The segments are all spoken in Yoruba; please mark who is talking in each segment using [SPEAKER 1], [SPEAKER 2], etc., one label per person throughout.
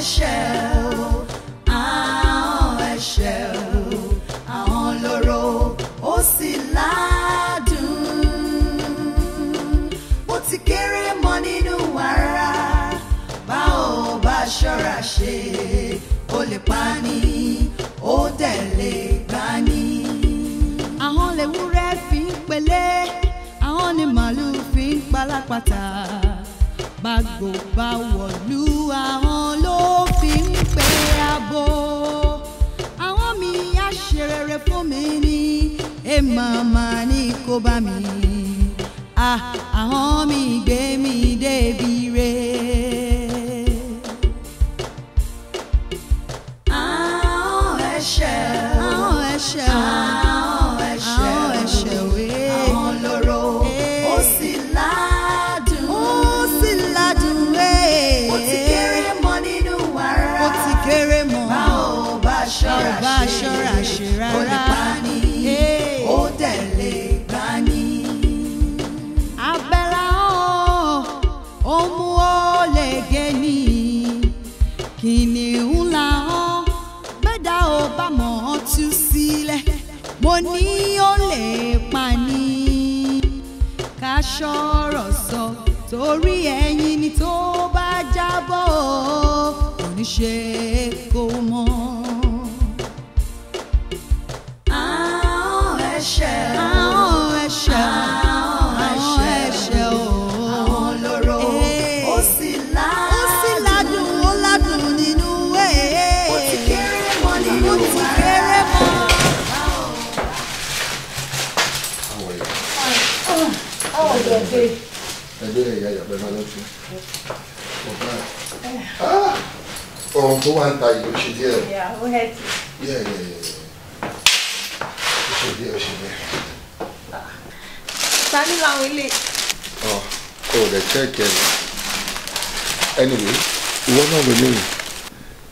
[SPEAKER 1] ẹ̀ṣẹ̀ o ahọ́n ẹ̀ṣẹ̀ o ahọ́n lóró ó sì ládùn bó ti kéré mọ́ nínú ara bá ò bá ṣọ́ra ṣe ó fi ń pelé ahọ́n ni màlúù fi ń palápàtà gbàgbó bá wọ̀lú àwọn ló fi ń pe abo àwọn mi á ṣe rere fún mi ní èèmàmà ní kó bá mi ah, àwọn mi gbé mi débi re. sọ̀rọ̀ sọ torí ẹ̀yin ni tó bá jábọ̀ kò ní ṣe kó mọ́. àwọn ẹ̀ṣẹ̀. ẹdẹ ẹdẹ ẹyà yàgbẹ máa lọ sí ọgá
[SPEAKER 2] ọhún tó wà ń ta yeah. ó ṣe díẹ̀
[SPEAKER 1] o yẹ yẹ yẹ
[SPEAKER 2] ó ṣe díẹ̀ ó ṣe díẹ̀.
[SPEAKER 3] sani làwọn ilé.
[SPEAKER 2] ọ kò lè kẹ́kẹ́ mi anyway ìwọ náà ló léyìn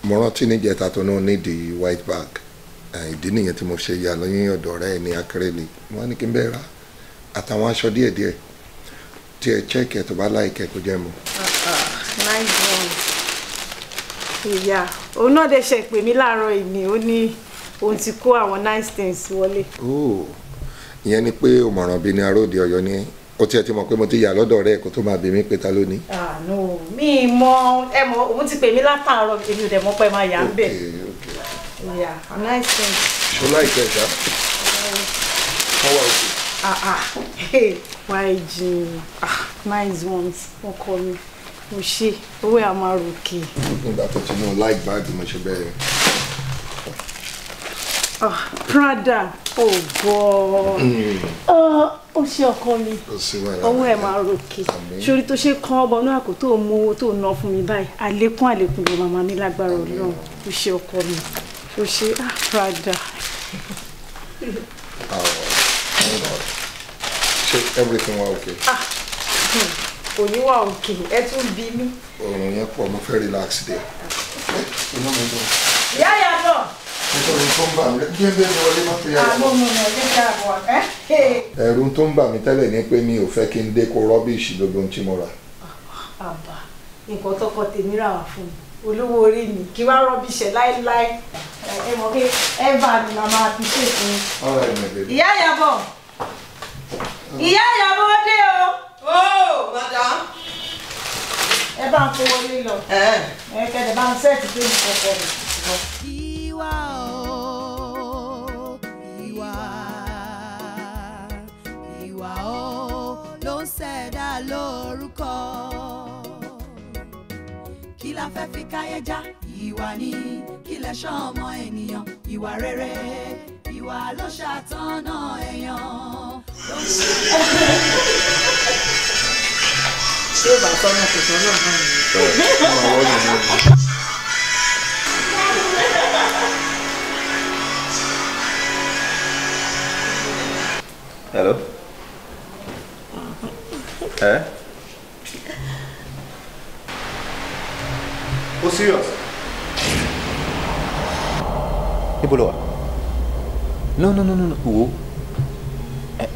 [SPEAKER 2] mo rántí to tó náà nídìí white bag eh, ìdí nìyẹn tí mo ṣe yà lóyún ọ̀dọ̀ ọ̀rẹ́ ẹ̀ ní akérèlé wọn ní kí n bẹ́ẹ̀ ra àtàwọn aṣọ díẹ̀díẹ̀ tí ẹ chẹ́kì ẹ̀ tó bá láìkẹ́ kó jẹ́ mu.
[SPEAKER 3] Ah, ah, nice one ìyá òun náà dẹ̀ ṣe pè mí láàárọ̀ ìní ó ní òun ti kó àwọn nice things wọlé.
[SPEAKER 2] Oh, ìyẹn ni pé òmọ̀ràn bíi ní aróde ọ̀yọ́ ni ó tiẹ̀ ti mọ̀ pé mo ti yà lọ́dọ̀ rẹ̀ kó tó máa bèmí pé ta ló ní.
[SPEAKER 3] àánú ah, mi mọ ẹ mọ òun ti pè mí látàárọ̀ èmi ò dẹ̀ mọ̀ pé máa yà ń bẹ̀. ìyá nice things.
[SPEAKER 4] ṣọlá ìkẹjà wọn wà
[SPEAKER 3] òkè. Why, yg ah, Nice ones call me. mo ṣe owó ẹ̀ rookie? ròkè.
[SPEAKER 2] nígbà tó ti náà láì báàgì mo ṣe bẹ́ẹ̀.
[SPEAKER 3] Ah, Prada ò oh, bọ̀ hmm. ah, ó ṣe ọkọ mi owó ẹ̀ máa ròkè sórí tó ṣe kán ọbọ náà kò tó mú owó tó ná fún mi báyìí àlékún àlékún ló máa ní lágbára Ọlọ́run ó ṣe call me. ó ṣe Prada.
[SPEAKER 5] Oh, my God ṣe
[SPEAKER 2] everything wa okay.
[SPEAKER 3] Ah, hmm, kò ní wà òkè ẹ tún bí mi.
[SPEAKER 2] ọ̀run yẹn pọ̀ mo fẹ́ relax díẹ̀.
[SPEAKER 3] ìyá yàtọ̀.
[SPEAKER 2] nítorí tó ń bà mí bíi bíi mi wọlé má fi
[SPEAKER 3] yàrá. àbọ̀ mo mọ̀ ní ká àbọ̀ ẹ́.
[SPEAKER 2] ẹ̀rù tó ń bà mí tẹ́lẹ̀ ni pé mi ò fẹ́ kí n dé kó rọ́bìṣì gbogbo ohun tí mo rà. Ah,
[SPEAKER 3] ah, àbá nǹkan tọkọ tèmi rà wá fún mi olówó orí mi kí wá rọ́bìṣẹ̀ láéláé ẹ mọ̀ pé ẹ bá mi máa fi ṣèkún. ìyá yàbọ̀ ìyá ìyàwó dé o. ó madam. ẹ bá ń kówó lé lọ
[SPEAKER 1] ẹ kẹ́dẹ̀ bá ń sẹ́ẹ̀tì tó ní kọ̀ọ̀kan rẹ̀. o ìwà ìwà o ló ń ṣẹ̀dá lórúkọ kí la fẹ́ fi káyé já ìwà ni kílẹ̀ ṣọ́ọ̀mọ ènìyàn ìwà rere ìwà ló ṣàtọ́nà èèyàn.
[SPEAKER 3] ṣé bàtọ́ náà kò tán náà hàn mí.
[SPEAKER 6] Hello? Eh? Oh, serious? níbo ló wà no no no no wo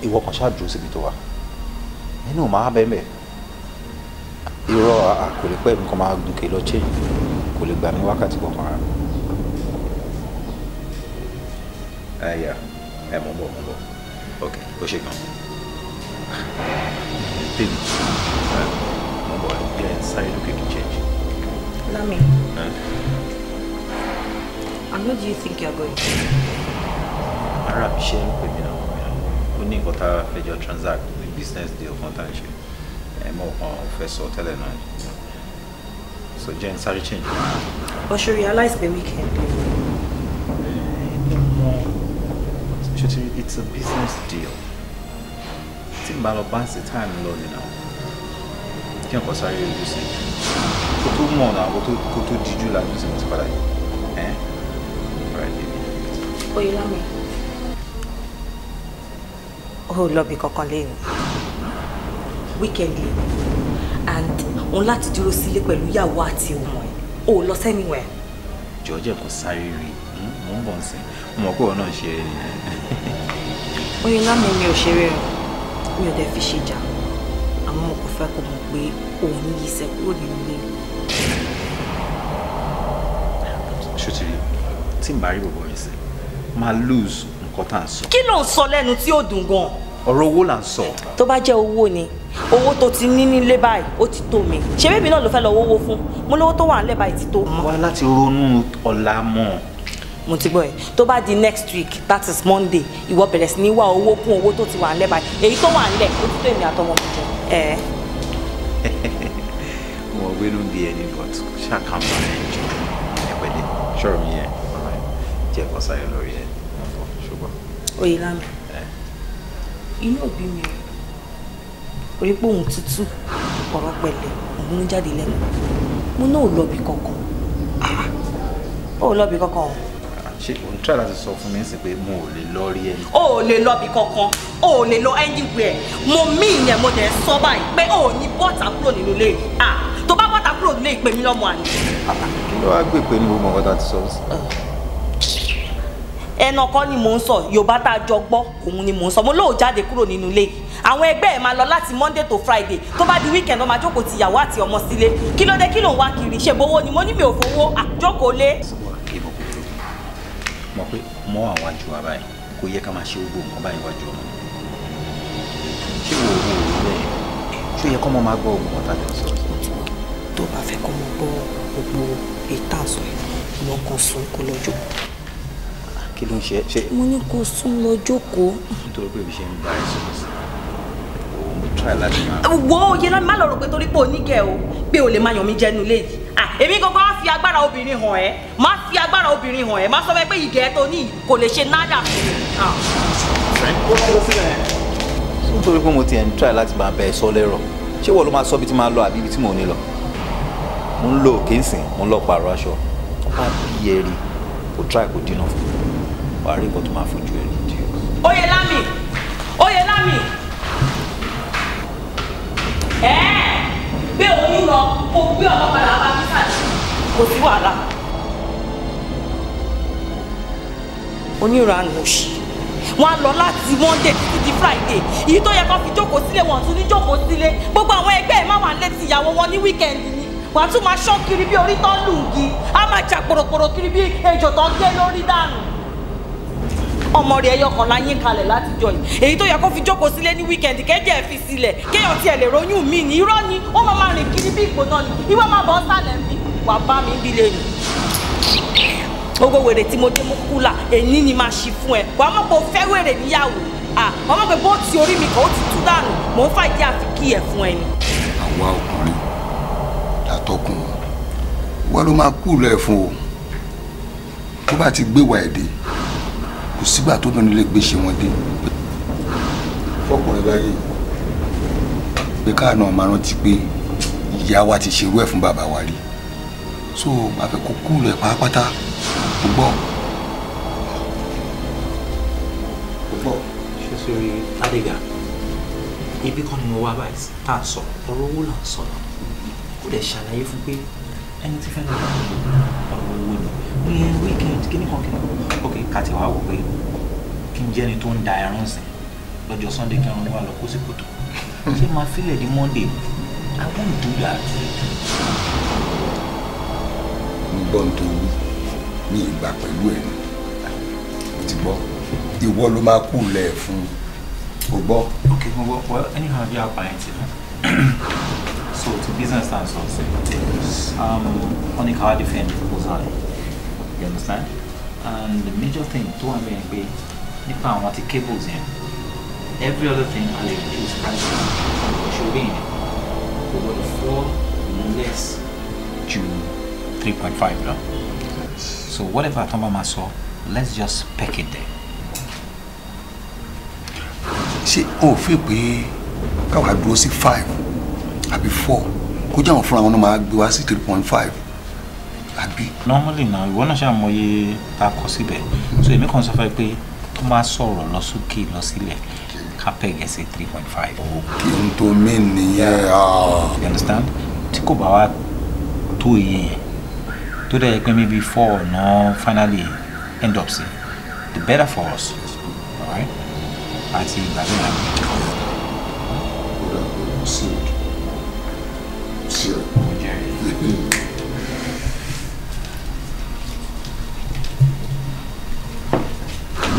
[SPEAKER 6] ìwọ kan ṣáà dúró síbi tó wà nínú màá bẹ́ẹ̀ bẹ́ẹ̀ irọ́ kò lè pẹ́ mi kan máa gòkè lọ change kò lè gbà mí wákàtí kan máa. ẹ yà ẹ mọ̀ bọ̀ mọ̀ bọ̀ ok ó ṣe gan. baby mọ̀ bọ̀ ẹ sáré lókè kí change. lami. Huh?
[SPEAKER 3] And where do you think you're going?
[SPEAKER 6] Ara mi ṣe ń pè mí náà wọ̀nyí. Ó ní nǹkan tá a fẹ́ jọ transact ní business deal kan tá a ṣe. Ẹ mọ̀ kan fẹ́ sọ tẹ́lẹ̀ náà. So Jane sáré change.
[SPEAKER 3] But she realized the weekend.
[SPEAKER 6] It's a business deal. Tí n bá lọ báńsì time lọ nínú kí n kọ sáré ojú sí kó tó mọ̀ náà kó tó díjú làjú sí mo ti padà yìí.
[SPEAKER 3] Oyèlámì. ó lọ bí kankan and òun láti dúró sílé pẹ̀lú ìyàwó àti ọmọ ẹ̀ ó lọ sẹ́niwẹ̀.
[SPEAKER 6] jọjẹ kò sáré rí hmm, mò ń bọ̀ nsẹ̀ mo mọ̀ pé òun náà ṣe é nìyẹn.
[SPEAKER 3] Oyèlámì mi ò ṣeré rẹ̀ mi ò dẹ̀ fi ṣe
[SPEAKER 6] jà àmọ́ mo kò fẹ́ kó mọ̀ pé òun yí iṣẹ́ kúrò nínú ilé mi. ṣùtìrì tí n bá rí bọ̀bọ̀ máa lose nǹkan tá à ń sọ.
[SPEAKER 3] kí ló ń sọ lẹ́nu tí ó dùn gan-an.
[SPEAKER 6] ọ̀rọ̀ owó là ń sọ.
[SPEAKER 3] tó bá jẹ́ owó ni owó tó ti ní nílé báyìí ó ti tó mi ṣé bébí náà ló fẹ́ lọ wówó fún mo lówó tó wà nílé báyìí ti tó. wá
[SPEAKER 6] láti ronú ọ̀la mọ́.
[SPEAKER 3] mo ti gbọ́ ẹ tó bá di next week that is monday ìwọ bẹ̀rẹ̀ sí ní wá owó kún owó tó ti wà nílé báyìí èyí tó wà nílẹ̀ ó ti tó èmi àtọmọ mi jẹ. ẹ.
[SPEAKER 6] mo wé ló ń di ẹni but ṣáà kàn fún ẹ jù ẹ pẹ̀lẹ́ ṣọrọ mi yẹ jẹ kọsáyọ lórí ẹ
[SPEAKER 3] oyèlámi inú òbí mi orí pé òun tútù ọ̀rọ̀ pẹ̀lẹ́ òun ló jáde lẹ́nu mo náà ò lọ́bì kankan ó lọ́bì kankan o. ṣé o ń try láti sọ fún mi ń sìn pé mo ò lè lọ rí ẹni. o ò lè lọ́bì kankan o ò lè lọ anywhere mo mí ìyẹn mo dẹ̀ sọ báyìí pé o ò ní bọ́ta kúrò nínú ilé yìí ah, tó bá bọ́ta kúrò nínú ilé ìpè mí lọ́mọ àná.
[SPEAKER 6] kí ló wá gbé pé ní gbogbo nǹkan tá a ti sọ sí
[SPEAKER 3] ẹnà kọ́ ni mò ń sọ yorùbá tá a jọ gbọ́ òun ni mò ń sọ mo lóò jáde kúrò nínú ilé àwọn ẹgbẹ́ ẹ̀ máa lọ láti monday to friday tó bá di weekend ó máa ti ìyàwó àti ọmọ sílé kí ló dé kí ló ń wá kiri ṣèbówó ni mo ní mi ò fowó àjókòó lé.
[SPEAKER 6] mọ̀ pé mọ àwọn àjò wa báyìí kò yẹ ká máa ṣe gbogbo nǹkan báyìí wájú ọmọ ṣé wo owó rẹ ṣó yẹ kọ́mọ máa gbọ́ ògùn ọ̀tá lọ sọ. tó bá fẹ́ kọ́mọ gbọ́ gbogbo ìtàsọ̀ ẹ̀ lọ́kàn sún kó lọ́jọ́ kí ló ń ṣe ṣe. mo ní kó sún lọ jókòó. nítorí pé mi ṣe ń bá ẹ sọ̀rọ̀ sí
[SPEAKER 7] òun mo try láti máa.
[SPEAKER 3] wo òye lọ́ni má lọ rò pé torí pé oníkẹ́ o pé o lè máa yàn mí jẹ́nu léyìí èmi gangan á fi agbára obìnrin hàn ẹ́ má fi agbára obìnrin hàn ẹ́ má sọ pé ìgẹ́ tó ní kò lè ṣe nádà
[SPEAKER 6] nítorí pé mo ti ẹ̀ ń try láti máa bẹ ẹ sọ lẹ́rọ̀ ṣé wọ́n ló máa sọ bí ti máa lọ àbí ibi tí mò ń lọ mo ń lo òkè ń sìn mo ń lọ pààrọ̀ aṣọ ọba bí ẹ̀rí kò try kò dínà fún wàá rí nǹkan tó máa fojú ẹ nìdí.
[SPEAKER 3] Oyèlámì Oyèlámì ẹ gbé oyún lọ kó gbé ọmọ padà bá mi káàdì kò sí wàhálà. oníranù òṣì wọn lọ láti monday títí di friday èyí tó yẹ kó fi jókòó sílé wọn tún ní jókòó sílé gbogbo àwọn ẹgbẹ́ ẹ̀ má wà létí ìyàwó wọn ní wíkẹ́ndì ni wàá tún máa ṣán kiri bí orí tó lù ń gi á máa jà pòròpòrò kiri bí ejò tó ń gé lórí dànù ọmọ rẹ̀ ẹyọ kan láyé kalẹ̀ látijọ́ yìí èyí tó yẹ kó fi jókòó sílé ní wíkẹ́ndì kẹ́jẹ́ fi sílẹ̀ kéèyàn tiẹ̀ lè ronú mi ní irọ́ ni ó máa rìn kiri bí ìpò náà ni ìwọ máa bọ́ sálẹ̀ mi wà bá mi bí lè rìn gbogbo wèrè tí mo dé mú kúlà èyí ni máa ṣí fún ẹ wàá mọ̀ pé o fẹ́ wèrè níyàwó wàá mọ̀ pé bó ti orí mi kan ó ti tú dànù mò ń fàjẹ́ àfikí ẹ̀ fún ẹni.
[SPEAKER 4] àwa ọkùnrin látọkùn wọn ló máa kú lẹ fún o tó bá ti gbé wa ẹ dé kò sígbà tó bẹ̀rẹ̀ lè gbé ṣe wọn dé. fọkùnrin láyé pé káàánú ọmọ rántí pé ìyá wa ti ṣerú ẹ̀ fún bàbá wa rí
[SPEAKER 2] so màá fẹ́ kó kúrò ẹ̀ pátápátá kò gbọ́.
[SPEAKER 6] kò gbọ́. ṣé sori adéga ibi kan ni mo wá báyìí tá a sọ ọ̀rọ̀ owó là ń sọ̀rọ̀ ó dẹ̀ ṣàlàyé fún pé ẹni tí fẹ́ẹ́ lọ bá ọ̀rọ̀ owó ni ó yẹ wíìk àti kíní kan kíní ok káti wá wò pé kí n jẹ́ ẹni tó ń da ẹran sìn lọ́jọ́ sunday kí ẹran wà lọ kó sí kòtò ṣé máa fílẹ̀ di monday i won do that. mo gbọ́ nítorí ní ìgbà pẹ̀lú ẹ̀ mo ti gbọ́ ìwọ ló máa kú lẹ̀ fún o gbọ́. ok mo gbọ́ well anyhow bí apààyàn ti náà so to business and so on. Um, Onika defend proposal you understand and the major thing tó wà bẹ́ẹ̀ pé nípa àwọn ti cables yẹn every other thing a lè reduce price ìṣòro yẹn kò gbọdọ̀ fall less ju three point five no. so whatever tó bá máa sọ let's just pack it there. See, oh, ò fi pé
[SPEAKER 4] káwa dúró sí five àbí four kó jẹ́ àwọn fúnra wọn náà máa gbé three point five
[SPEAKER 6] àbí. normally na ìwọ náà ṣàmọye ta kọ síbẹ̀ so èmi kàn sọ fẹ́ pé tó bá sọ̀rọ̀ lọ sókè lọ sílẹ̀ capeg ẹsẹ̀ three point five. òkè ń tó mí nìyẹn. Ah. you understand tí kò bá wa tó iye yẹn tó dẹ̀ pé maybe four náà finally end up sí the better for us alright àti ìgbàlódé. Seal. Seal.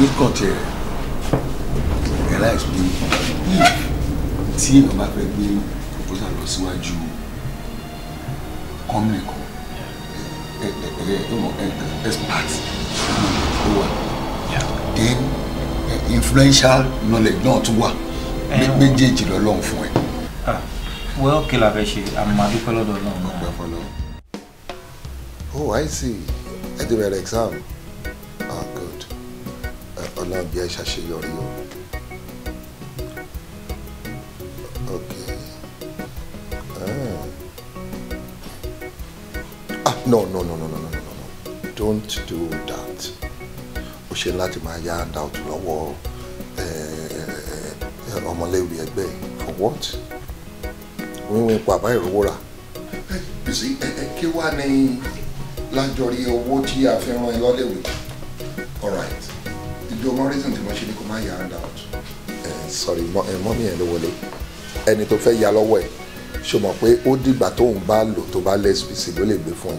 [SPEAKER 8] nǹkan tiẹ̀ ẹ̀rá explain tí
[SPEAKER 4] èèyàn bá fẹ́ gbé proposal lọ síwájú company kan expert ó wà then influential knowledge náà tún me méjèèjì lọ́lọ́run fún ẹ.
[SPEAKER 6] Ah, well kí la fẹ́ ṣe àmàdúpẹ́ lọ́dọ̀ náà. ọ̀pẹ̀ fọlọ́
[SPEAKER 2] oh i see ẹ ti bẹ̀rẹ̀ exam náà bí ẹ ṣàṣeyọrí o. Okay. Ah. ah. no, no, no, no, no, no, no, no. Don't do that. O ṣe láti máa yá handout lọ́wọ́ eh, eh, ọmọléwé ẹgbẹ́ for what? Wíwín pa àbá ìrówóra. Bísí eh, kí wá ní lájọrí owó tí a fi rán ẹ lọ́lẹ́wé? All right bí ọmọ reason tí ṣe ni kò má yà hand out. sorry mọ́mí ẹ̀ ló wọlé ẹni tó fẹ́ ya lọ́wọ́ ẹ̀ ṣe mọ̀ pé ó dìgbà tóun bá lò tó bá lẹ́sibìsì ló lè gbé fún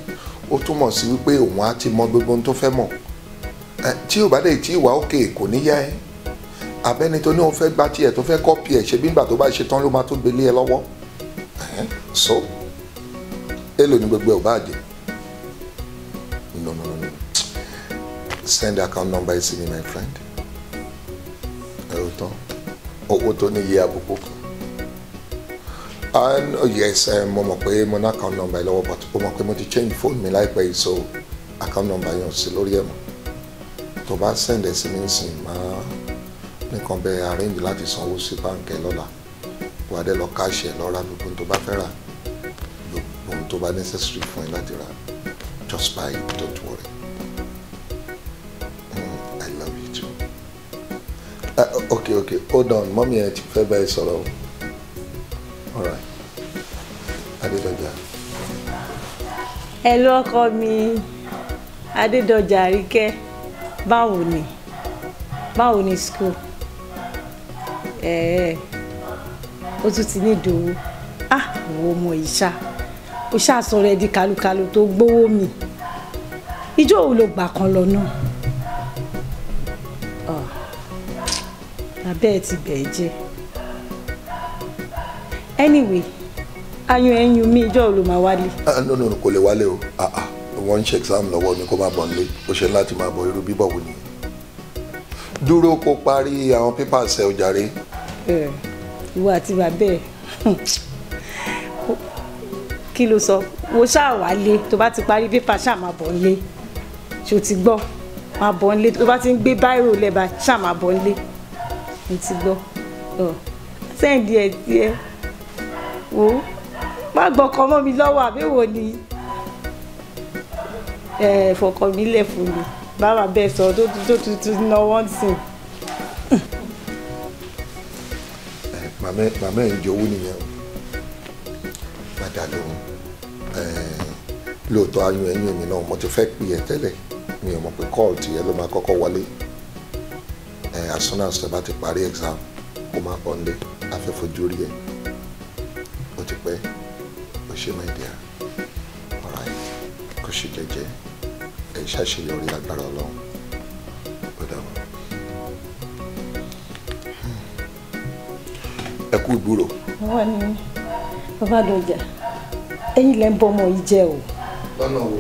[SPEAKER 2] un ó túmọ̀ sí wípé òun á ti mọ gbogbo ohun tó fẹ́ mọ̀ tí ò bá dé tí ìwà òkè kò ní yá ẹ abẹ́ni tó ní òun fẹ́ gbá tiẹ̀ tó fẹ́ kọ́pì ẹ̀ ṣe bí nígbà tó bá ṣe tán ló máa tó gbélé ẹ lọ́wọ́ so èlò ní gbogbo ẹ̀ ò bá jẹ́ no no no send account number sí mi my friend ẹ̀rọ tán owó tó ní iye and oh yes um, mo mọ̀ pé account number yìí lọ́wọ́ but mo mọ̀ to change phone mi like yìí so account number yẹn ò sí lórí ẹ̀ mọ́ tó bá send ẹ̀ sí mi sìn máa nìkan bẹ́ẹ̀ arrange láti sanwó sí báńkì lọ́la wà á dẹ́ lọ cash. ẹ̀ lọ ra gbogbo to bá fẹ́ rà gbogbo tó bá necessary fún ẹ láti just buy don't worry. Uh, okay. ok hold on mommy. ẹ ti fẹ́ bá ẹ sọ̀rọ̀ all right adédọjà.
[SPEAKER 3] hello ọkọ mi adédọjà àríkẹ́ báwo ni báwo ni school Eh. ó tún ti ní ìdòwú ah wo ọmọ yìí ṣá ó ṣàṣọ rẹ di kálukálu tó gbówó mi ìjọ òun ló gbà kan lọ náà. tẹ́ ẹ ti bẹ̀ẹ́ jẹ́ anyway ayọ̀ ẹ̀yìn mi ìjọ ló máa wálé.
[SPEAKER 2] Ah, ah, no no kò lè wálé o ah, wọ́n ń ṣe exam lọ́wọ́ ni kó má bọ̀ nílé ó ṣe láti máa bọ̀ irú bíbọ̀ wò nìyẹn dúró kó parí àwọn pépàsì ẹ ojàre.
[SPEAKER 3] ìwọ àti bàbá ẹ kí ló sọ wo ṣáà wálé tó bá ti parí pépà ṣáà máa bọ̀ nílé ṣó ti gbọ́ máa bọ̀ nílé tó bá ti ń gbé báírò lẹ́ba ṣáà máa bọ̀ nílé mo ti gbọ́ sẹ́ǹdì ẹ̀ tiẹ̀ wò ó má gbọ́kàn mọ́ mi lọ́wọ́ àbẹ̀wò ni fọkàn mi lẹ̀ fún mi bàbá bẹ́ẹ̀ sọ tó tuntun náwó sìn.
[SPEAKER 2] màmá ẹ̀ ń jowú nìyẹn o padà lóhun lóòótọ́ ayún ẹ̀yìn mi náà mo ti fẹ́ pè ẹ́ tẹ́lẹ̀ mi ò mọ̀ pé kọ́ọ̀tì ẹ ló máa kọ́kọ́ wọlé as soon as ẹ bá ti parí exam kó má bọ̀ nílé afẹ́fojú rí ẹ ó ti pẹ́ ó ṣe my dear alright kó ṣe jẹ́jẹ́ ẹ ṣàṣeyọrí agbára ọlọ́run ó dàbọ̀. ẹ kú ìgbúrò.
[SPEAKER 3] wọ́n ní bàbá dọjà ẹ̀yin lẹ ń bọ ọmọ yìí jẹ o. lọ́nà wo.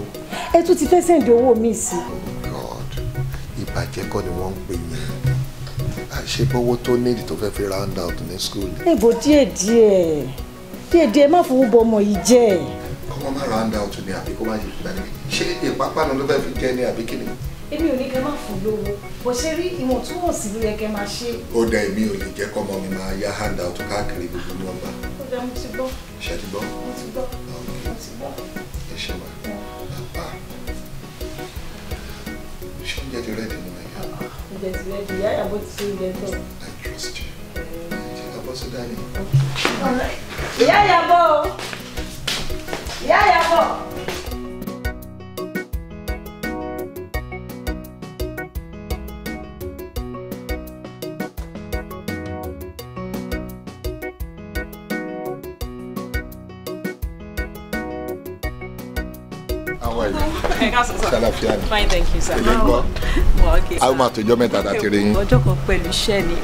[SPEAKER 3] ẹ tún ti fẹ́ sẹ́ǹdì owó mi sí. Oh,
[SPEAKER 2] God ìbàjẹ́ kọ́ ni wọ́n ń pè yín ṣé bọ́wọ́ tó nídìí tó fẹ́ fi round out ní school.
[SPEAKER 3] níbo díẹ̀ díẹ̀ díẹ̀ díẹ̀ má fowó bọ ọmọ yìí jẹ́.
[SPEAKER 5] ọmọ
[SPEAKER 2] má round out ni àbí kó má yẹ gbà ní ṣé ìpápánu ló fẹ́ fi jẹ́ ní àbí kíni.
[SPEAKER 3] èmi ò ní kẹ́ máa fún lówó bó ṣe rí ìwọ̀ntúnwọ̀nsì ló yẹ kẹ́ máa ṣe.
[SPEAKER 2] ó dá èmi ò lè jẹ́ kọ́mọ mi máa yá hand out káàkiri gbogbo ní ọgbà.
[SPEAKER 3] ó dá mo ti gbọ́.
[SPEAKER 2] ṣe ti gbọ́. oúnjẹ ti rẹ di yáyà bó I trust you. ṣe ká bọ́ sódà ni.
[SPEAKER 3] ìyá ìyàbọ̀ ìyá
[SPEAKER 2] káàsán sọ. ni fine
[SPEAKER 3] thank you sir. ilé gbọ́ a ó
[SPEAKER 2] máa tọjọ́ mẹ́ta láti rí yín. ọjọ́
[SPEAKER 3] kan pẹ̀lú iṣẹ́ ni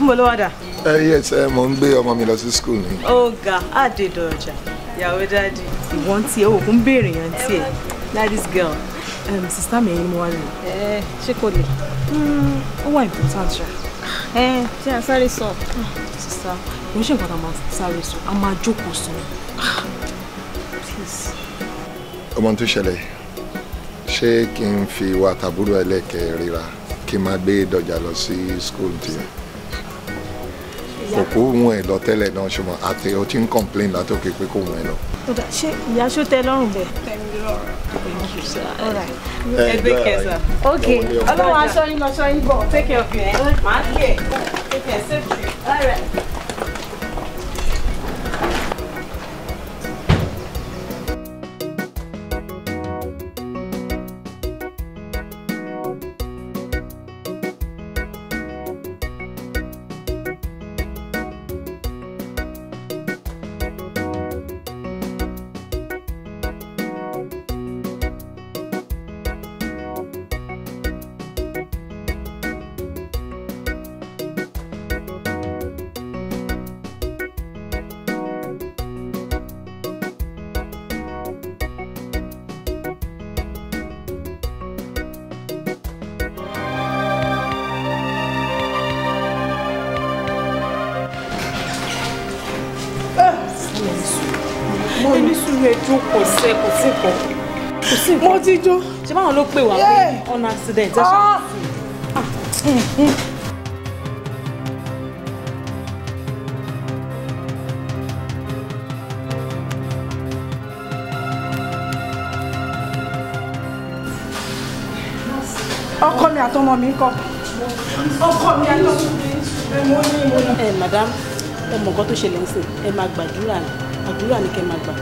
[SPEAKER 3] n bolo wá dà.
[SPEAKER 2] ẹ yẹ ẹ mò ń gbé ọmọ mi lọ sí
[SPEAKER 3] school ni. ọ̀gá àdèdọ̀jà ìyàwó dáàdì ìwọ̀n tiẹ̀ òkun béèrè yẹn tiẹ̀ daddy's girl um, sista mi ni mo wá lò. ẹ ṣé kò lè. Hmm, ó wà important ṣá. ẹ tí a sáré sọ. Ah, sista kò ń ṣe nǹkan tá a máa sáré sọ a máa jókòó sọ.
[SPEAKER 2] ọmọ tó ṣẹlẹ̀ yìí ṣé kí n fi ìwà tàbúrò ẹlẹ́kẹ̀ ríra kí n máa gbé dọjà lọ sí school tiẹ̀ òkú wọn ẹ lọ tẹ́lẹ̀ náà ṣùgbọ́n àti o ti ń complain látòkè pé kò wọn ẹ lọ.
[SPEAKER 3] ṣé ìyá ṣó lọ́rùn bẹ́ẹ̀. thank you sir. ẹgbẹ́ kẹsà. ok ọlọ́wọ́ aṣọ yín lọ yín bọ̀ take care of you. màá kí ẹ̀ take care safety. ló pè wá pé on accident ẹ ṣàkóso. Ah. ọkọ mi àtọmọ mi kọ ọkọ mi àtọmọ mi. ẹ eh, madam ẹ mọ̀ nǹkan tó ṣẹlẹ̀ ń sìn ẹ máa gbàdúrà ni àdúrà ni kẹ́ máa gbà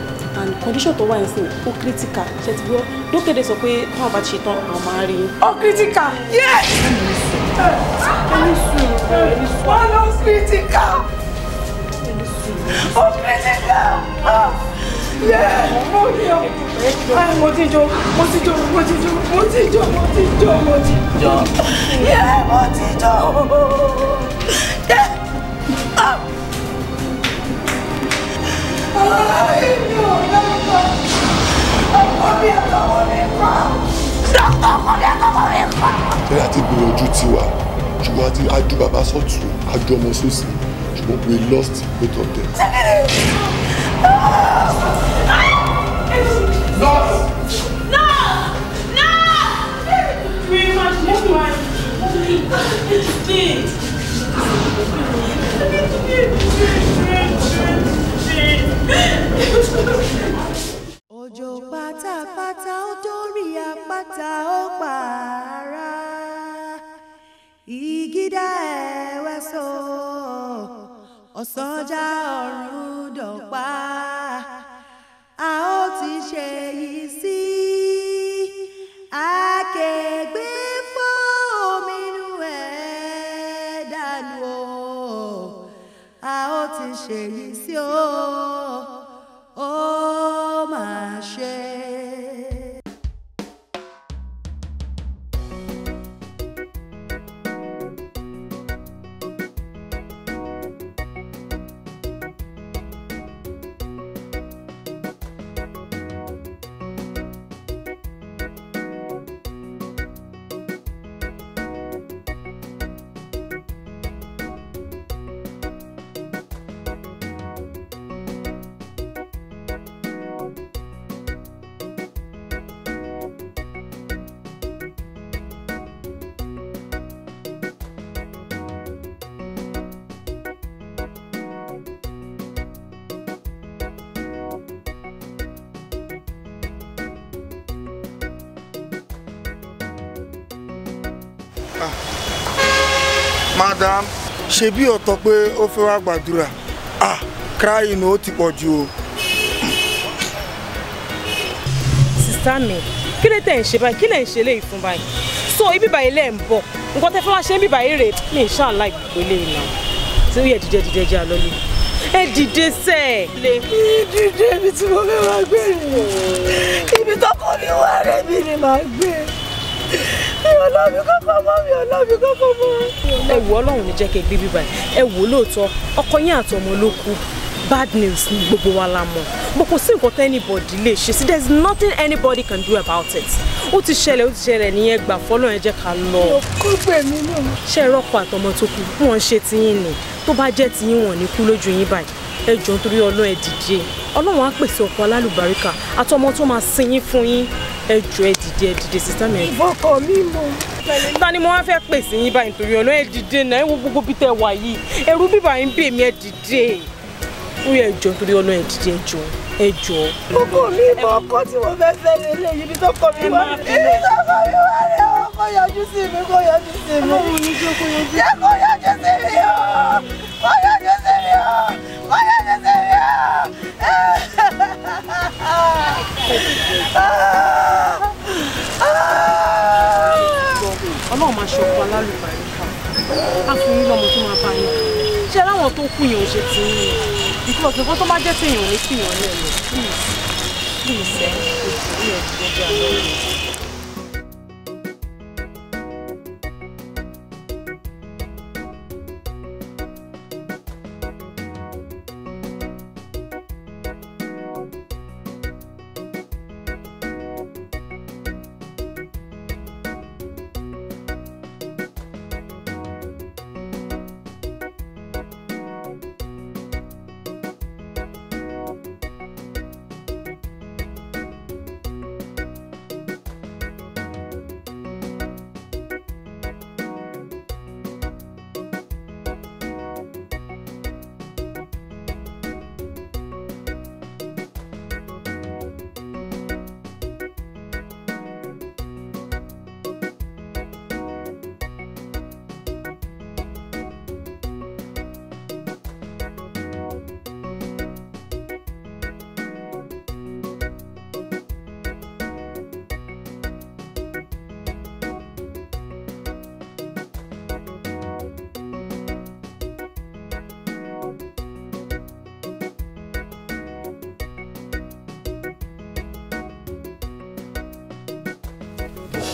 [SPEAKER 3] and condition tó wà ń sìn ó critical ṣe ti gbọ́ dókèdè sọ pé táwọn bá ṣe tán àwọn máa rí. ó kìrìtìkà
[SPEAKER 1] yé. wọ́n lọ kìrìtìkà ó kìrìtìkà yé mo yọ ayi mo
[SPEAKER 3] ti jó mo ti jó mo ti jó mo ti jó mo ti jó mo ti jó yé mo
[SPEAKER 1] ti jó Ay, no, no
[SPEAKER 4] bẹ́ẹ̀ àti gbìyànjú ti wà ṣùgbọ́n àti ajú bàbá sọ̀tún ajú ọmọ sósì ṣùgbọ́n we lost both of them. Nurse! Nurse!
[SPEAKER 3] Nurse!
[SPEAKER 1] dídá ẹ̀wẹ́ so ọ̀sánjá ọ̀run dọ̀pá a ó ti ṣe yìí sí akẹgbẹ́. ti ṣèyí sí o.
[SPEAKER 7] madam ṣe bí ọ̀tọ̀ pé ó fẹ́ wá gbàdúrà ah crying ó ti pọ̀ jù o. sísá
[SPEAKER 3] mi kí lè tẹ̀ ń ṣe báyìí kí lè ń ṣe léyìí fún báyìí so ibi báyìí lẹ́ ń bọ̀ nǹkan tẹ́ fẹ́ wá ṣe ń bí báyìí rèé mi ì ṣáà láì gbogbo eléyìí náà tí ó yẹ dìde dìde jẹ́ àlọ́lé ẹ dìde sẹ́ ẹ̀. dídé ibi tí mo fẹ́ máa gbé rèé ibi tọkọ mi wá rẹ̀ mi ni màá gbé rèé ọlọ́mi kọ́ fọmọ mi ọlọ́mi kọ́ fọmọ. ẹ wò ọlọ́run ní jẹ́ kí ẹ gbé bíbá ẹ wò lóòótọ́ ọkọ yín àtọmọ ló kú bad news ni gbogbo wa la mọ̀ bó kò sí nǹkan tẹ́ anybody lè ṣe sí there is nothing anybody can do about it ó ti ṣẹlẹ̀ ó ti ṣẹlẹ̀ nìyẹn gbà fọ́lọ́ ẹ jẹ́ ká lọ. kó gbè mí náà. ṣé ẹ rọ́pò àtọmọ tó kù bí wọ́n ṣe tiyín ni tó bá jẹ́ tiyín wọ̀n ní kú lójú yín báyìí ẹ jọ̀ọ́ nítorí ọlọ́run ẹ dìde ọlọ́run á pèsè ọkọ alálùbáríkà àtọmọ tó máa sin yín fún yín ẹ jọ ẹ dìde ẹ dìde sísá mi.
[SPEAKER 7] ìbọkọ mi mọ.
[SPEAKER 3] ta ni mo wá fẹ́ pè sí yín báyìí nítorí ọ̀nà ẹ dìde náà ẹ wo gbogbo bí tẹ wà yìí ẹrú bíbà yín bè mí ẹ dìde ó yẹ ẹjọ nítorí ọ̀nà ẹ dìde ẹjọ ẹjọ. ọkọ mi mọ ọkọ tí mo fẹ́ fẹ́ lé lé ibi tó mi wá ibi tó
[SPEAKER 1] mi wá rẹ ọ kó yọjú sí mi kó yọjú sí mi. ọmọ mi jẹ́ kó yọjú jẹ́ kó yọjú sí mi o kó yọjú sí mi o kó yọjú sí mi o. Eh,
[SPEAKER 3] ọlọ́run máa ṣọ̀kọ alálùbáyé ká á fún yín lọ́mọ tó máa bá yín ṣé láwọn tó kú yẹn ò ṣe ti yín ni because nǹkan tó bá jẹ́ tèèyàn ní tèèyàn ní ẹ̀ please please ẹ̀ kò sí ẹ̀ kò jẹ́ àlọ́ yìí.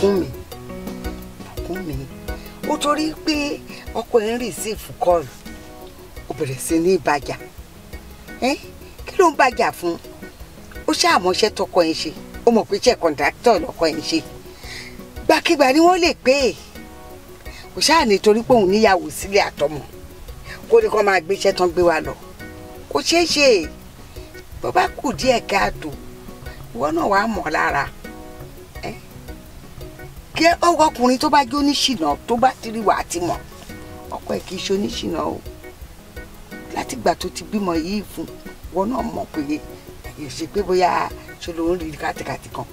[SPEAKER 7] Bùkúnmi Bùkúnmi
[SPEAKER 3] ó torí pé ọkọ ẹ̀ ń receive call ó bẹ̀rẹ̀ sí ní ìbàjà kí ló ń bàjà fún ó ṣàmọ́ṣẹ́ tọkọ ẹ̀ ń ṣe ó mọ̀ pé iṣẹ́ kọ̀ǹdáktọ̀ lọkọ ẹ̀ ń ṣe gbàkigbà ni wọ́n lè pè é kò ṣáà nítorí pé òun níyàwó sílé àtọmọ kó ní kó máa gbéṣẹ́ tán gbé wa lọ kò ṣeé ṣe bó bá kù díẹ̀ káàtó ìwọ náà wàá mọ̀ lára gẹ́ ọwọ́ ọkùnrin tó bá jẹ́ oníṣìnà tó bá ti rí wà á ti mọ̀ ọkọ ẹ̀ kì í ṣe oníṣìnà o látìgbà tó ti bímọ yìí fún wọn náà mọ̀ pé kì í ṣe pé bóyá ṣe lòun rí kàtìkàtì kan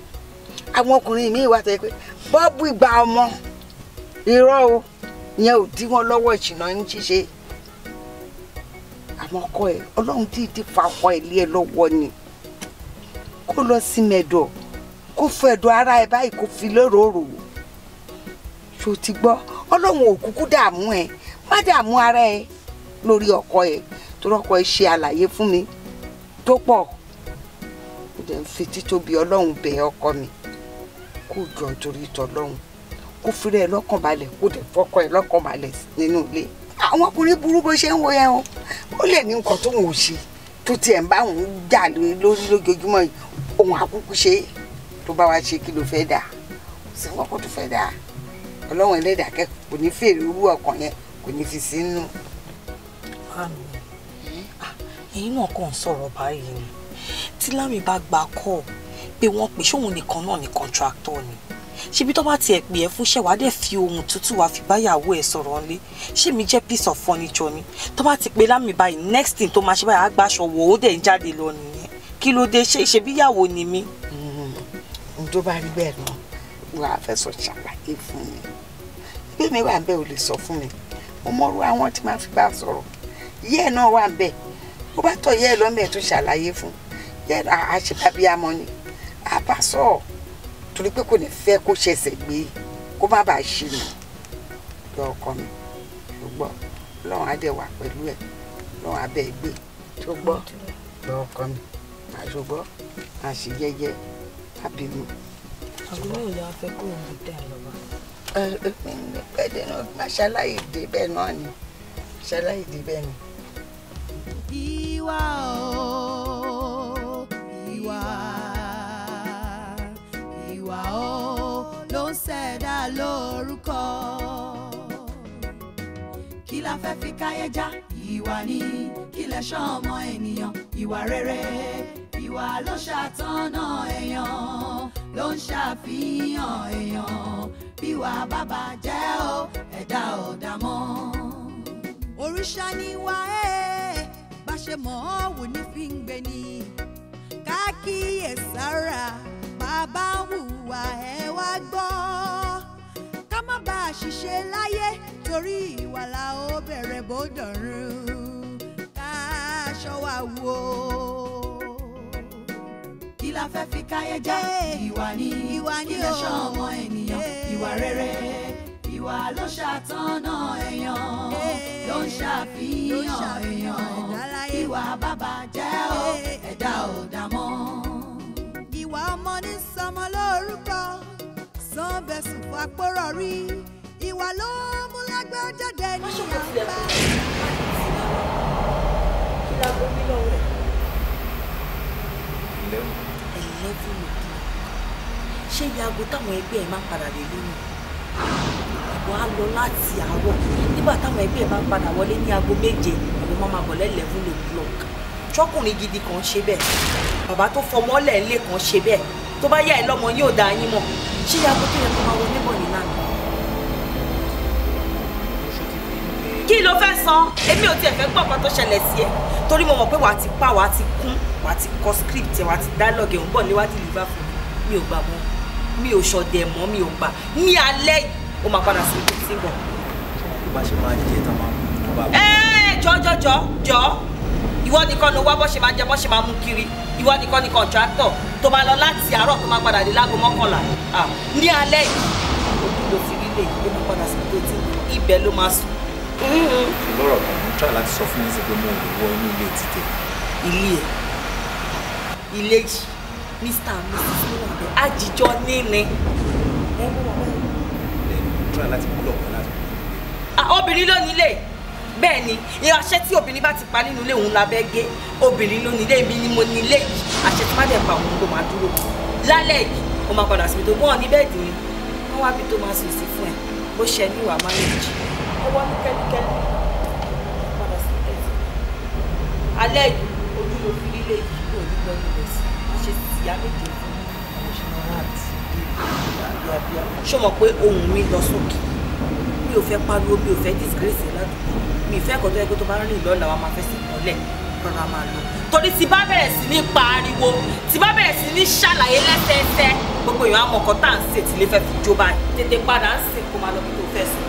[SPEAKER 3] àwọn ọkùnrin mi wà tó yẹ pé bọ́ọ̀bù ìgbà ọmọ irọ́ o ìyẹn ò dí wọn lọ́wọ́ ìṣìnà ń ṣiṣẹ́ àwọn ọkọ ẹ ọlọ́run tí ì ti fa ọkọ ẹ lé ẹ lọ́wọ́ ni kó lọ sí mẹ́dọ̀ kó fọ ẹ̀dọ̀ ara ẹ báyìí kó fi lérò ṣó ti gbọ́ ọlọ́run ò kúkú dààmú ẹ má dààmú ara ẹ lórí ọkọ ẹ torí ọkọ ẹ ṣe àlàyé fún mi tó pọ̀ ó dẹ̀ ń fi títóbi ọlọ́run bẹ ọkọ mi kó jọ nítorí tọlọ́run kó fúnra ẹ lọ́kàn balẹ̀ kó dẹ̀ fọkọ ẹ lọ́kàn balẹ̀ nínú ilé àwọn ọkùnrin burú bó ṣe ń wo yẹn o ó lè ní nǹkan tó ń wò ṣe tó tiẹ̀ ń bá òun jà lórí lójoojúmọ́ yìí òun àkúkú ṣe tó bá wa ṣe kí ló fẹ́ dà sí wọn kó tó fẹ́ dà ọlọ́run ẹlẹ́dàá kẹ́ kò ní fèrè irú ọkàn yẹn kò ní fi sínú. Ah, ẹ̀yin náà kàn ń sọ̀rọ̀ báyìí ni tí lámì bá gba kọ́ pé wọ́n pè sóun nìkan náà ní kọ́ńtráktọ̀ ni ṣebí tó bá tiẹ̀ pè ẹ́ fún ṣẹ̀wá dẹ̀ fi ohun tútù wá fi báyàwó ẹ̀ sọ̀rọ̀ ńlẹ̀ ṣé mi jẹ́ piece of furniture ni tó bá ti pe lámì báyìí next thing tó máa ṣe báyìí àgbàṣọ wò ó dẹ̀ ń jáde lọ nìyẹn kí ló dé ṣe ìṣebíyàwó ni mí. Hmm, n tó bá rí bẹ́ẹ̀ náà wàá fẹ́ sọ ṣàlàyé fún mi gbẹ̀mí wà bẹ́ẹ̀ ò lè sọ fún mi mo mọ̀rú àwọn tí màá fi bá sọ̀rọ̀ yẹ́ẹ̀ náà wà bẹ́ẹ̀ bó bá tọ̀ yẹ́ẹ̀ lọ́mẹ̀ tó ṣàlàyé fún yẹ́ẹ̀ àṣebábíàmọ́ ni àbá sọ̀rọ̀ torí pé kò ní fẹ́ kó ṣẹ̀ṣẹ̀ gbé e, kó má bàa ṣì nù lọ ọkọ mi ṣùgbọ́n lọ́run á dẹ̀ wà pẹ̀lú ẹ̀ lọ́run á bẹ̀ gbé ṣùgbọ́n lọ ọkọ mi àṣùgbọ́n àṣìyẹyẹ àbínú. àgùnbọ̀n ìyá afẹ́kọ̀ọ́ mi dà lọ́wọ́ pẹ́ẹ́dẹ́ náà máa ṣaláì dé bẹ́ẹ̀ náà ni ṣaláì dé bẹ́ẹ̀ ni.
[SPEAKER 1] ìwà o ìwà ìwà o ló ń ṣẹ̀dá lórúkọ kí la fẹ́ fi káyé já ìwà ni kí lẹ ṣọ́ ọmọ ènìyàn ìwà rere ìwà ló ṣàtọ́nà èèyàn ló ń ṣàfihàn èèyàn bí wàá bàbà jẹ́ o ẹ̀dá ọ̀dà mọ́. òrìṣà ni wà ẹ́ bá ṣe mọ̀ ọ́ wò ní fi ń gbé ni káàkiyèsára bàbá ń hùwà ẹ wá gbọ́ ká má bàa ṣìṣe láyé torí ìwà la ó bẹ̀rẹ̀ bó dọ̀rùn ká aṣọ wa wò ó la fẹ́ fi káyé já ìwà ni ìwà ni ó ṣọ́ ọmọ ènìyàn ìwà rere ìwà ló ṣàtọ́nà èèyàn ló ń ṣàfihàn èèyàn ìwà bàbà jẹ́ ó ẹ̀dá ò dá mọ́. ìwà ọmọ ní sọmọ lórúkọ san bẹ̀sùn fún apọ̀rọ̀ rí ìwà ló mú lágbájáde ní àgbà. kí la gbóbi lọ́wọ́
[SPEAKER 3] ṣé ibi aago táwọn ẹgbẹ́ ẹ̀ máa ń padà dé lónìí ìwọ á lọ láti àárọ̀ nígbà táwọn ẹgbẹ́ ẹ̀ máa ń padà wọlé ní aago méje ìwọ máa máa bọ̀ lẹ́lẹ́fún lè block ṣọ́kùnrin gidi kan ṣe bẹ́ẹ̀ bàbá tó fọmọ́lẹ̀ ńlẹ̀ kan ṣe bẹ́ẹ̀ tó bá yá ẹ lọ́mọ yóò dá yín mọ̀ ṣé iye aago tó yẹ kó máa wọlé bọ̀ nílànà. kí ló fẹ́ san èmi ò tiẹ̀ fẹ́ gbọ́ ọ̀kan tó ṣẹlẹ̀ sí ẹ torí mo mọ̀ pé wàá ti pa wàá ti kún wàá ti kọ script wàá ti dialogue ẹ̀ ń bọ̀ níwájú ìlú bá fún mi mi ò gbà mọ́ mi ò ṣọdẹ mọ́ mi ò gbà ní alẹ́ ó máa padà sí ibi tí ń bọ̀. bó bá ṣe máa jẹ tán máa mú bá. ẹ ẹ jọ jọ jọ jọ ìwọ nìkan ló wá bó ṣe máa jẹ bó ṣe máa mú kiri ìwọ nìkan ni kọ̀ǹtrátọ̀ tó máa lọ láti àárọ̀ tó máa padà dé láago mọ́kànlá ní alẹ́ yìí òkú ló fi rí lè ó máa padà sí ibi tí ibẹ̀ ló máa
[SPEAKER 6] sùn. lọ́rọ̀ kan mo ń try láti sọ fún yín sí pé mo wọ inú ilé títẹ̀. ilé ẹ̀ ilé yìí mr and mrs lóhùn bẹ́ẹ̀ àjíjọ
[SPEAKER 3] níní. obìnrin ló nílé bẹ́ẹ̀ ni ìránṣẹ́ tí obìnrin bá ti pa nínú ilé òun labẹ́ gé obìnrin ló nílé mi ni mo nílé yìí àṣẹ tí má dẹ̀ pa òun ló máa dúró lálẹ́ yìí ó máa padà síbi tó gbọ́n ní bẹ́ẹ̀dì ni wọ́n wá bí tó máa sùn fún ẹ̀ bó ṣe ní ìwà mánéjì ọwọ́ ní kẹ́líkẹ́lí padà sí ẹ̀sìn alẹ́ yìí ojú ló fi lílé yìí kò ní lọ́dún lọ́sìn ìyá méje fún mo ṣe máa rà tí bí abíá ṣé o mọ̀ pé ohun mi lọ sókè mi ò fẹ́ pariwo mi ò fẹ́ disgrace ládùúgbò mi ìfẹ́ ẹ̀kọ́ tó yẹ kó tó bá rìn lọ́la wa máa fẹ́ sí ìmọ́lẹ̀ rọra máa lọ torí tí bá bẹ̀rẹ̀ sí ní pariwo tí bá bẹ̀rẹ̀ sí ní ṣàlàyé lẹ́sẹẹsẹ gbogbo èèyàn amọ̀kọ́ tá à ń sè tílé fẹ́ fi jó báyìí tètè padà ń sè kó máa lọ bí tó fẹ́ sùn.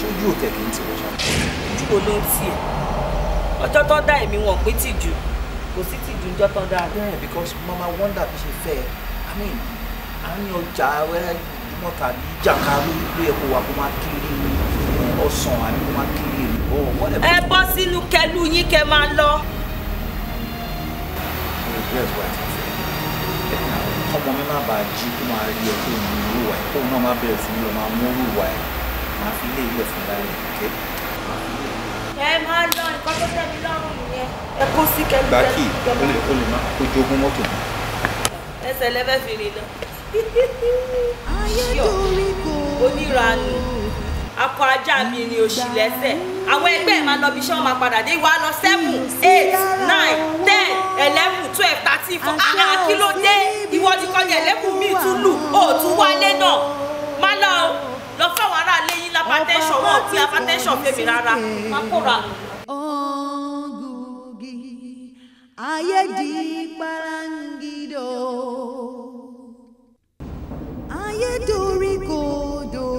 [SPEAKER 3] tójú ò tẹ̀kí ń tiwọ́ ṣáà. ojú wo ló ń tiẹ̀ ọjọ́ tó dá èmi wọn pé tìjú
[SPEAKER 6] kò sí t dùnjọ́ tán dáa. bẹ́ẹ̀ because mama wonder bí ṣe fẹ́ i mean àárín ọjà wẹ́rẹ́ ìdúmọ̀ tàbí jàkárú ló yẹ kó wà kó máa kiri ọsàn àbí kó máa kiri èlùbọ́ whatever. ẹ
[SPEAKER 3] bọ́ sínú kẹlu yín kẹ máa lọ.
[SPEAKER 6] ọmọ mi máa bá a jí kó máa rí ẹ pé òun ló náà máa bẹ̀rẹ̀ sí ní lọ máa mú òun wà máa fi ilé ilẹ̀ fún lálẹ́ kẹ́kẹ́ ẹ kó sí kẹ́mi. báàkì o lè o lè má kó jogún mọ́tò
[SPEAKER 3] ẹsẹ̀ lẹ́fẹ̀ fi lọ. yọ oníranù akọ ajá mi ni òṣì lẹ́sẹ̀ àwọn ẹgbẹ́ ẹ̀ máa lọ bí iṣẹ́ máa padà dé ìwà lọ seven eight nine ten eleven twelve thirteen four ah kí ló dé ìwọ ti eleven mi tún lù ó tún wálé náà má lọ lọ fáwọn aráalé yín lápá tẹ́sán wọn ti apá tẹ́sán fèmí rárá wọn kóra.
[SPEAKER 1] ògùgì ayé di parangido ayé dorí kodò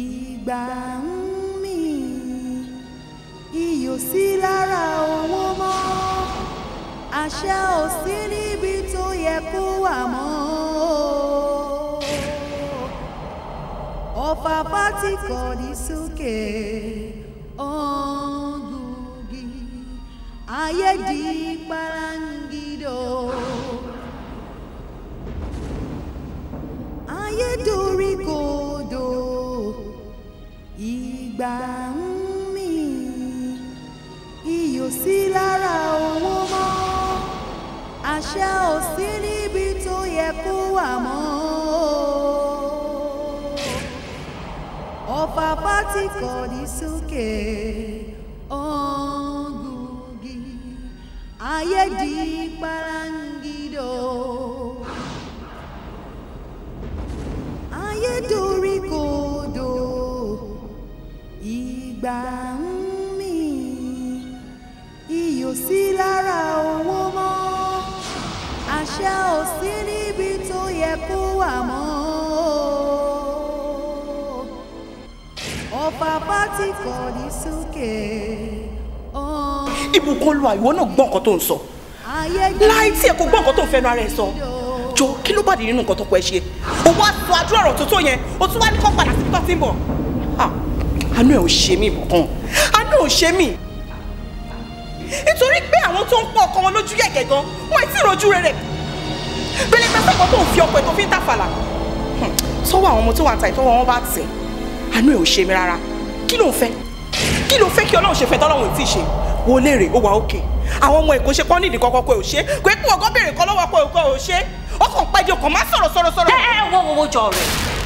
[SPEAKER 1] ìgbà ń mì iyò sí lára owó mọ́ àṣà ò sí níbi tó yẹ kó wà mọ́. ọ̀fàfà ti kọ̀dí sókè ọ̀gùgì ayé di parangido ayé dorí kodò ìgbà ń mì iyọ̀ sí lára owó mọ́ àṣà ò sí níbi tó yẹ kó wà mọ́. ọ̀fàfà ti kọ̀dí sókè ọ̀ngùgì ayé di parangido ayé dorí kodò ìgbà ń mì iyọ̀ sí lára owó mọ́ àṣà ò sí níbi tó yẹ kó wà mọ́. ọ̀pàpá ti kọ̀ ní sókè.
[SPEAKER 3] ìbùkún lu àìwọ náà gbọ́ nǹkan tó ń sọ láì tí ẹ kò gbọ́ nǹkan tó ń fẹnu ara ẹ sọ jọ kí ló bàdé nínú nǹkan tó kọ ẹ ṣe òun á sọ àdúrà ọ̀rọ̀ tó tó yẹn o tún wá ní kó padà síbi tó ti ń bọ̀ àánú ẹ ò ṣe mí ìbùkún àánú ò ṣe mí nítorí pé àwọn tó ń pọ̀ ọkọ wọn lójú yẹ̀gẹ̀ gan wọn ti rojú rẹ̀ rẹ̀ pélé pẹ́sẹ́ tó ń fi ọkọ̀ ẹ̀ tó fi ń tàfàlà sọ́wọ́ àwọn ọmọ tó wà ń ta ìtọ́wọ́ wọn bá tẹ̀ àánú ẹ̀ ò ṣe mi rárá kí ló ń fẹ́ kí ló fẹ́ kí ọlọ́run ṣe fẹ́ tọ́lọ́run tí ì ṣe wo léèrè ó wà ókè àwọn ọmọ èkó ṣe kọ́ nídìí kọ́kọ́ pé ò ṣe pé kí ọgọ́ béèrè kọ́ lọ́wọ́ pé òkò ò ṣe ó kàn pẹ́jọ kàn má sọ̀rọ̀ sọ̀rọ̀ sọ̀rọ̀. ẹ ẹ wo wo wo jọ rẹ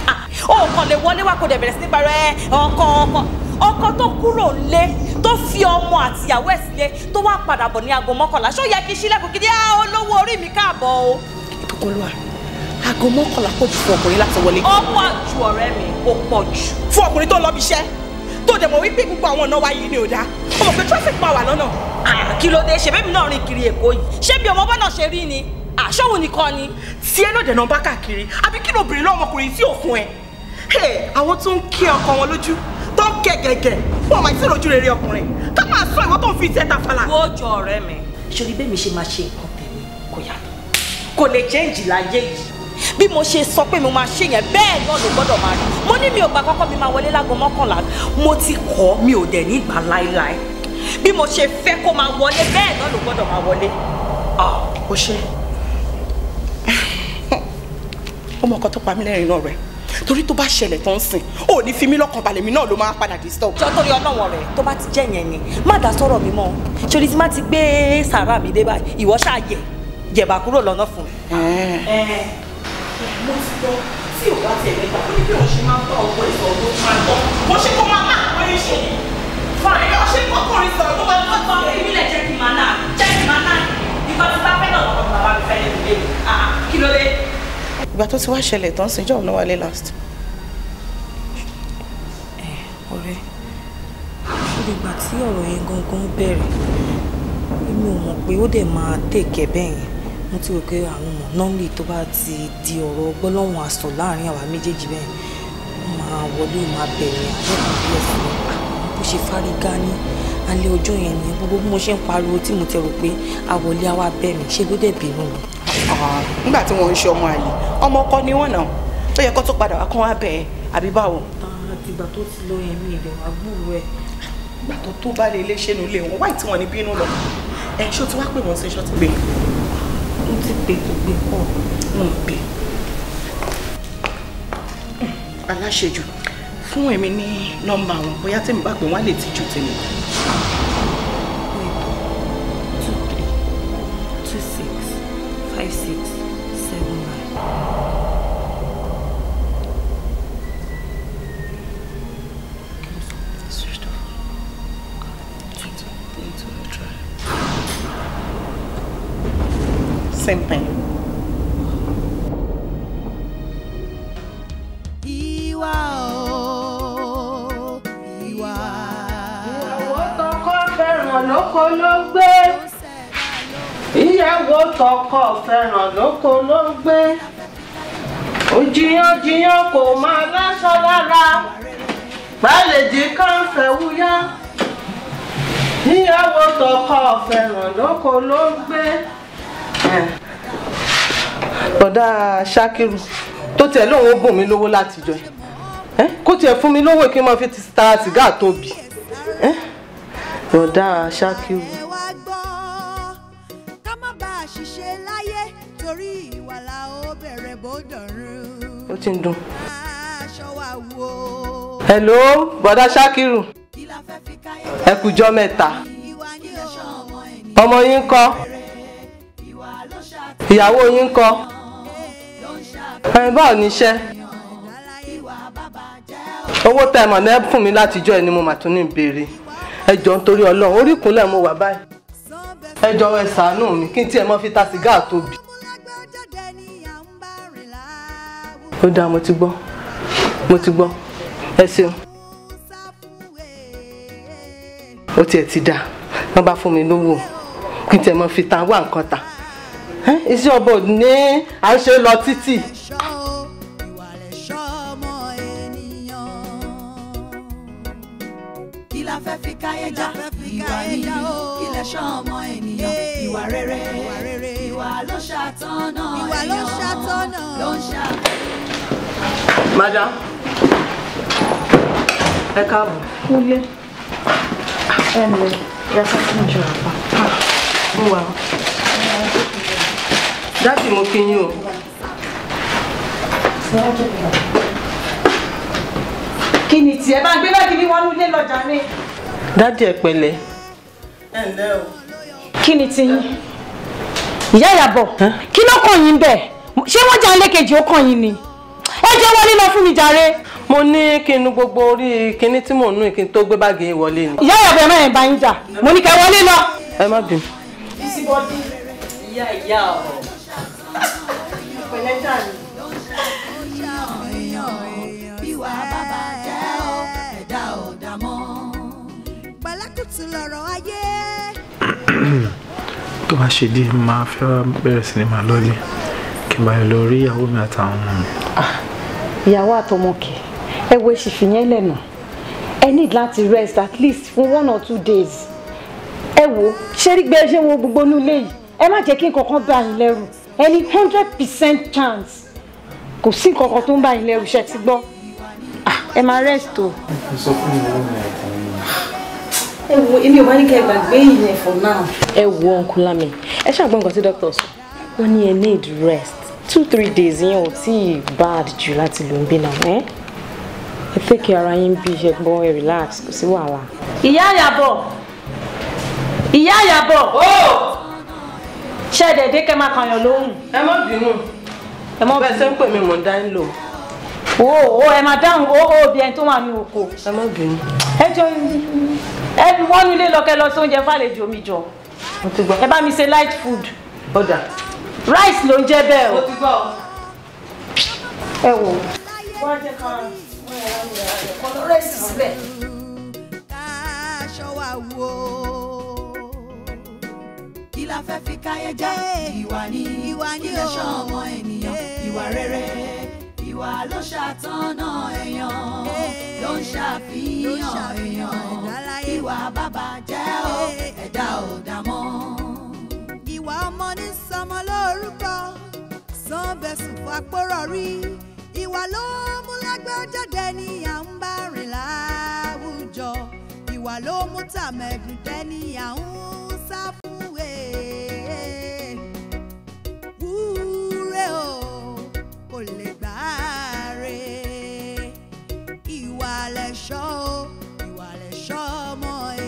[SPEAKER 3] ó ah, kàn lè wọlé wá kó dẹ̀ bẹ̀rẹ̀ sí ní parọ́ ẹ ọkọ ọkọ ọkọ tó kúrò lé tó fi ọmọ àtìyàwó ẹ̀ sílé tó wá padà bọ̀ ní aago mọ́kànlá ṣó yẹ kí sílẹ̀kùn kí ni ah, olówó orí mi káàbọ̀ o. ìbùkún ló wà rẹ aago mọ́kànlá pọ̀ jù fún ọkùnrin láti wọlé. ó pọ̀ ju ọ̀rẹ́ mi ó pọ̀ jù. fún ọkùnrin tó lọ bí iṣẹ́ tó dẹ̀ mọ̀ wípé gbogbo àwọn ọ̀nà wa yìí ni ò dáa ó mọ̀ pé traffic máa wà lọ́nà. kí ló dé ṣe bẹ́ẹ̀ náà rìn kiri èkó yìí ṣé bí ọmọ bọ́nà ṣe rí ni àṣọ́wò nìkan ni. tí ẹ náà dẹ̀ náà bá káàkiri àbí kí ló bèrè lọ́wọ́ ọkùnrin tí ò fún ẹ. àwọn tó ń kí ọkọ wọn lójú tó ń kẹ gẹ̀gẹ̀ wọn máa ti rojú rere ọkùnrin ká máa sọ ìwọ tó ń fi tẹ́ta fàlà. ó jọ ọ̀rẹ́ mi. ṣorí bẹ́ẹ̀ mi ṣe máa ṣe nǹkan tèmi kò yàtọ̀ kò lè jẹ́ ìjìlá yé yìí bí mo ṣe sọ pé mo máa ṣe yẹn bẹ́ẹ̀ náà ló gbọ́dọ̀ máa rí mo ní mi ò gbà kọ́kọ́ mi máa wọlé láago mọ́kànlá mo ti kọ́ mi ò dẹ̀ ní ìgbà láéláé bí mo ṣe fẹ́ kó máa wọlé bẹ́ẹ̀ náà ló gbọ́dọ̀ máa wọlé. ó ṣe ó mọ tó pa mí lẹ́rìn náà rẹ̀ torí tó bá ṣẹlẹ̀ tó ń sìn ò ní fi mí lọ́kàn balẹ̀ mi náà ló máa padà disturb. jọ torí ọlọ́wọ̀n rẹ̀ tó bá ti jẹ́ yẹn ni má dá sọ̀rọ̀ mi mọ́ ṣòrí tí má ti gbé sàrà mi dé báyìí ìwọ ṣáà yẹ jẹ̀bà kúrò lọ́nà fún mi mo ti lọ tí ò bá tẹ̀lé gbà ó ní bí òun ṣe máa ń bá ọkọ ìsọ̀ ọdún máa ń bọ̀ mo ṣe kó máa máa pọ́n ṣe fàáyé ọṣẹ kọkùnrin sọ̀rọ̀ tó máa ń tọ́jú ọ̀rẹ́ ìbílẹ̀ jẹ́ kí màá náà jẹ́ kí màá náà ìgbà tó bá fẹ́ náà lọ́wọ́ bàbá mi fẹ́ lè lè ah, ah, kí ló dé. ìgbà tó ti wá ṣẹlẹ̀ tán sí jọ́ọ̀ náà wálé last. ẹ eh, ọ̀rẹ́ ṣùgbọ́n ìgbà tí ọ̀rọ̀ yẹn gangan bẹ̀rẹ̀ èmi ò mọ̀ pé ó dẹ̀ máa tèkẹ́ bẹ́ẹ̀ yẹn mo ti rò pé àwọn normally tó bá ti di ọ̀rọ̀ gbọ́lọ́hún àsọ láàrin àwa méjèèjì bẹ́ẹ̀ máa wọlé máa bẹ̀rẹ̀ àbẹ́kùn bí ẹ̀sìn ah, bó ṣe fárígá ní alẹ́ ọjọ́ yẹn ni gbogbo bí mo ṣe ń pariwo tí mo ti rò pé àwọlé àwa bẹ̀ mí ṣe ló dẹ̀ bínú mi. Ah, nígbà tí wọ́n ń ṣe ọmọ àlè ọmọ ọkọ ni wọ́n náà tó yẹ kó tó padà wá kán wá bẹ̀ àbí báwo. Ah, àtìgbà tó ti lọ yẹn mi ìbẹ̀ wá gbúrò ẹ̀. ìgbà tó tó bá lè léṣe nílé wọn wáì tí wọn ní bínú lọ ẹ̀ ṣó ti wá pè wọ́n sí ṣó gbé mo ti pè tó gbé kọ́ wọn pè. aláṣejù fún èmi ní nọ́mbà wọn bóyá tèmi bá pè wọ́n lè tijú tèmi. fẹ́ràn lóko ló ń gbé òjìyànjiyàn kò máa láṣọ lára gbàlejì kan fẹ̀wúyá níyàwó tọkọ fẹ́ràn lóko ló ń gbé. bọ̀dá ṣakiru tó tiẹ̀ lóun ó bùn mí lówó látijọ́ ẹ kó tiẹ̀ fún mi lówó kí n máa fi tara sìgá tóbi bọ̀dá ṣakiru. ti ń dùn. hello bọ̀dá ṣákírù ẹ kújọ́ mẹ́ta ọmọ yín kọ́ ìyàwó yín kọ́ ẹ̀yin báwo ni iṣẹ́ owó tẹ́ mọ̀ náà fún mi látijọ́ ẹ ni mo mà tún ní ìbéèrè ẹ jọ̀ọ́ nítorí Ọlọ́run orí ìkúnlẹ̀ mo wà báyìí ẹ jọ̀ọ́ ẹ ṣàánú mi kí n tiẹ̀ mọ́ fi ta sìgá àtòbí. ó dáa mo ti gbọ́ mo ti gbọ́ ẹ ṣeun ó tiẹ̀ ti dáa wọ́n bá fún mi lówó kí n tẹ̀ mọ́ fi tan wá nǹkan ta iṣẹ́ ọbọ̀ ní à ń ṣe lọ títì.
[SPEAKER 1] fẹ́ fi káyé já ìwà yìí ilẹ̀ ṣọ́ ọmọ ènìyàn
[SPEAKER 3] madam ẹ káàbọ̀. kúnlé ẹ ǹlẹ́ yàtọ̀ fún ìjọ àpá bó wà ó. dáàbì mo kí yín o. kí ni tiẹ̀ bá ń gbé báàgì ní wọnú ilé lọ́jà mi. dáàdì ẹ pẹ̀lẹ́. ẹ ǹlẹ́ o. kí ni ti yín ìyá ìyàbọ̀ kí ló kàn yín bẹ́ẹ̀ ṣé wọ́n ẹ jẹ́ wọlé lọ fún mi jàre. mo ní kí n nu gbogbo orí kinní tí mò ń nu kí n tó gbé báàgì wọlé ni. ìyá ìyàbẹ̀ máa ń bá yín jà mo ní kẹ́ wọlé lọ. ẹ má bínú. ìyá ìyá ọ̀ pẹ̀lẹ́ jà ni.
[SPEAKER 6] tó bá ṣe dé máa fẹ́ bẹ̀rẹ̀ sí ni kí n máa lọ rí ìyàwó mi àtàwọn ọmọ mi. Ah,
[SPEAKER 3] ìyàwó àtọmọkẹ ẹ wo èsì fìyẹn lẹ́nu ẹ need láti rest at least fún one or two days ẹ wo ṣé rí gbé ṣé wo gbogbo nílé yìí ẹ má jẹ́ kí nǹkan kan bá yín lẹ́rù ẹ ní hundred percent chance kò sí nǹkan tó ń bá yín lẹ́rù ṣe ti gbọ́ ah, ẹ máa rest o. ẹ
[SPEAKER 6] sọ fún mi lọ́wọ́ mi àti
[SPEAKER 3] ẹ wo èmi ò bá ní kẹ́ ẹ gbàgbé ìyẹn for now. ẹ wo ọkùnrin mi ẹ ṣàgbọ́n nǹkan tí dókítà sọ wọ́n ní ẹ need rest two three days yẹn ò tí ì bad jù láti lò ń bí náà eh? ẹ ẹ fẹ́ kí ara yín bí ẹgbọ́n ẹ relax kò sí wàhálà. ìyá àyàbọ̀ ìyá àyàbọ̀ ṣẹ́ẹ̀dẹ̀ẹ́dẹ́ kẹ́ máa kàyàn lóhùn. ẹ má bínú ẹ mọ bẹ́ẹ̀ ṣe ń pè mí mò ń dá ń lò. o o ẹ máa dáhùn o o bí ẹni tó wà ní oko. ẹ má bínú. ẹ jọ ẹ wọ́n nílé lọ́kẹ́ lọ sóúnjẹ fàlejò mi jọ. ẹ bá mi ṣe light food. ọ̀dà rice ló ń jẹ́ bẹ́ẹ̀ o. ẹ wò.
[SPEAKER 1] kí la fẹ́ fi káyé já ìwà ni ìwà ni ó ṣọ́ ọmọ ènìyàn ìwà rere ìwà ló ṣàtọ́nà èèyàn ló ń ṣàfihàn èèyàn ìwà bàbà jẹ́ ẹ̀dá ò àwa ọmọ ní sọmọ lórúkọ sanbẹ̀sùn fún àpòrọ̀ rí ìwà ló mú lágbájáde ní à ń bá rìn láwùjọ ìwà ló mú tàmẹ̀dùn jẹ́ ní à ń sá fún èèyàn wúre o kò lè gbáre ìwà lẹ̀ṣọ́ o ìwà lẹ̀ṣọ́ ọmọ ẹ̀.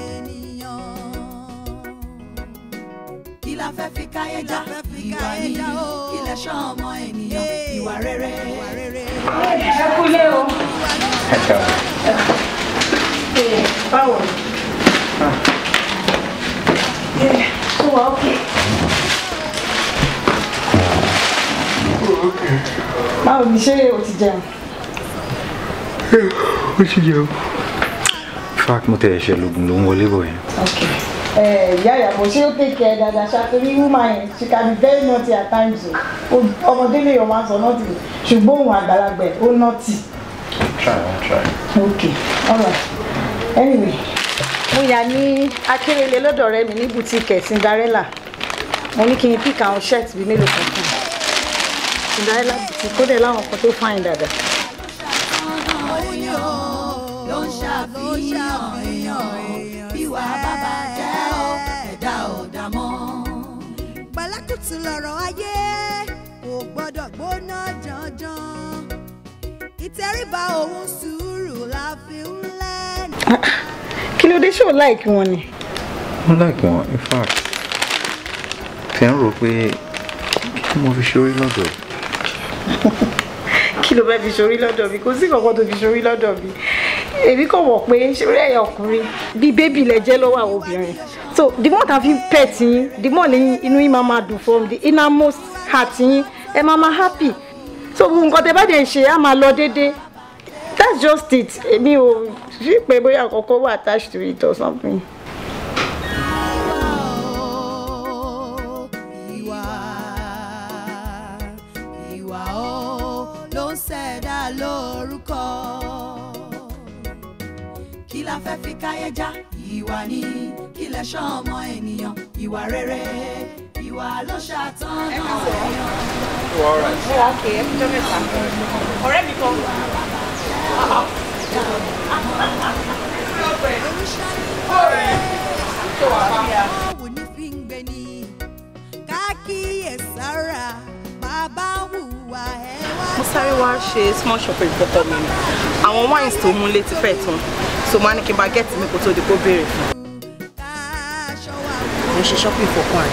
[SPEAKER 1] la fẹ́ fi káyé já ìwà yìí ilẹ̀ ṣọ́ ọmọ ènìyàn ìwà rere.
[SPEAKER 3] ẹ kúlé o. báwo ni. ó wà ókè. báwo ni ṣé o ti jẹun.
[SPEAKER 7] ó ti jẹun.
[SPEAKER 6] fact mo tẹ̀ ẹ̀ ṣe lóògùn ló ń wọlé bọ̀ yẹn. okay
[SPEAKER 3] ìyá ìyàbọ̀ ṣé ó tèkẹ́ ẹ̀ dáadáa ṣàtúrí woman yẹn she can be very naughty at times o oh. ọmọdé lè yọ̀ máa sọ naughty ṣùgbọ́n òun àgbàlagbà ó naughty.
[SPEAKER 5] try one try. okay
[SPEAKER 3] alright anyway mo yà ní akérèlé lọ́dọ̀ ọ̀rẹ́ mi ní bùtíkẹ̀ Cinderella mo ní kí n pick àwọn shirt bíi mélòó kan fún un Cinderella bùtí kódẹ̀ láwọn kan tó fine dáadáa. ló ń ṣàfihàn
[SPEAKER 1] èèyàn bí wàá bá lọ̀rọ̀ ayé kò gbọ́dọ̀ gbóná janjan ìtẹríba òun sùúrù la fi ń lẹ́nu. Ah, ah,
[SPEAKER 3] kí ló dé ṣó láìkí wọn ni.
[SPEAKER 6] mo láìkí wọn in fact tẹ ń rò pé kí mo fi ṣorí lọ́dọ̀
[SPEAKER 3] kí ló bẹ́ẹ̀ fi ṣorí lọ́dọ̀ mi kò sí kankan tó fi ṣorí lọ́dọ̀ mi èmi kò mọ̀ pé ṣébílẹ̀ ẹ̀yà ọkùnrin bíi bébì lẹ jẹ́ lọ́wọ́ àwọn obìnrin so the more ta fi pet yín the more lẹ́yìn inú yín máa máa dùn from the innermost heart yín ẹ máa máa happy so gbogbo nǹkan tẹ bá dẹ̀ ṣe á máa lọ déédéé that's just it èmi ò rí pé bóyá àkọ́kọ́ wà attached to it or something.
[SPEAKER 1] káyé já ìwà ni kílẹ̀ ṣọ́ ọmọ ènìyàn ìwà rere ìwà ló ṣàtàn náà èèyàn. wọ́n ọ̀rọ̀ ẹ̀. wọ́n ọ̀kẹ́ ẹ̀ fúnjọ́ mẹ́ta
[SPEAKER 3] ọ̀rẹ́ mi kan.
[SPEAKER 5] báwo
[SPEAKER 1] ni fi ń gbé ni káàkiyèsára bàbá hùwà ẹ̀ wá. mo
[SPEAKER 3] sáré wá ṣe small shopping fọ́tọ̀ mi àwọn wines tó mú létí fẹ́ tán so máa ní kí n bá gẹ́ẹ̀tì mi kó tó di kó
[SPEAKER 7] béèrè fún. mo ṣe shopping for kwan.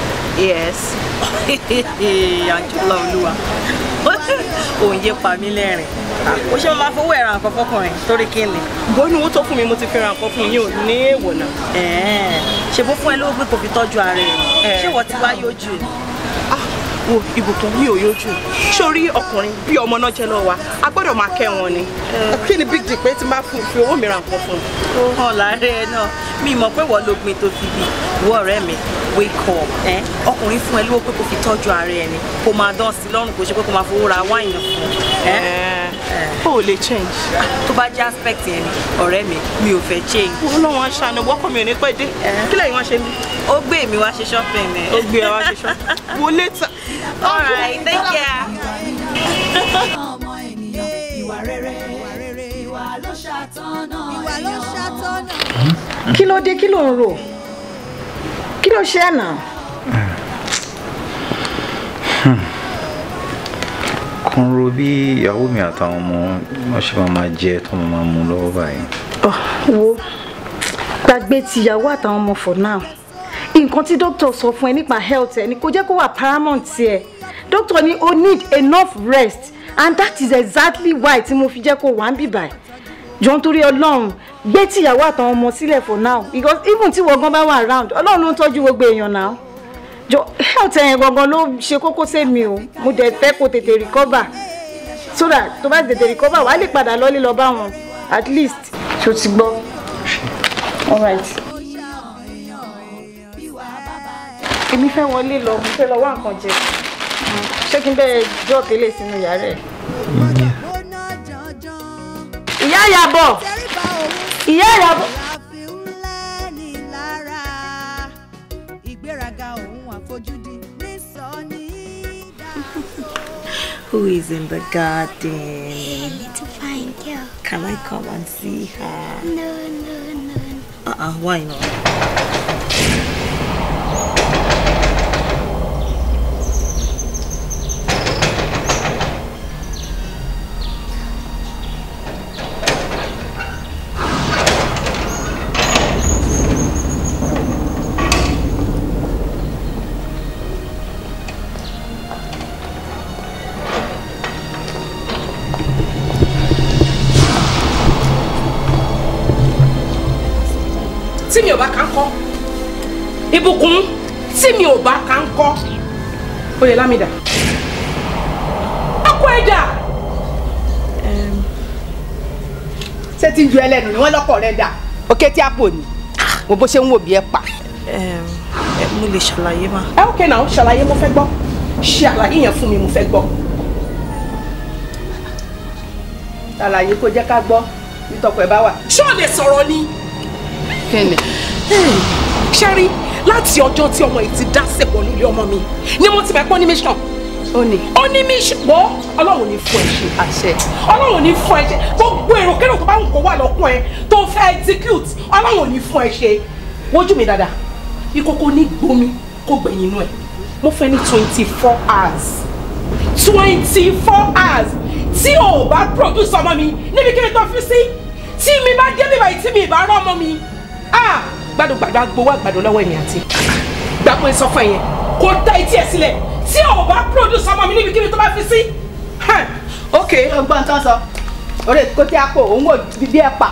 [SPEAKER 3] yes àjọlá olúwa òye pa mí lẹ́rìn ah, ó ṣe mo máa fowó ẹ̀rọ nǹkan fọkùnrin torí kí ni. bóyá owó tó fún mi mo ti fi ra nǹkan fún yín ò ní èèwọ̀ náà. ṣe bó fún ẹ lówó pé fi tọ́jú ara ẹ̀ ṣé wọ́n ti wáyé ojú ẹ̀ wo ìbùkún yìí ò yójú sórí ọkùnrin bí ọmọ náà jẹ́ lọ́wọ́ wa a gbọ́dọ̀ máa kẹ́ wọn ni kí ni big deal pé máa fún fi owó mi ra fún ó hàn láàárẹ̀ náà mi mọ̀ pé wọ́n ló gbin tó fi bí ìwọ ọ̀rẹ́ mi wake up ọkùnrin fún ẹ lówó pé kò fi tọ́jú ara ẹni kò máa dán sí lọ́rùn kò ṣe pé kò máa fowó ra wáìnì fún un lára eh. ó lè change. tó bá jẹ́ aspect yẹn ni ọ̀rẹ́ mi mi ò fẹ́ change. wọ́n náà wọ́n ṣàánú wọ́kọ̀ mi ò ní pẹ́ dé eh. kí lẹ́yìn wọ́n ṣe ní. ó gbé mi wá ṣe shopping ẹ̀. ó gbé wá ṣe shopping wo later. all right thank you.
[SPEAKER 1] ọmọ ènìyàn ìwà rere ìwà ló ṣàtọ́nà ìwà ló
[SPEAKER 6] ṣàtọ́nà.
[SPEAKER 3] kí ló dé kí ló ń rò kí ló ṣe ẹ̀ náà.
[SPEAKER 6] Hmm kún ro bí ìyàwó mi àtàwọn ọmọ wọn ṣe máa máa jẹ tó máa mú lọ́wọ́ báyìí. Ah, wo
[SPEAKER 3] gbàgbé tìyàwó àtàwọn ọmọ for now nǹkan tí dókítà sọ fún ẹ nípa health ẹ ni kò jẹ́ kó wà paramount tiẹ̀ Doctor, ni o need enough rest and that is exactly why tí mo fi jẹ́ kó wà ń bìbà ẹ̀ jọ nítorí ọlọ́run gbé tìyàwó àtàwọn ọmọ sílẹ̀ for now because even tí wọ́n gan bá wà around ọlọ́run ló ń tọ́jú gbogbo èèyàn now jọ health ẹ̀yìn gangan ló ṣe kókó sẹ́mi o mo dẹ̀ fẹ́ kó tètè recover so that tó bá tètè recover wàá lè padà lọ́lé lọ bá wọn at least ṣó ti gbọ́ all right. èmi fẹ́ wọlé lọ mo fẹ́ lọ wá nǹkan jẹ ṣé kí n bẹ́ẹ̀ jọ́ tẹ́lẹ̀ sínú yàrá ẹ̀.
[SPEAKER 5] Mm-hmm.
[SPEAKER 3] ìyá ìyàbọ̀ ìyá ìyàbọ̀. who is in the garden. need
[SPEAKER 5] to find girl.
[SPEAKER 3] Can I come and see her? No, no, no. Uh-uh, why not? tí mi ò bá kà ń kọ́ ìbùkún tí mi ò bá kà ń kọ́ ó lè lámìdá ọkọ ẹ̀dá. ṣé tí ń ju ẹlẹ́nu ni wọ́n lọ́kọ̀ rẹ̀ dà òkè tí a bò ní ah, mo bó ṣe ń wò bí ẹ pa. mo lè ṣàlàyé ma. ẹ ókè náà ṣàlàyé mo fẹ́ gbọ́ ṣe àlàyé yẹn fún mi mo fẹ́ gbọ́. àlàyé kò jẹ́ ká gbọ́ nítọ́kọ̀ ẹ bá wà. ṣé o lè sọ̀rọ̀ ni kẹ́ni. ṣẹ́rí láti ọjọ́ tí ọmọ yìí ti dá sẹ̀pọ̀ nílé ọmọ mi ni mo ti fẹ́ pọ́n ní mission. ó ní. ó ní mission bọ́ ọlọ́run ní fún ẹ ṣe. àṣẹ. ọlọ́run ní fún ẹ ṣe gbogbo èrò kérò tó bá ń kó wà lọ́kùn ẹ tó fẹ́ execute ọlọ́run ní fún ẹ ṣe. wojú mi dáadáa ìkókó ní gbomi kó gbẹ̀yìn inú ẹ mo fẹ́ ní twenty four hours twenty four hours tí o ò bá produce ọmọ mi níbi kí mi tó fi sí tí mi bá dé bíbá yìí tí mi ì bá rán ọmọ mi Ah, gbádùn gbàdúrà gbowó àgbàdo lọ́wọ́ èmi àti gbàgbọ́ ẹ sọ fún ẹ yẹn kó dá etí ẹ sílẹ̀ tí ò bá produce ọmọ mi níbi kíbi tó bá fi sí. ok. ọgbọ́n tán sọ orí kó tí a kó òun wò bí ẹ pa.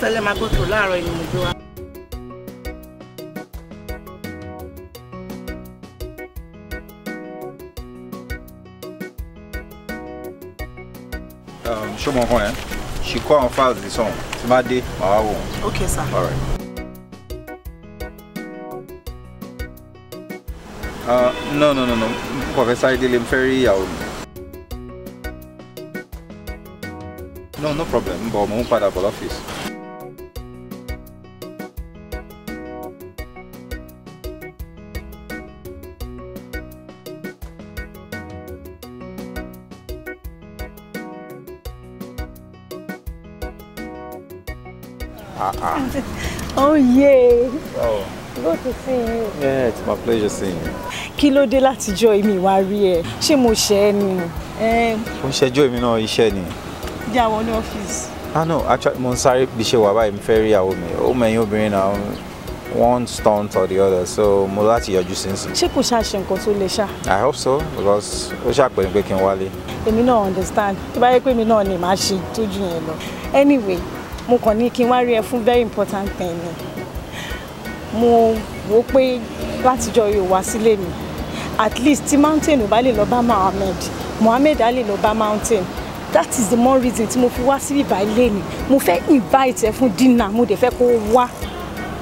[SPEAKER 3] tẹ́lẹ̀ máa gbótò láàárọ̀ ìlú mi gbé wa.
[SPEAKER 6] Um, ṣé mo hàn ẹ́ ṣì kọ́ àwọn fáìlì sọ̀hún tí má dé màá wò ok sir. Uh, no, no, no, no. Professor Idile, I'm very um... No, no problem. But I'm going to the office.
[SPEAKER 3] Olóyè.
[SPEAKER 6] Oh. Good to see you. Yeah, it's my pleasure seeing you.
[SPEAKER 3] Kí ló dé látijọ́ èmi wá rí ẹ? Ṣé mo ṣe ẹ́ ni?
[SPEAKER 6] Mo ń ṣẹjọ́ èmi náà iṣẹ́ ni.
[SPEAKER 3] Jẹ́ àwọn ní ọ́fíìsì.
[SPEAKER 6] Ah no, actually mo ń sáré bí ṣe wà báyìí mo fẹ́ rí àwọn mi. Ó mẹ̀yìn obìnrin náà one stunt or the other so mo láti yọjú sínsìn. ṣé kò ṣàṣe
[SPEAKER 3] nǹkan tó le ṣá.
[SPEAKER 6] i hope so because ó ṣàpè ní pé kí n wálé.
[SPEAKER 3] èmi náà understand tó bá yẹ pé èmi náà ni màá ṣe tójú yẹn lọ anyway mo kàn ní kí n wá rí ẹ fún very important thing ni mo wò pé látijọ́ yóò wá sílé mi at least tí mountain ò bá lè lọ bá mohammed mohammed á lè lọ bá mountain that is the more reason tí mo fi wá síbí báyìí lẹ́nu mo fẹ́ invite ẹ fún dinner mo dẹ̀ fẹ́ kó wá.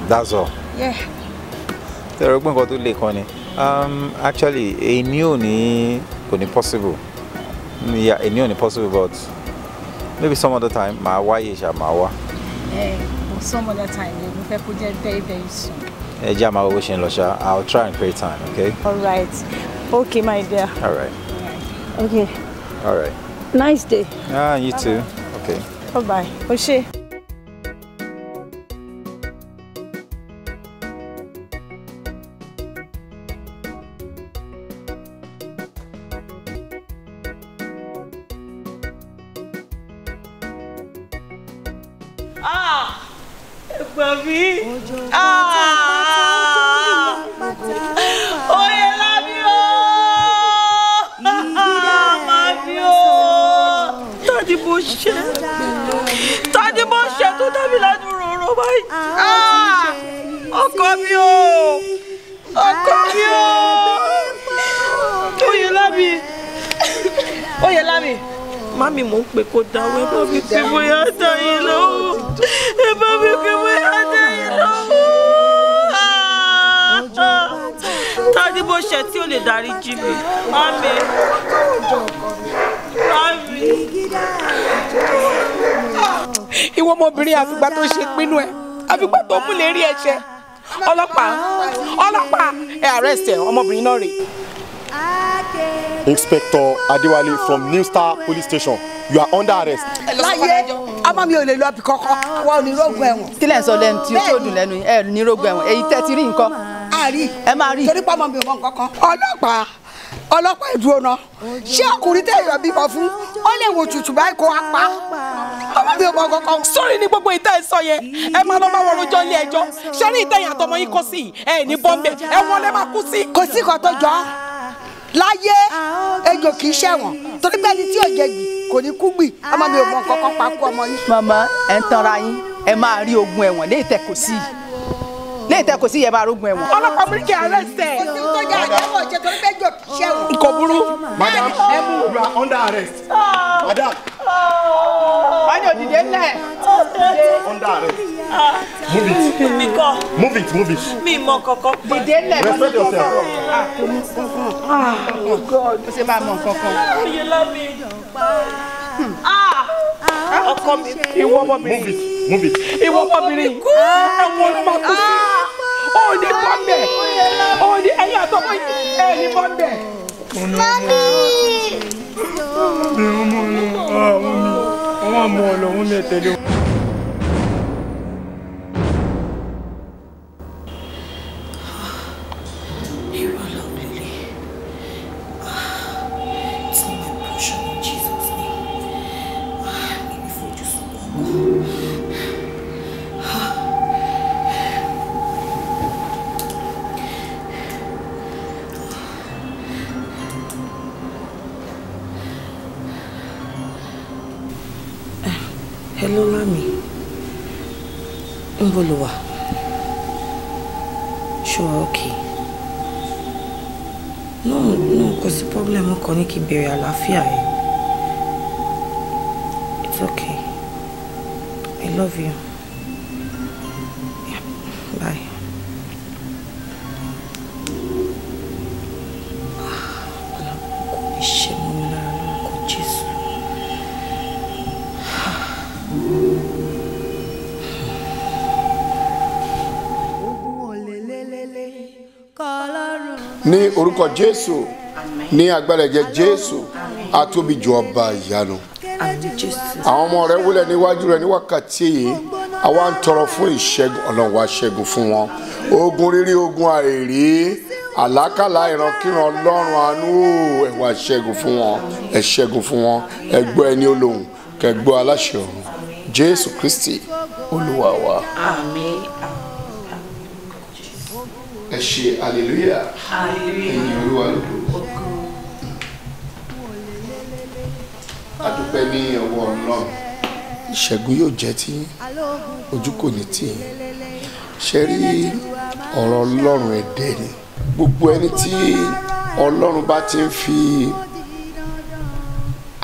[SPEAKER 3] that's all. yeah.
[SPEAKER 6] ṣe rẹ gbọ́n nǹkan tó lè kàn ni um, actually èmi ò ní kò ní possible yeah èmi ò ní possible but maybe some other time màá wáyé ṣá màá wá.
[SPEAKER 3] Yeah some other time mo fẹ́ kó very very soon.
[SPEAKER 6] ẹ jam. I wish ṣe ń I'll try and create time okay. all
[SPEAKER 3] right okay my dear. all right. okay. all right. nice day.
[SPEAKER 6] ah you too. okay.
[SPEAKER 3] bye bye. o ṣe. Ah, ọkọ mi o ọkọ mi o Oyèlámì Oyèlámì mami mò ń pè kó dáwọ́ ẹ bá mi pè bóyá dá yín lọ́wọ́ ẹ bá mi bo bóyá dá yín lọ́wọ́ ta ni mo ṣẹ̀ tí o lè dárí jì mí mami mami. ìwọ ọmọbìnrin àfìgbà tó ṣe pinnu ẹ àfikún tó kú lè rí ẹ̀ṣẹ̀ ọlọ́pàá ọlọ́pàá ẹ arrest ọmọbìnrin náà rè.
[SPEAKER 4] Inspector Adewale from New Star Police Station you are under arrest.
[SPEAKER 3] láyé ọmọ mi ò lè lọ bí kankan wa ò ní rògbò ẹ̀wọ̀n. kílẹ̀ ń sọ lẹ́nu tí o dùn lẹ́nu ẹ ní rògbò ẹ̀wọ̀n èyí tẹ́ ti rí nǹkan. a rí torí pé mi ò mọ nǹkan kan. ọlọ́pàá ọlọ́pàá ìdúró náà ṣé ọkùnrin tẹ̀yọ̀ bímọ fún ó lè wo tutù báyìí kó wá pa ọmọ mi ò mọ kankan. sórí ni gbogbo ìta ẹ sọ yẹn ẹ máa lọ bá wọn rojọ́ ilé ẹjọ́ ṣé ní ìtẹ̀yìn àtọmọ yín kọ́ sí ẹ ní bọ́m̀bẹ̀ ẹ wọn lẹ́ máa kú sí. kò sí kan tó jọ láyé ejò kì í ṣẹ̀wọ̀n torí pé ẹni tí ò jẹ gbì kò ní kú gbì ọmọ mi ò mọ kankan pa kú ọmọ yín. màmá ẹ ń tanra yín ẹ máa rí ogun ẹ̀wọ̀n léètẹ̀ kò sí lẹ́yìn tẹ́ kò sí yẹ bá arógun ẹ̀wọ̀n. ọlọ́pàá Bíríkì arẹ́sẹ̀. kò sí tó jẹ àjẹwò jẹ torí pé jò kì í ṣẹ́wọ̀n. kò burú.
[SPEAKER 8] madam you are under arrest. madam.
[SPEAKER 3] wọ́n yóò dìde lẹ̀. under arrest. move it. mi kọ́. move it move it. mi mọ kọ̀kọ́ pa. dìde lẹ̀. respect yourself. o ah. ah. ṣe máa mọ nǹkan kan ọkọ mi
[SPEAKER 8] ìwọ ọmọbìnrin ìwọ ọmọbìnrin
[SPEAKER 3] ẹwọ ọmọ kù sí òní bọ́m̀bẹ̀ òní ẹ̀yìn àtọ́kọ́
[SPEAKER 8] ẹ̀yìn bọ́m̀bẹ̀. mami. ọmọ ọlọ́run mi tẹ̀lé.
[SPEAKER 3] Níbo lo wà? Sure, okay. No, no, kò sí problem ọkọ̀ ní kí bèrè àlàáfíà yẹn. It's okay. I love you.
[SPEAKER 4] orúkọ jésù ní agbára ẹ̀jẹ̀ jésù àtóbi jù ọba ìyanu àwọn ọmọ rẹ wúlẹ̀ níwájú rẹ ní wákàtí yìí àwa ń tọrọ fún ìṣẹ́gun ọlọ́run wa ṣẹ́gun fún wọn ogun rírí ogun àìrí àlákàlà ìrankíran ọlọ́run àánú ẹ wá ṣẹ́gun fún wọn ẹ ṣẹ́gun fún wọn ẹ ẹni olóhùn kẹ́ aláṣẹ ọ̀run jésù kristi olúwa wa. àmín ẹ ṣe hallelujah ẹ̀yin olúwa lóko. adúpẹ́ ní ọwọ́ náà ìṣẹ́gun yóò jẹ́ tí ojú kò ní tì í ṣe rí ọ̀rọ̀ ọlọ́run ẹ̀dẹ́ ni gbogbo ẹni tí ọlọ́run bá ti ń fi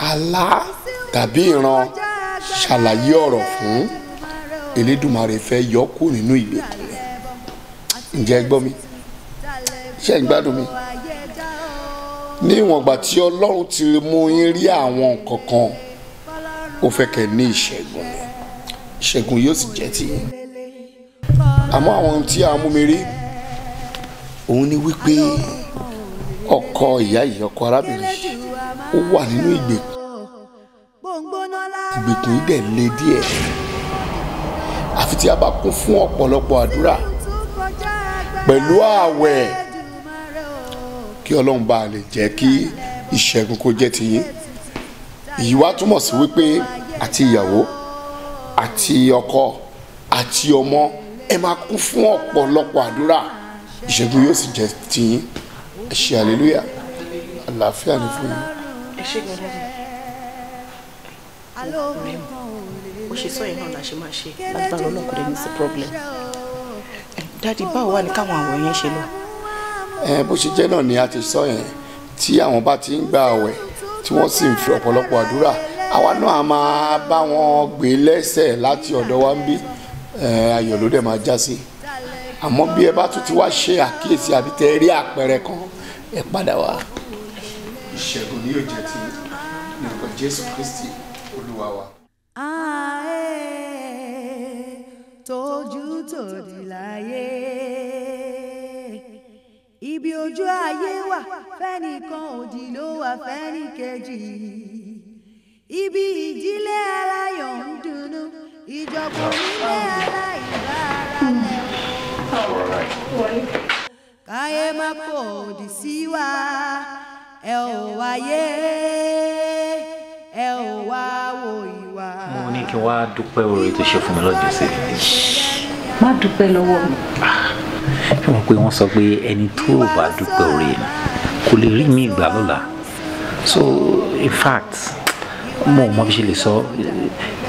[SPEAKER 4] àlá tàbí ìran ṣàlàyé ọ̀rọ̀ fún Elédùmarè fẹ́ yọ kú nínú ìgbèkùn rẹ̀ ǹjẹ́ gbọ́ mi ṣe ń gbádùn mi ní ìwọ̀n ìgbà tí ọlọ́run ti mú yín rí àwọn nǹkan kan ó fẹ́ kẹ́ ní ìṣẹ́gun ni ìṣẹ́gun yóò sì jẹ́ tiyín àmọ́ àwọn tí a mú mi rí òun ni wípé ọkọ ìyá yìí ọkọ arábìnrin ó wà nínú ìgbèkùn ìgbèkùn yìí dẹ̀ le díẹ̀ àfi tí a bá kún fún ọ̀pọ̀lọpọ̀ àdúrà pẹ̀lú ààwẹ̀ kí ọlọ́run bá lè jẹ́ kí ìṣẹ́gun kó jẹ́ tiyín èyí wá túmọ̀ sí wípé àti ìyàwó àti ọkọ àti ọmọ ẹ máa kún fún ọ̀pọ̀lọpọ̀ àdúrà ìṣẹ́gun yóò sì jẹ́ tiyín ẹ ṣe àlelúyà àlàáfíà ni fún yín.
[SPEAKER 3] mo ṣe sọ yẹn náà la ṣe máa ṣe lágbára ọlọ́kùnrin ní sí problem dáàdi báwo wà ní káwọn àwọ̀ yẹn ṣe lọ
[SPEAKER 4] bó ṣe jẹ́ náà ni a ti sọ yẹn tí àwọn bá ti ń gba àwẹ̀ tí wọ́n sì ń fi ọ̀pọ̀lọpọ̀ àdúrà àwa náà a máa bá wọn gbé lẹ́sẹ̀ láti ọ̀dọ̀ wa ń bí ayọ̀ ló dẹ̀ máa já sí àmọ́ bí ẹ bá tún ti wá ṣe àkíyèsí àbí tẹ rí àpẹẹrẹ kan ẹ padà wá. ìṣẹ́gun ni yóò jẹ́ ti nípa Jésù Kristi Olúwa wa.
[SPEAKER 1] ààyè tójú tòdì ibi ojú ayé wà fẹ́nìkan òdì ló wà fẹ́nìkejì ibi ìdílé aláyọ̀ ń dunnú ìjọba onílé aláìbára lẹ́wọ̀n. káyé má kò òdì sí wa ẹ ò wáyé ẹ ò wá wo ìwà. mo
[SPEAKER 6] ní kí wàá dúpẹ́ oore tó ṣe fún mi lọ́jọ́ sí i. má
[SPEAKER 3] dúpẹ́ lọ́wọ́ mi. Ah
[SPEAKER 6] ṣé wọn pé wọn sọ pé ẹni tó ò bá dúpẹ́ oore ni kò lè rí mi ìgbà lọ́la so in fact mo mọ bí ṣe lè sọ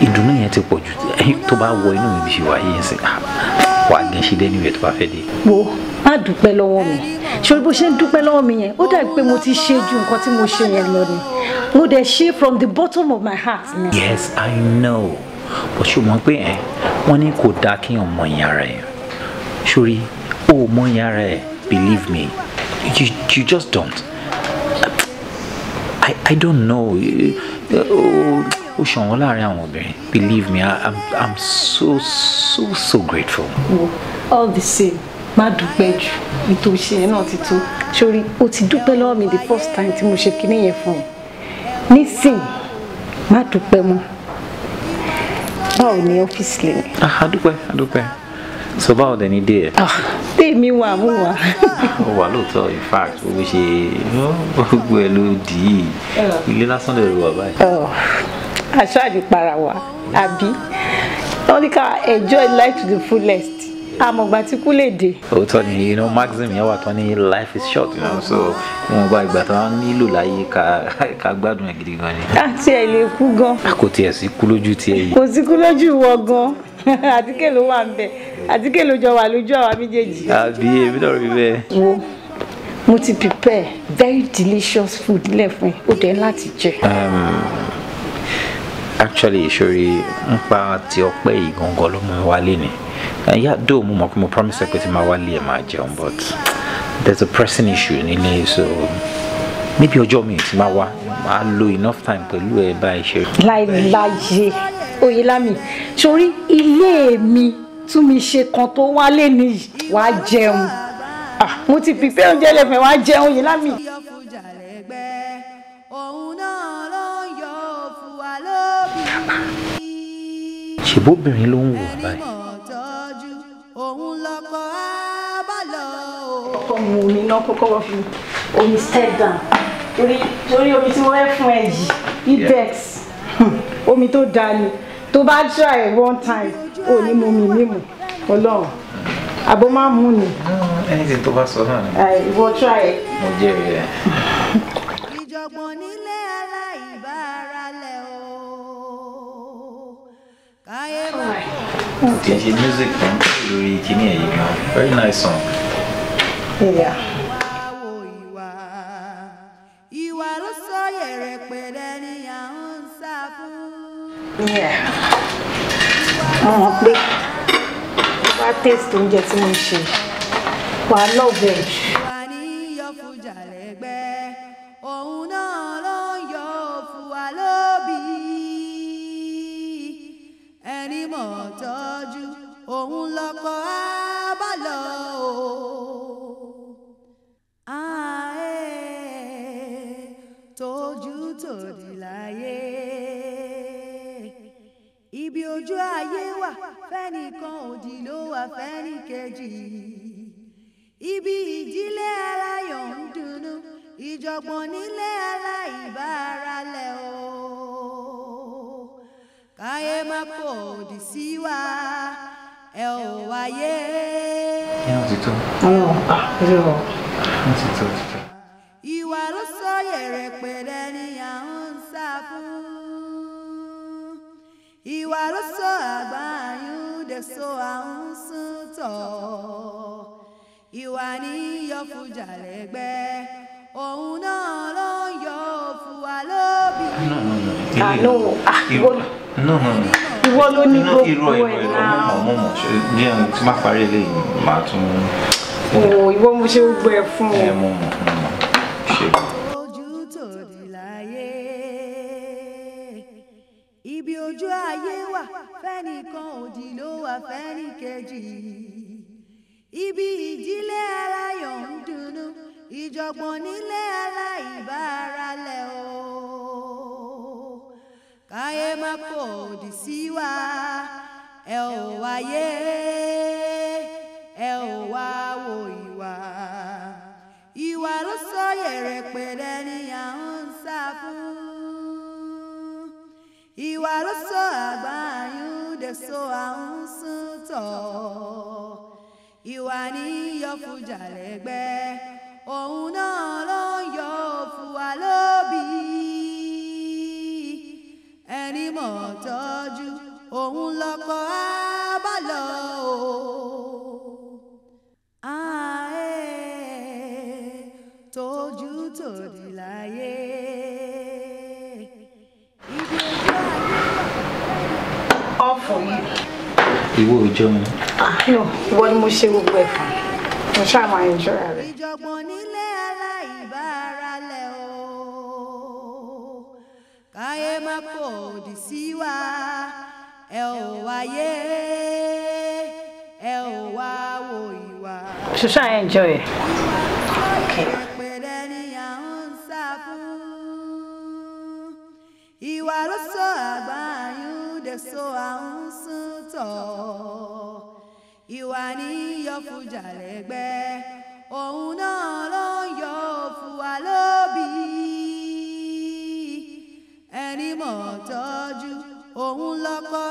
[SPEAKER 6] ìdùnnú yẹn ti pọ̀ jù tó bá wọ inú mi bí ṣe wà yín sí ah, wàá gẹ̀ ṣe dé tó bá fẹ́ dé.
[SPEAKER 3] wo má dúpẹ́ lọ́wọ́ mi ṣòro bó ṣe ń dúpẹ́ lọ́wọ́ mi yẹn ó dàbí pé mo ti ṣe ju nǹkan tí mo ṣe yẹn lọ ni mo dẹ̀ ṣe from the bottom of my heart
[SPEAKER 6] yes i know bó ṣùgbọ́n pé ẹ wọ́n ní kò dáa kí ọmọ ìyá rẹ̀ ṣórí Oh, Monyare, believe me you, you just don't I, I don't know ó ṣọ̀wọ́n láàrin àwọn obìnrin believe me I, I'm, I'm so so so grateful.
[SPEAKER 3] all the same má dúpẹ́ jù nítorí ṣe náà ti tó sórí o ti dúpẹ́ lọ́wọ́ mi the first time tí mo ṣe kinní yẹn fún ọ nísìn má dúpẹ́ mọ́ báwo ni ọ́fíìsì lè ní.
[SPEAKER 6] àdúpẹ́ ah, so báwo dẹ̀ ni díẹ̀.
[SPEAKER 3] tèmi ah, wà mú Oh,
[SPEAKER 6] ó wà lóòótọ́ in fact We ṣe gbogbo ẹ̀ ló dì í oh. ilé lásán lè rú wa báyìí. Oh,
[SPEAKER 3] aṣọ àdìpara wa àbí wọn ní ká enjoy life to the fullest I'm a kú lè dé.
[SPEAKER 6] òótọ́ ni iná maxim You know, Tony, life is short you know so wọn bá ìgbà tó wọn nílò láyé ká ká gbádùn ẹ̀ gidi gan ni.
[SPEAKER 3] àti ah, ẹ̀ lè kú gan.
[SPEAKER 6] a kò tiẹ̀ sí kú lójú tiẹ̀ yìí. kò
[SPEAKER 3] sí àtíkè ló wà ń bẹ àtíkè ló jọ wà lójú àwa méjèèjì.
[SPEAKER 6] àbí èmi náà rí bẹ́ẹ̀.
[SPEAKER 3] wo mo ti prepare very delicious food lẹ́fun ó dẹ̀ láti jẹ.
[SPEAKER 6] Um, actually ìṣòro ń pa ti ọpẹ́ yìí gangan ló mú mi wálé ni ẹ̀yà dóò mo mọ̀ pé mo promise ẹ pé tí máa wálé ẹ̀ máa jẹun but there's a pressing issue nílé so maybe ọjọ́ mi ti máa wá máa lo enough time pẹ̀lú ẹ̀ bá ẹ ṣe.
[SPEAKER 3] láìláyé oyinlami sórí ilé mi tún mi ṣe kan tó wálé nìyí wàá jẹun ah, mo ti fi pé oúnjẹ lẹ́fẹ̀ẹ́ wàá jẹun oyinlami.
[SPEAKER 5] ṣèbóbìnrin ló ń wò báyìí.
[SPEAKER 3] ọkọ mu omi náà kọ́kọ́ wọ́n fi omi step down torí omi tí wọ́n fẹ́ fún ẹ yìí ibex omi tó da ni tó bá try one time ò ní mu mi mímu ọlọ́run àbọ̀ máa mú ni.
[SPEAKER 6] Ah, anything tó bá sọ náà ni.
[SPEAKER 3] ìwọ try ẹ. mo jẹ́ ẹ. ìjọ̀gbọ̀n nílé aláìbáralẹ̀ o káyé bá wọ̀.
[SPEAKER 6] kì í ṣe music tó ń pè lórí kíní ẹ̀yìn gan very nice song. Yeah.
[SPEAKER 3] Yeah, mọ̀ pé mo taste oúnjẹ tí mo ṣe wà lọ́ọ̀bẹ̀ jù.
[SPEAKER 1] ẹni mọ̀ tọ́jú òun lọ́kọ á. ibi ojú ayé wà fẹ́nìkan òdì ló wà fẹ́nìkejì ibi ìdílé aláyọ̀ ń dunnú ìjọ̀gbọ̀n nílé aláìbáralẹ̀ o káyé má kò òdì sí wa ẹ ò wáyé.
[SPEAKER 5] ìyá òtítọ́. ọ̀rọ̀ ọ̀rọ̀ ah, òtítọ́
[SPEAKER 1] òtítọ́. ìwà ló sọ yẹ̀rẹ̀ pẹ̀lẹ́ níyàwó. ìwà ló sọ àgbáyún dẹ̀ sọ àwọn sùn tọ̀ ìwà níyọ fújà lẹ́gbẹ́
[SPEAKER 6] òun náà ló yọ fúwa lóbi. àánú ìwọ ìwọ ló ní gbogbo ẹ̀ náà. ọmọ mọ̀ ṣe jẹ́ ohun tí má parí eléyìí máa tún.
[SPEAKER 3] Oh, ìwọ mo ṣe gbogbo ẹ̀ fún ọ. ẹ
[SPEAKER 6] mọ̀ mọ̀ mọ̀
[SPEAKER 1] ṣe. ibi ojú ayé wà fẹ́nìkan òdì ló wà fẹ́nìkejì ibi ìdílé aláyọ̀ ń dunnú ìjọ̀gbọ̀n nílé aláìbáralẹ̀ o káyé má kò òdì sí wa ẹ ò wáyé ẹ ò wá wo ìwà ìwà ló sọ yẹ̀rẹ̀ pẹ̀lẹ́ ni à ń sá fún ìwà ló sọ àgbáyún dé sọ àwọn sùn tọ̀ ìwà ní yọkùjà lẹ́gbẹ́ òun náà ló ń yọ òfin wa lóbi ẹni mọ̀ tọ́jú òun lọ́kọ̀ á o. tójú tòdì láyé.
[SPEAKER 3] for you. Ìwọ ò jẹun. Ayọ̀, ìwọ ni mo ṣe gbogbo ẹ̀ fún. Mo ṣáà máa ń jọra rẹ̀. Ìjọ̀gbọ̀n nílé aláìbáralẹ̀
[SPEAKER 1] o, káyé má kò òdì sí ẹ ò wáyé, ẹ ò
[SPEAKER 3] wá wo ìwà. Ṣùṣà enjoy.
[SPEAKER 1] fújà lẹ́gbẹ́ òun náà ló ń yọ òfúwa lóbi ẹni mọ̀ tọ́jú òun lọ́kọ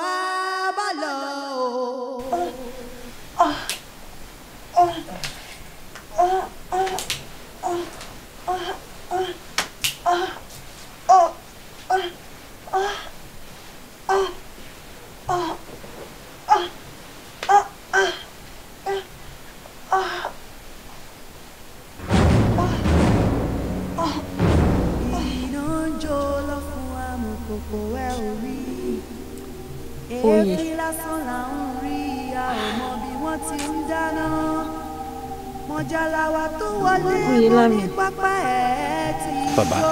[SPEAKER 1] oyè bàbá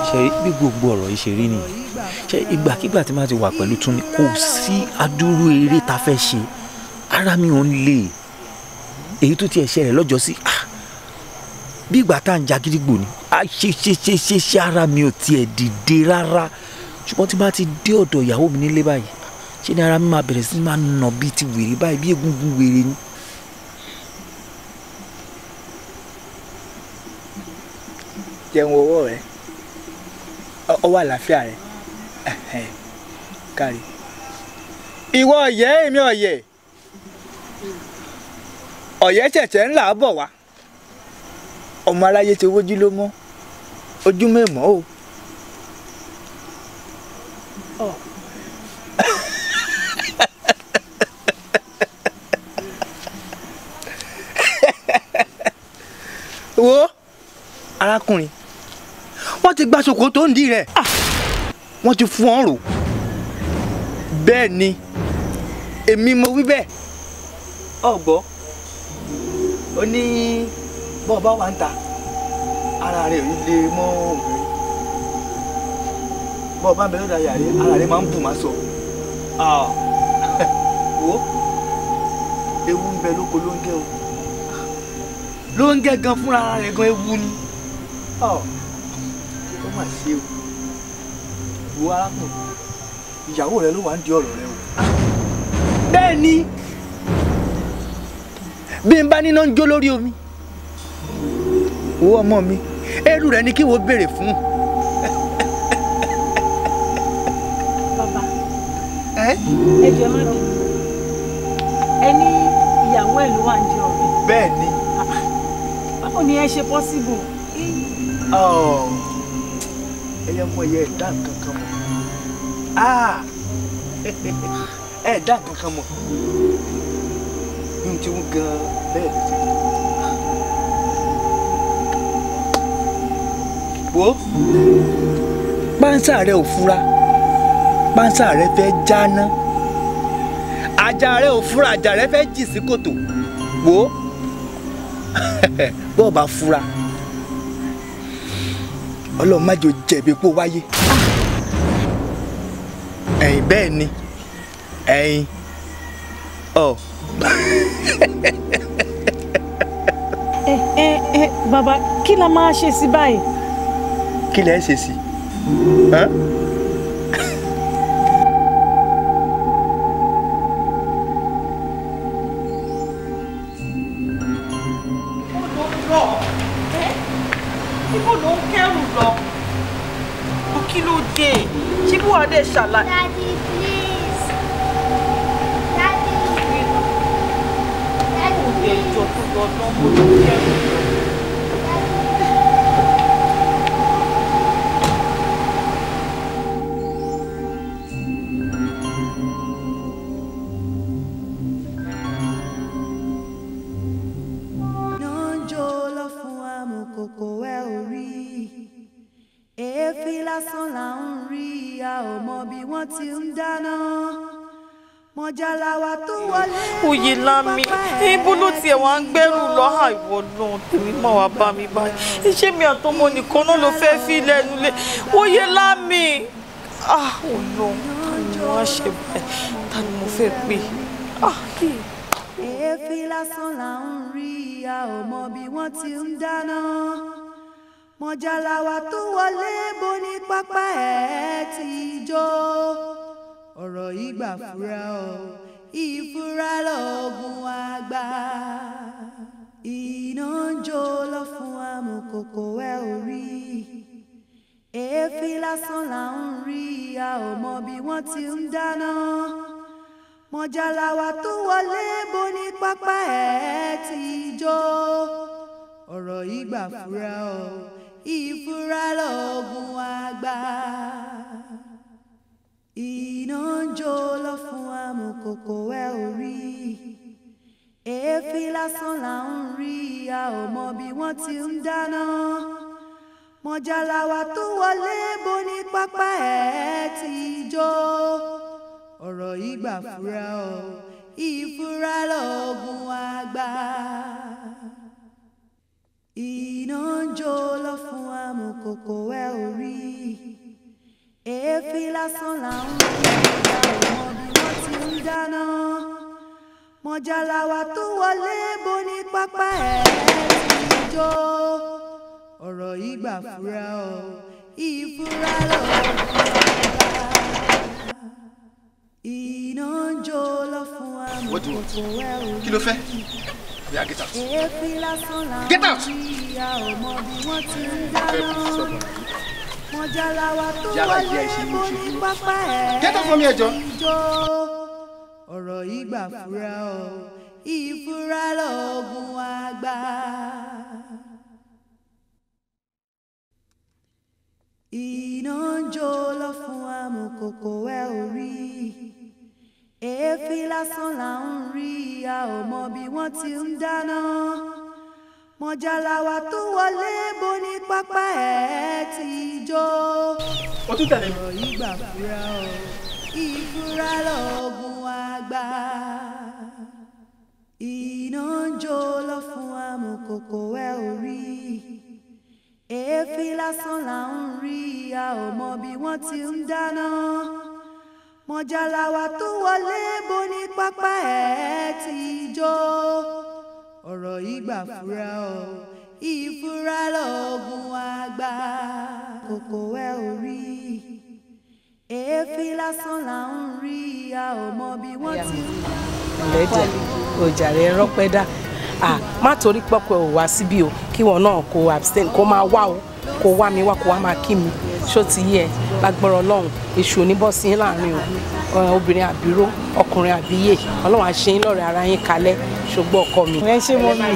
[SPEAKER 6] ṣe bí gbogbo ọ̀rọ̀ yìí ṣe rí nìyí ṣe ìgbàkigbà tí máa ti wà pẹ̀lú Túnmí kò sí adúrú eré ta fẹ́ ṣe ara mi ò ń lè èyí tó tiẹ̀ ṣẹlẹ̀ lọ́jọ́ sí ah, bí ìgbà tá à ń ja gídígbò ni ah, ṣe ara mi ò tiẹ̀ dìde rárá ṣùgbọ́n tí bá ti dé ọ̀dọ̀ ìyàwó mi nílé
[SPEAKER 7] báyìí ṣé ni ara mi máa bẹ̀rẹ̀ sí máa nà bíi ti wèrè báyìí bí egungun wèrè ni. jẹun owó rẹ ọwọ́ àlàáfíà rẹ kárí ìwọ ọ̀yẹ́ èmi ọ̀yẹ́ ọ̀yẹ́ ṣẹ̀ṣẹ̀ ńlá bọ̀ wá ọmọ aráyé ti wójú ló mọ́ ojú mẹ́mọ́ o. Oh. wo arákùnrin wọ́n ti gba ṣòkò tó ń di rẹ̀ ah! wọ́n ti fún ọ rò bẹ́ẹ̀ ni èmi mo wí bẹ́ẹ̀ ọ̀gbọ́ ó ní bọ́ọ̀ bá wà ń ta ara rẹ̀ ò ní lè mọ́ òun bọ́ ọ bá bẹ̀rẹ̀ lọ́dà yàrá ara rẹ̀ máa ń bù má sọ wo ewu ń bẹ lóko lóńgẹ o lóńgẹ gan fúnra rẹ̀ gan ewu ni ọ ó mà ṣe o wo arákùnrin ìyàwó rẹ ló wà ń di ọ̀rọ̀ rẹ o. bẹ́ẹ̀ ni bí n bá níná ń jó lórí omi owó ọmọ mi eérú rẹ ni kí wọ́n béèrè fún un.
[SPEAKER 3] ẹ jẹ má bí ẹni ìyàwó ẹ ló wà ń jẹ
[SPEAKER 7] ọ̀rẹ́. bẹ́ẹ̀ ni.
[SPEAKER 3] báwo ni ẹ ṣe pọ́síbù.
[SPEAKER 7] Oh. ẹyẹ mọ ẹyẹ ẹ̀dá nǹkan kan mọ̀ ah. ẹ̀dá nǹkan kan mọ̀ bí mo ti wú gan bẹ́ẹ̀ ló ti wú. pánsá rẹ ò fura pánsá rẹ fẹ́ jáná ajá rẹ ò fura ajá rẹ fẹ́ jì sí kòtò wò ó bọ́ọ̀ bá fura ọlọ́run má jò jẹ̀bi pò wáyé ẹ̀yin bẹ́ẹ̀ ni ẹ̀yin ọ.
[SPEAKER 3] ẹ ẹ ẹ bàbá kí la máa ṣe sí báyìí.
[SPEAKER 7] kí lẹ ṣe sí i.
[SPEAKER 3] inshallah. Daddy, please. Daddy. Daddy, please.
[SPEAKER 1] òye lami, ibo ló tiẹ̀ wá ń gbẹ́rù lọ́hà
[SPEAKER 3] ìwọ lóhun tèmi mọ̀ wá bá mi báyìí iṣẹ́ mi àtọmọ nìkan náà ló fẹ́ fi lẹ́nu lé òye lámì ah, ọlọ́run ta ni wọ́n á ṣe báyìí ta ni mo
[SPEAKER 1] fẹ́ pè é. Ah, èéfì lásán là ń rí a ò mọ bí wọ́n ti ń dáná mọ̀jàláwa tó wọlé bo ní pápá ẹ̀ ti jó ọ̀rọ̀ ìgbà fura o ìfura lọ́gùn àgbà iná ń jó lọ fún amúkòkò ẹ ò èéfín lásán là ń rí a ò mọ bí wọ́n ti ń dáná mọ̀jàláwa tó wọlé bo ní pápá ẹ̀ ti jó ọ̀rọ̀ ìgbà fura o ìfura lọ́gùn àgbà iná ń jó lọ fún amúkòkò ẹ ò rí èéfín lásán là ń rí a ò mọ bí wọ́n ti ń dáná mọ̀jàláwà tó wọlé bo ní pápá ẹ̀ ti jó ọ̀rọ̀ yìí gbà fúra o ìfúra lọ́gùn àgbà iná ń jó lọ fún amúkòkò ẹ ò rí èéfín lásán làwọn ìyá ọmọ bí wọ́n ti ń dáná mọ̀jàláwà tó wọlé o ìfúra lọ́wọ́ iná ń jó lọ fún wa mo kò wẹ́ o kí ló fẹ́ yeah, get out. Get out! Get out mọ̀jàláwa tó wọlé mo ní ọ̀rọ̀ yìí gbà fúra o ìfúra lọ́gùn àgbà. iná ń jó lọ fún amòkòkò ẹ ò èéfín lásán là ń rí a ò mọ bí wọ́n ti ń dáná mọ̀jàláwà tó wọlé bo ní pápá ẹ̀ ti jó. o tún tẹ̀lé mi. ọ̀rọ̀ yìí gbà fúra lọ́gùn àgbà iná ń jó lọ fún amòkòkò ẹ ò rí èéfín lásán là ń rí a ò mọ bí wọ́n ti ń dáná mọ̀jàláwà tó wọlé bo ní pápá ẹ̀ ti jó ọ̀rọ̀ ìgbà fura o ìfura lọ́gùn àgbà kòkó ẹ ò rí èéfín lásán là ń rí a ò mọ bí wọ́n ti ń bá lẹ́dẹ̀
[SPEAKER 3] ọjà rẹ̀ rọ́pẹ́ dá má torí pọ́pẹ́ ò wá síbí o kí wọn náà kó abstain kó máa wá o kó wá mi wá kó wá máa kí mi ṣó ti yẹ lágbọ́rọ̀ ọlọ́run èṣù oníbọ̀sí láàrin o obìnrin àbíró ọkùnrin àbíyè ọlọ́run àṣeyín lọ́rẹ̀ ara yín kalẹ̀ ṣùgbọ́n ọkọ mi. ẹ ṣe mọ mi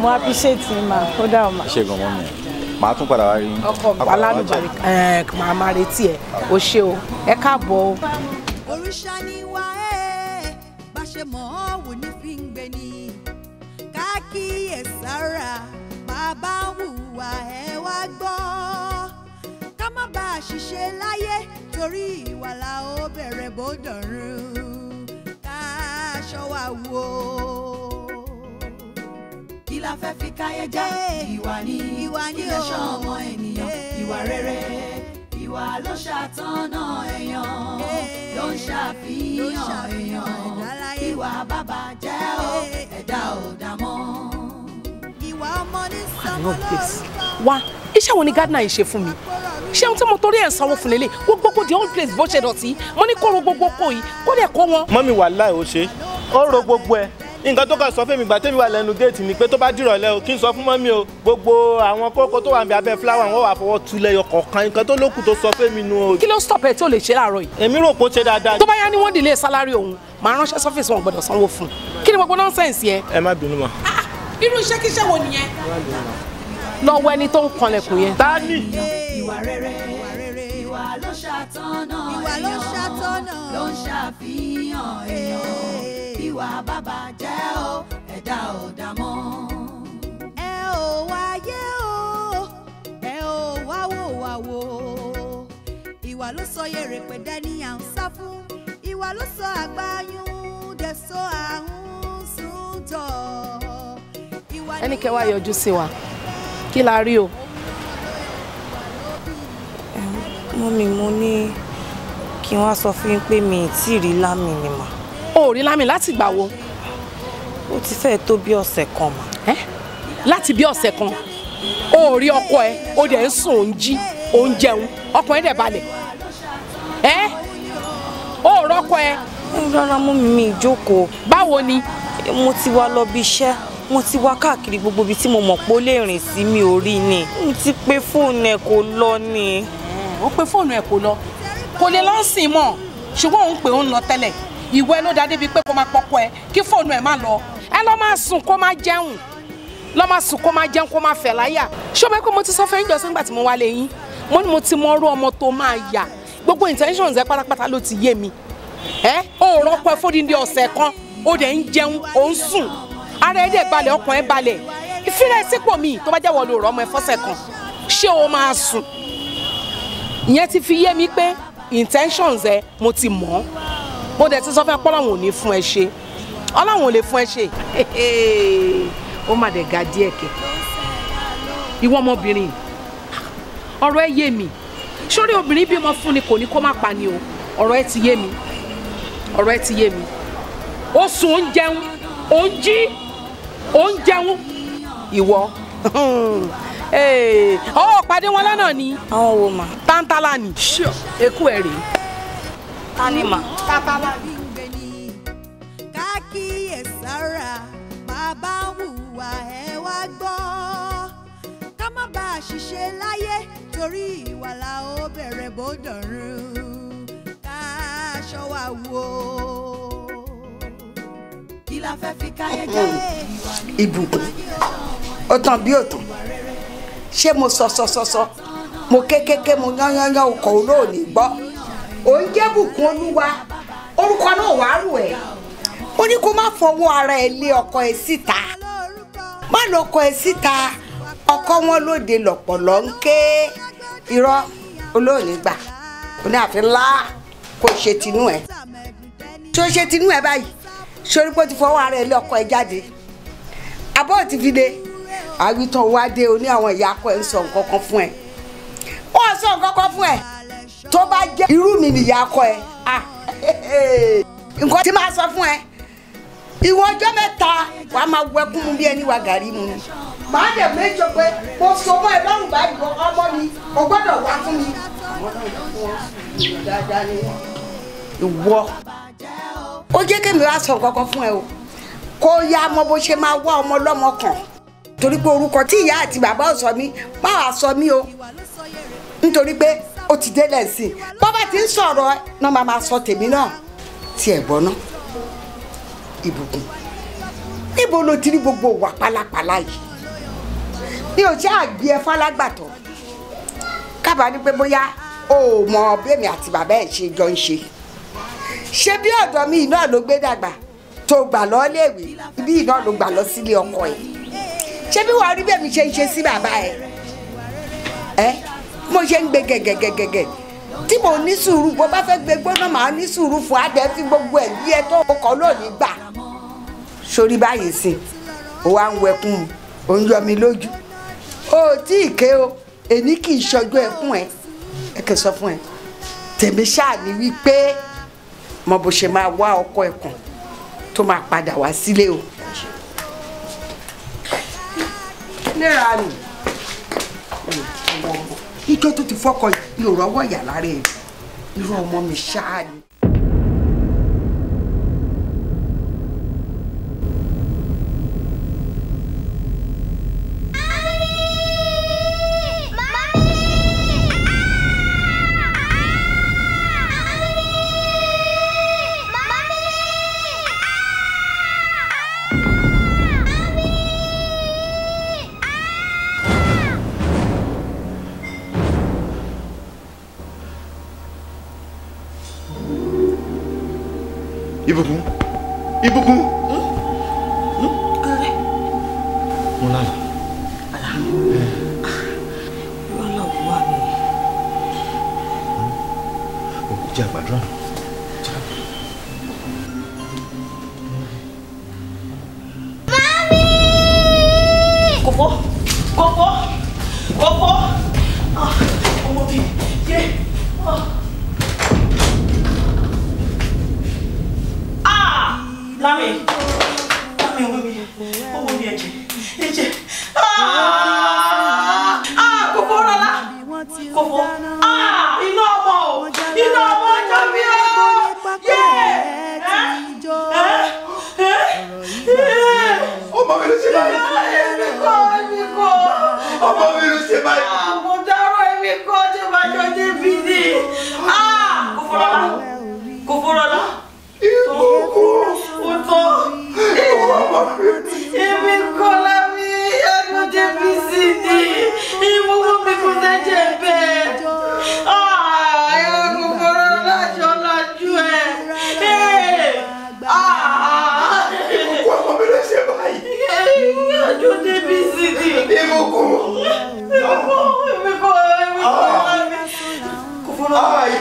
[SPEAKER 3] mo appreciate yín ma ó dá ọ ma.
[SPEAKER 6] ṣe gan mọ mi màá tún padà wá rí yín. ọkọ mi alálùbárí
[SPEAKER 3] màá máa retí ẹ o ṣé o ẹ káàbọ̀ o.
[SPEAKER 1] òrìṣà ni wà ẹ́ e, bá ṣe mọ̀ ọ́ wò ní fi ń gbé ni káàkiyèsára bàbá wùwà ẹ wá gbọ́ ká má bàa ṣiṣẹ́ láyé torí ìwà la ó bẹ̀rẹ̀ bó dọ̀rùn káṣọ wa wo. kí la fẹ́ fi káyé já ìwà ni ìwà ni ó ṣọ́ ọmọ ènìyàn ìwà rere ìwà ló ṣàtọ́nà èèyàn ló ń ṣàfihàn èèyàn ìwà bàbà jẹ́ ẹ̀dá ò
[SPEAKER 3] I love this. Wá, iṣẹ́ wo ni gardener yìí ṣe fún mi? Ṣé ohun tí mo torí ẹ̀ ń sanwó fún lélẹ̀? Gbogbo kò di old place bó ṣe dọ̀tí. Mo ní kóró gbogbo kò yìí,
[SPEAKER 7] kó dẹ̀ kó wọn. Mọ́mí wàláhì ó ṣe, ó ro gbogbo ẹ̀ nǹkan tó kàn sọ fún mi ìgbà tẹ́mi wà lẹ́nu géètì ni pé tó bá dìrọ̀lẹ́ o kí n sọ fún mọ́mí o gbogbo àwọn kókó tó wà ní abẹ́ fúláwà wọn wà fọwọ́ tulẹ̀ yọ kọ̀ọ̀kan nǹkan tó lókù tó sọ fún mi nu o. kí ló stop ẹ tí o lè ṣe láàárọ̀ yìí. èmi rò pé ó ṣe dáadáa. tó bá yá ni wọ́n
[SPEAKER 3] dìlé sálárì òun màá ránṣẹ́ sọ́fíìsì wọn gbọ́dọ̀ sanwó fún un kí ni gbogbo nọ́ńsẹ̀nsì yẹn.
[SPEAKER 7] ẹ má bínú mọ́. Ah,
[SPEAKER 3] irú iṣẹ́ kíṣẹ́ wo nìyẹn. lọ wọ ẹni tó ń kanlẹ̀kùn yẹn. tani. ìwà rere ìwà
[SPEAKER 1] ló ṣàtọ́nà èèyàn ló ń ṣàfihàn èèyàn ìwà bàbà jẹ́ o ẹ̀dá ò dá ẹ ò wáyé o ẹ ò wá wò wá wò ìwà ló sọ yèrè pé dání à ń sá fún ìwà ló sọ àgbáyún dẹ̀ sọ àhún sùn tọ̀
[SPEAKER 3] ẹnìkẹ́ wá yọjú sí wa kí la rí o. mọ́mí mo ní kí wọ́n sọ fún yín pé mi ì tí ì rí lámì ni mà. o ò rí lámì láti gbà wo. ó ti fẹ́ẹ̀ tó bí ọ̀sẹ̀ kan mà. ẹ láti bí ọ̀sẹ̀ kan o ò rí ọkọ ẹ o dẹ̀ ń sùn ò ń ọkọ ẹ dẹ̀ balẹ̀ ẹ o ò rọ́kọ ẹ. rárá mú mi ìjókòó. báwo ni. mo ti wá lọ bí iṣẹ́ mo ti wá káàkiri gbogbo ibi tí mo mọ̀ pé ó lè rìn sí mi ò rí ni mo ti pe fóònù ẹ̀ kò lọ ni. ó pe fóònù ẹ̀ kò lọ kò lè lọ́sìn mọ̀ ṣùgbọ́n òun pè ó ń lọ tẹ́lẹ̀ ìwọ ẹ ló dá débi pé kó máa pọkọ ẹ kí fóònù ẹ má lọ ẹ lọ máa sùn kó máa jẹun lọ máa sùn kó máa jẹun kó máa fẹ̀ láyà ṣé o mọ̀ pé mo ti sọ fẹ́ yín jọ sígbà tí mo wá lé yín mo ní mo ti mọ ọrú ọmọ tó máa yà gbogbo intentions ẹ pátápátá ló ti yé mi ẹ ó rọpò ẹ fódìdí ọ̀sẹ̀ kan ó dẹ̀ ń jẹun ó ń sùn ara ẹ̀ dẹ̀ balẹ̀ ọkàn ẹ̀ balẹ̀ ìfírẹ́ sípò mi tó bá jẹ́wọ́ ló rọ ọmọ ẹ̀ fọ́sẹ̀ kan ṣé o máa sùn ìyẹn ti fi yé mi pé intentions ẹ mo ti mọ̀ ọ́ mo dẹ̀ ti sọ fẹ́ pọ́ lọ́wọ́n ò ní fún ẹ ṣe ọlọ́wọ́n ò lè fún ẹ ṣe ó mà dẹ̀ ga díẹ̀ kẹ̀ ìwọ ọmọbìnrin ọ̀rọ̀ ẹ yé mi sórí obìnrin bímọ fún ni kò ní kó má pa ni o ọ̀rọ̀ ẹ ti yé mi ọ̀rọ̀ ẹ ti yé mi ó sùn ó ń jẹun ó ń jí ó ń jẹun ìwọ ọ pàdé wọn lánàá ni. àwọn wo mà. tántálà ni. eku ẹ rèé. ta ni
[SPEAKER 1] ṣiṣẹ́ láyé torí ìwà la ó bẹ̀rẹ̀ bó dọ̀rùn ká aṣọ wa wò ó ìbùkún
[SPEAKER 3] ó tàn bí ó tàn ṣé mo sọ sọ sọ sọ mo kékeré mo yányányán ọkọ̀ olóòní gbọ́ òun jẹ́ bùkún olúwa orúkọ náà wàá rù ẹ́ ó ní kó má fọwọ́ ara ẹ lé ọkọ ẹ síta má lọ ọkọ ẹ síta ọkọ wọn lóde lọpọlọ ń ké irọ́ olóòní gbà ó ní àfi ńlá kó ṣe tinú ẹ tó ṣe tinú ẹ báyìí sori pé o ti fọwọ́ ara ẹ lé ọkọ ẹ jáde abọ́ ò ti fi de àwítọ́ wá dé o ní àwọn ìyá akọ ẹ ń sọ nǹkan kan fún ẹ wọ́n sọ nǹkan kan fún ẹ tó bá jẹ́ irú mi nìyá akọ ẹ ah, nǹkan tí máa sọ fún ẹ ìwọ ọjọ́ mẹ́ta wàá máa wẹkún mu bí ẹni wà gàrí mu ni màá dẹ̀ méjọ pé mo so mọ́ ẹ lọ́rùn báyìí ọmọ mi o gbọ́dọ̀ wá fún mi. ìwọ ó jẹ́ kémi wá sọ nǹkan kan fún ẹ o kó yá mọ bó ṣe máa wá ọmọ lọ́mọ kan torí pé orúkọ tí ìyá àti bàbá ò sọ mí má wàá sọ mí o nítorí pé ó ti délẹ̀ sí i bọ́bá ti ń sọ̀rọ̀ náà máa máa sọ tèmi náà tí ẹ̀ gbọ́ná ìbùkún níbo ló ti rí gbogbo wà pálapàla yìí ní òjá àgbé ẹ fálágbàtọ̀ kábàá ní pé bóyá o ò mọ bẹ́ẹ̀mí àti bàbá ẹ̀ ṣe jọ ń ṣe ṣé bí ọ̀dọ̀ mi náà ló gbé dàgbà tó gbà lọ léèwé ibi náà ló gbà lọ sílé ọkọ ẹ̀ ṣé bí wàá rí bẹ́ẹ̀ mi ṣe ń ṣe sí bàbá ẹ̀ ẹ́ mo ṣe ń gbé gẹ̀gẹ̀gẹ̀gẹ̀ tí mo ní sùúrù bó bá fẹ́ gbé gbóná màá ní sùúrù fún adé tí gbogbo ẹ̀ bí ẹ tó kọ́ lónìí gbà sórí báyìí sìn ó wá ń wẹkùn ó ń yọ mi lójú ó tí ì ké o èmi kì í ṣọjọ́ ẹkún ẹ ẹ kẹ sọ fún ẹ tèmi ṣáà ni wípé mọ bó ṣe máa wá ọkọ ẹ̀kàn tó máa padà wá sílé o. lẹ́ra nù ìjọ tó ti fọ́kọ yìí ìrọ̀wọ́ yà lára ẹ̀ irú ọmọ mi ṣáà ni.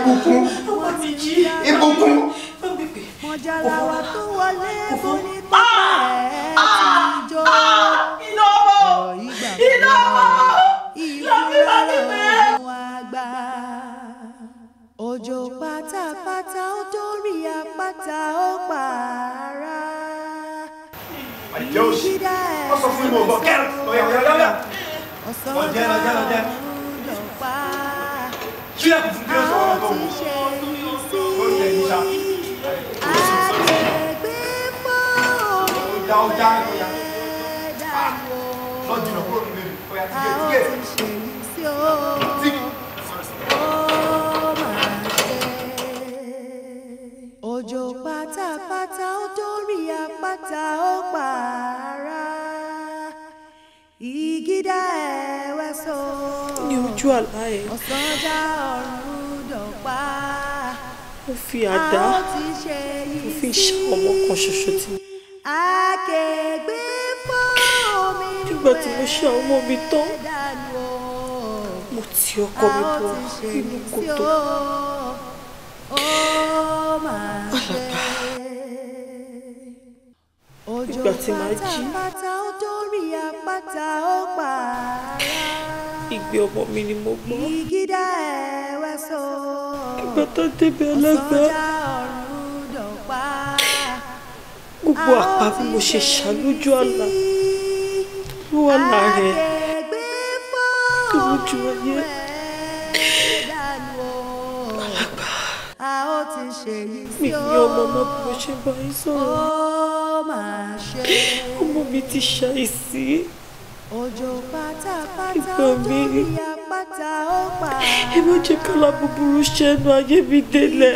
[SPEAKER 3] ìbùkún ìbùkún.
[SPEAKER 1] Mọ̀jàláwà tó wọlé Ìlọ́wọ́ ìlọ́wọ́ ìlọ́wọ́ ìlọ́wọ́ àgbà. Òjò pátápátá ó dórí àpáta ó pààrà. Àjẹ́ òsì, wọ́n sọ fún mi mo gbọ́ kẹ́rù, ọ̀yà ọ̀yà ọ̀yà. Ọ̀jẹ̀ ọ̀jẹ̀ ọ̀jẹ̀
[SPEAKER 7] ṣí ẹ̀kú fún bíọ́sì ọ̀rọ̀ tó wù ó tẹ̀ ní sá ó dá ó dá ó yá lọ́jọ́ kúrò nílé ó yá tíkẹ́
[SPEAKER 1] pátápátá ó dórí apáta ó pààrà. Ìgídá ẹ̀ lójú àlá ẹ̀. ọ̀sánjá
[SPEAKER 3] ó fi àdá ó
[SPEAKER 1] fi ṣá ọmọ kan ṣoṣo
[SPEAKER 3] tí nígbà tí mo ṣe àwọn ọmọ mi tán mo ti ọkọ mi bọ
[SPEAKER 5] inú kòtò.
[SPEAKER 1] alàgbà nígbà tí màá jí
[SPEAKER 3] ìgbé ọmọ mi ni mo gbọ́.
[SPEAKER 1] ìgídá ẹ̀wẹ̀ sọ.
[SPEAKER 3] ìgbà tó débi ẹlẹ́gbẹ́. ọ̀sọ́jà
[SPEAKER 1] gbogbo àpá
[SPEAKER 3] mo ṣe ṣàlójú àlá.
[SPEAKER 1] ló wà láàrẹ̀. tó lójú ayé. alàgbà. mi ní ọmọ ọmọ bí mo ṣe bá yín sọ̀rọ̀. ọmọ mi ti ṣàìsí òjò pátápátá ojú ìyá pátá ó pa.
[SPEAKER 3] ẹ má jẹ́ kálá búburú ṣẹ́nu ayé mi délẹ̀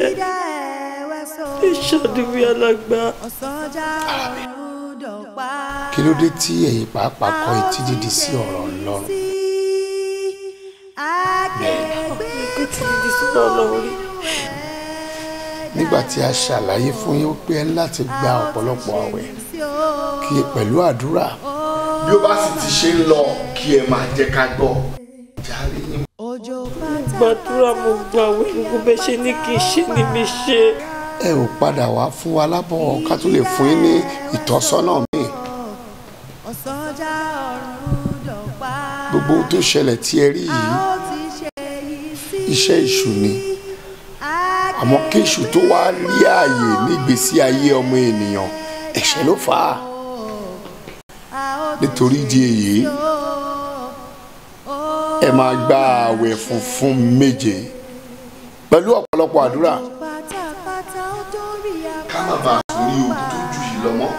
[SPEAKER 1] ìṣàdùnmí
[SPEAKER 3] alàgbà. kí ló dé tí ẹ̀yin
[SPEAKER 4] pàápàá kọ etí dídì sí ọ̀rọ̀ ọlọ́run.
[SPEAKER 3] bẹ́ẹ̀
[SPEAKER 1] kò tí dídì sí ọlọ́run rí.
[SPEAKER 4] nígbà tí a ṣàlàyé fún yín pé ẹ láti gba ọ̀pọ̀lọpọ̀ àwẹ̀ kí pẹ̀lú àdúrà bí ó bá sì ti ṣe ń lọ kí ẹ máa jẹ́ ká gbọ́.
[SPEAKER 3] gbàdúrà mo gbà wí gbogbo bẹ́ẹ̀ ṣe ní kí n ṣe ni mi ṣe.
[SPEAKER 4] ẹ ò padà wá fún wa lábọ̀ ká tún lè fún yín ní ìtọ́sọ́nà míì. gbogbo tó ṣẹlẹ̀ tí ẹ rí yìí iṣẹ́ èṣù ni àmọ́ kéṣù tó wá rí ààyè nígbèésí ayé ọmọ ènìyàn ẹ̀ṣẹ̀ ló fà á nítorí ìdí èyí ẹ máa gba ààwẹ̀ funfun méje pẹ̀lú ọ̀pọ̀lọpọ̀ àdúrà ká má bàa sórí ogun tó jù yìí lọ mọ́.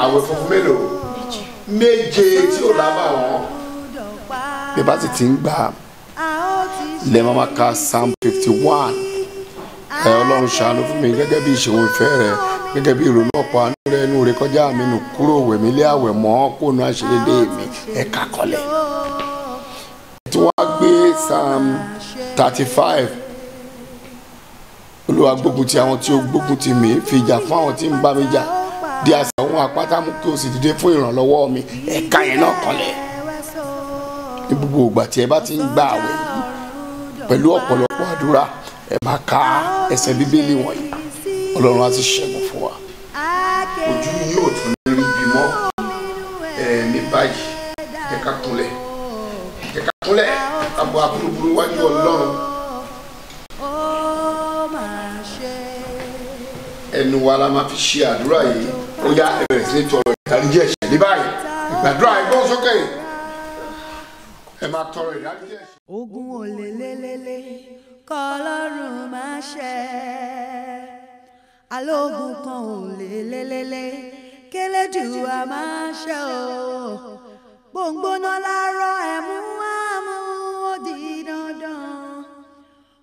[SPEAKER 4] ààwẹ̀ funfun mélòó méje tí ò lábà wọn. bí a bá sì ti ń gbà lẹ́ẹ̀ máa ka psalm fifty one ẹ ọlọ́run ṣàánú fún mi gẹ́gẹ́ bí ìṣòro ìfẹ́ rẹ̀ gẹ́gẹ́ bí ìrònú ọ̀pọ̀ àánú rẹ inú rẹ kọjá mi nù kúrò wẹ̀mí lé àwẹ̀ mọ́ kóònù àṣeyédé mi ẹ̀ka kọlẹ̀. tí wàá gbé psalm thirty five olúwa gbógun ti àwọn tí ó gbógun ti mí fi ìjà fún àwọn tí ń bá mi jà di àṣà òun àpáta mú kí o sì dìde fún ìrànlọ́wọ́ mi ẹ̀ka
[SPEAKER 3] yẹn náà kọlẹ̀.
[SPEAKER 4] ní gbogbo ìgbà tí ẹ bá ti ń gba àwẹ̀ yìí pẹ̀lú ọ̀pọ̀lọpọ̀ àdúrà ẹ máa ka ẹsẹ̀ bíbélì wọ̀nyí ọlọ́run á ti ṣẹ́gun ojú yín ò tún ní rí bí mọ́ ní báyìí ẹ ká kúnlẹ̀ ẹ ká kúnlẹ̀ wájú ọlọ́run ẹnu wa la máa fi ṣe àdúrà yìí ó yá ẹ sí ní tọrọ ìdáríjì ẹ̀ṣẹ̀ ní báyìí ìgbàdúrà ẹ gbọ́n ẹ máa tọrọ ìdáríjì ẹ̀ṣẹ̀.
[SPEAKER 1] ogun olè lélẹ́lẹ́ máa ṣe alógun kan ò lè lélẹ́lẹ́ kélédù a máa ṣe o gbòǹgbòná lárọ́ ẹ̀mú àmú ó di dandan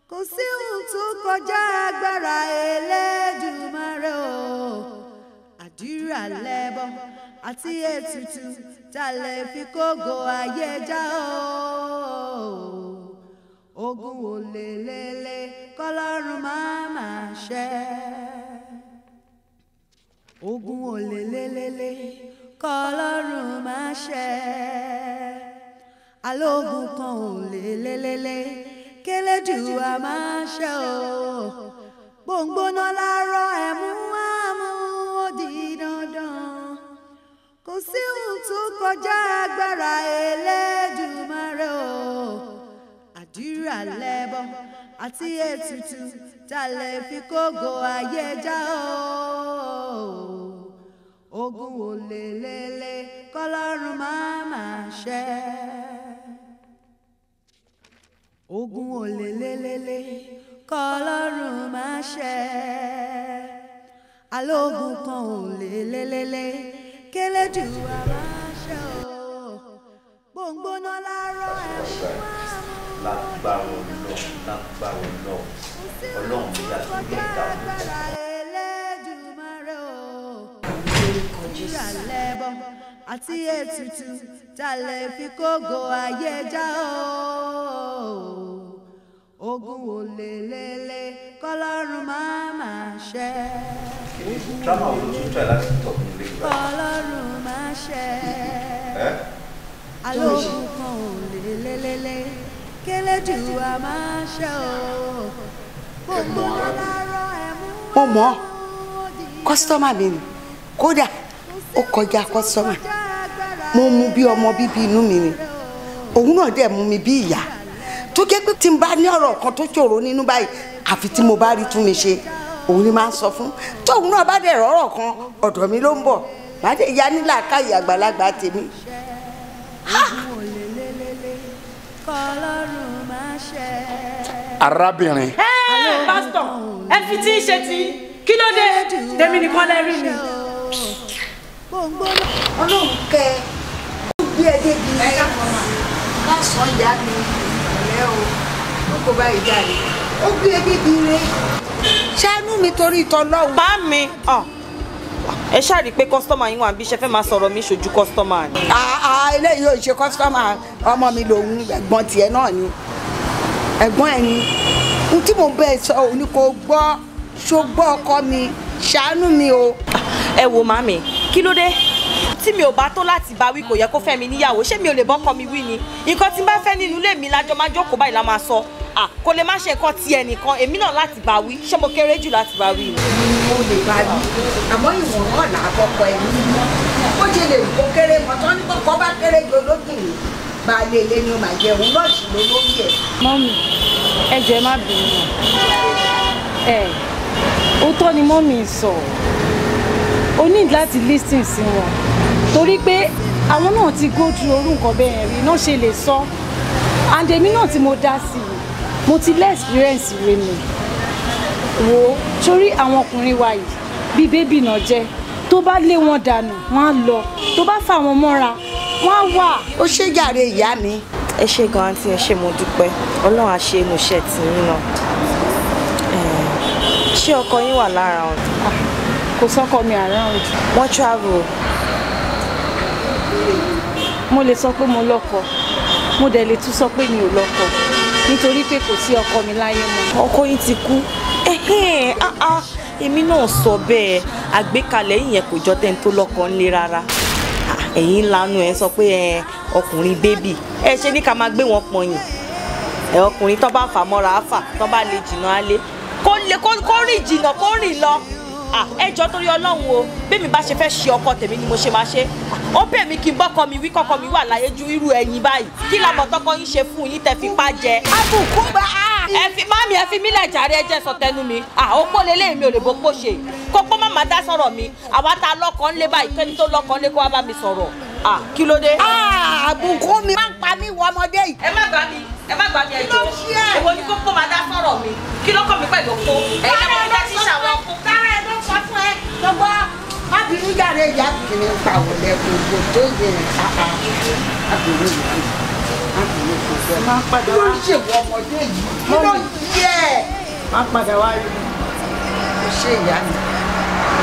[SPEAKER 1] kò sí ohun tó kọjá agbára Elédùmarè o àdúrà lẹ́bọ àti ètùtù tá fi kógo ayé já o ogun ò lè lélẹ̀ kọ́lọ́run má máa ṣẹ́ ogun olelelele, kọlọ́run máa ṣe alógun kan òlélélélé kélédùú a máa ṣe o gbòǹgbòná lárọ́ ẹ̀mú àmú òdì dandan kò sí ohun tó kọjá agbára Elédùmarè o àdúrà lẹ́bọ àti ètùtù talẹ̀ fi kógo ayé já o ogun wò lélẹ́lẹ́ kọlọ́run máa máa ṣẹ́ ogun wò lélẹ́lẹ́lẹ́ kọlọ́run máa ṣẹ́ alógun kan ò lélẹ́lẹ́lẹ́ kélédù wa máa ṣẹ́ o
[SPEAKER 8] gbòǹgbòǹ náà lárọ́ ẹ̀ fún wa ọlọ́run ìyá tó
[SPEAKER 1] ní ìdá àti ètùtù tá lè fi kógo ayé já o ogun wo lelele kọlọ́run máa máa ṣe.
[SPEAKER 6] drama wo ló tún tẹ̀ láti tọ̀ nílé ìgbà.
[SPEAKER 1] kọlọ́run máa ṣe. alóògùn kan ò lelelele kélédùá máa ṣe o
[SPEAKER 3] mo mọ̀ kọ́sítọ́mà mi ni kódà ó kọjá kọ́sítọ́mà mo mú bí ọmọ bíbí inú mi ni òun náà dẹ̀ mú mi bí ìyá tó jẹ́ pé tí n bá ní ọ̀rọ̀ kan tó ṣòro nínú báyìí àfi tí mo bá rí tún mi ṣe òun ni máa ń sọ fún tóun náà bá dẹ̀ rọ́rọ̀ kan ọ̀dọ̀ mi ló ń bọ̀ má dé ìyá nílà káyì àgbàlagbà tèmi.
[SPEAKER 1] arábìnrin. Hey! pásítọ̀
[SPEAKER 3] ẹ fi tí ń ṣe ti kí ló dé tèmi nìkan lẹ rí mi.
[SPEAKER 1] ọlọ́run kẹ ó gbé ẹ débi ẹ lásán ìyá mi ìrọ̀lẹ́ o ó kó bá ìjà rẹ̀ ó gbé ẹ débi rẹ̀.
[SPEAKER 3] ṣẹ́nu mi torí ìtọ́lọ́wọ́. bá mi ọ̀ ẹ ṣáà i pé kọ́sítọ́mà yín wà bí iṣẹ́ fẹ́ máa sọ̀rọ̀ mi ṣojú kọ́sítọ́mà ni. àà eléyìí ò ṣe kọ́sítọ́mà ọmọ mi lòun ẹ̀gbọ́n tiẹ̀ náà ni ẹ̀gbọ́n ẹ̀ ni tí mò ń bẹ́ẹ̀ sọ òun ni kò gbọ́ ṣùgbọ́n ọkọ mi ṣàánú mi o. ẹ wo màmí kí ló dé tí mi ò bá tó láti bá wí kò yẹ kó fẹ́ mi níyàwó ṣé mi ò lè bọ́kọ mi wí ni nǹkan tí n bá fẹ́ nínú ilé mi lájọ máa jókòó báyìí la máa sọ kò lè má ṣe nǹkan ti ẹnìkan èmi náà láti bá wí ṣé mo kéré jù láti bá wí ni. mo lè bá wí àmọ́ ìwọ̀n náà là á kọ́kọ́ ẹ̀ ní bó ṣe lè kó kéré mọ́tọ́ ní kọ́kọ́ bá kéré jọ lóbìnrin baálé ilé ni ó máa jẹ òun náà sì ló lórí ẹ. mọ́mì ẹ jẹ́ má bínú ẹ òótọ́ ni mọ́mì sọ o need láti listen sí wọn torí pé àwọn náà ti go through orú nǹkan bẹ́ẹ̀ rí náà ṣe lè sọ and èmi náà tí mo dá sí i mo ti lé experience rẹ mi wo sórí àwọn ọkùnrin wa yìí bíi bébì náà jẹ́ tó bá lé wọn dànù wọn á lọ tó bá fà wọn mọ́ra wọ́n wà ó ṣe jàre ìyá mi. ẹ ṣe gan àǹtí ẹ ṣe mo dúpẹ́ ọlọ́run àṣe ìmúṣẹ tìyín náà ṣé ọkọ yín wà lára ọ̀n. Ah, kò sọ́kọ mi around. wọ́n travel. mo lè sọ pé mo lọ́kọ mo dẹ̀ lè tún sọ pé mi ò lọ́kọ nítorí pé kò sí ọkọ mi láyé mọ́. ọkọ yín ti kú ah, ah, èmi náà sọ bẹ́ẹ̀ àgbékalẹ̀ yìnyẹn kò jọ tẹ́ni tó lọ́kọ ńlẹ̀ rárá ẹ̀yin lanu ẹ̀ sọ pé ẹ ọkùnrin bébì ẹ ṣe ní ká máa gbé wọn pọ̀nyìn ẹ ọkùnrin tó bá fà mọ́ra á fà tó bá lè jìnnà á lé kó rìn jìnnà kó rìn lọ Ah, ẹjọ́ torí ọlọ́run o bí mi bá ṣe fẹ́ ṣe ọkọ tèmi ni mo ṣe máa ṣe ó bẹ̀ mí kí n bọ́kọ mi wí kọ́kọ mi wà láyé ju irú ẹ̀yin báyìí kí làbọ̀ tọkọ yín ṣe fún yín tẹ fi pa jẹ. àbùkù bá a. Ah! ẹ fi mami ẹ fi mílẹ̀ jàre ẹ jẹ́ sọ tẹnu mi ah, ó pọ́ lélẹ́ mi ò lè bó pò ṣe kó pọ́ má má dá sọ̀rọ̀ mi àwa ta lọ́kàn lé báyìí kẹ́ni tó lọ́kàn lé kó wá bá mi sọ̀rọ̀ kí ló dé. àbùkù mi máa ń pa mí wọ ọmọdé yìí. ẹ má bá mi ẹ má gbàgbé ẹjọ́ èwo ni kókó máa dá sọ̀rọ̀ mi kí ló kọ́ mi pẹ̀lú kó ẹ̀yin náà mo fi dá sí ṣàwọn kó. kára ẹ ló sọ fún ẹ gbogbo ábìrú yàrá ìyá kìíní pa wọlé gbogbo tó yẹ ábìrú yìí ábìrú gbogbo ẹ máa ń padà wá. kí ló ń ṣèwọ
[SPEAKER 8] ọmọdé yìí kí
[SPEAKER 3] ṣe ìyá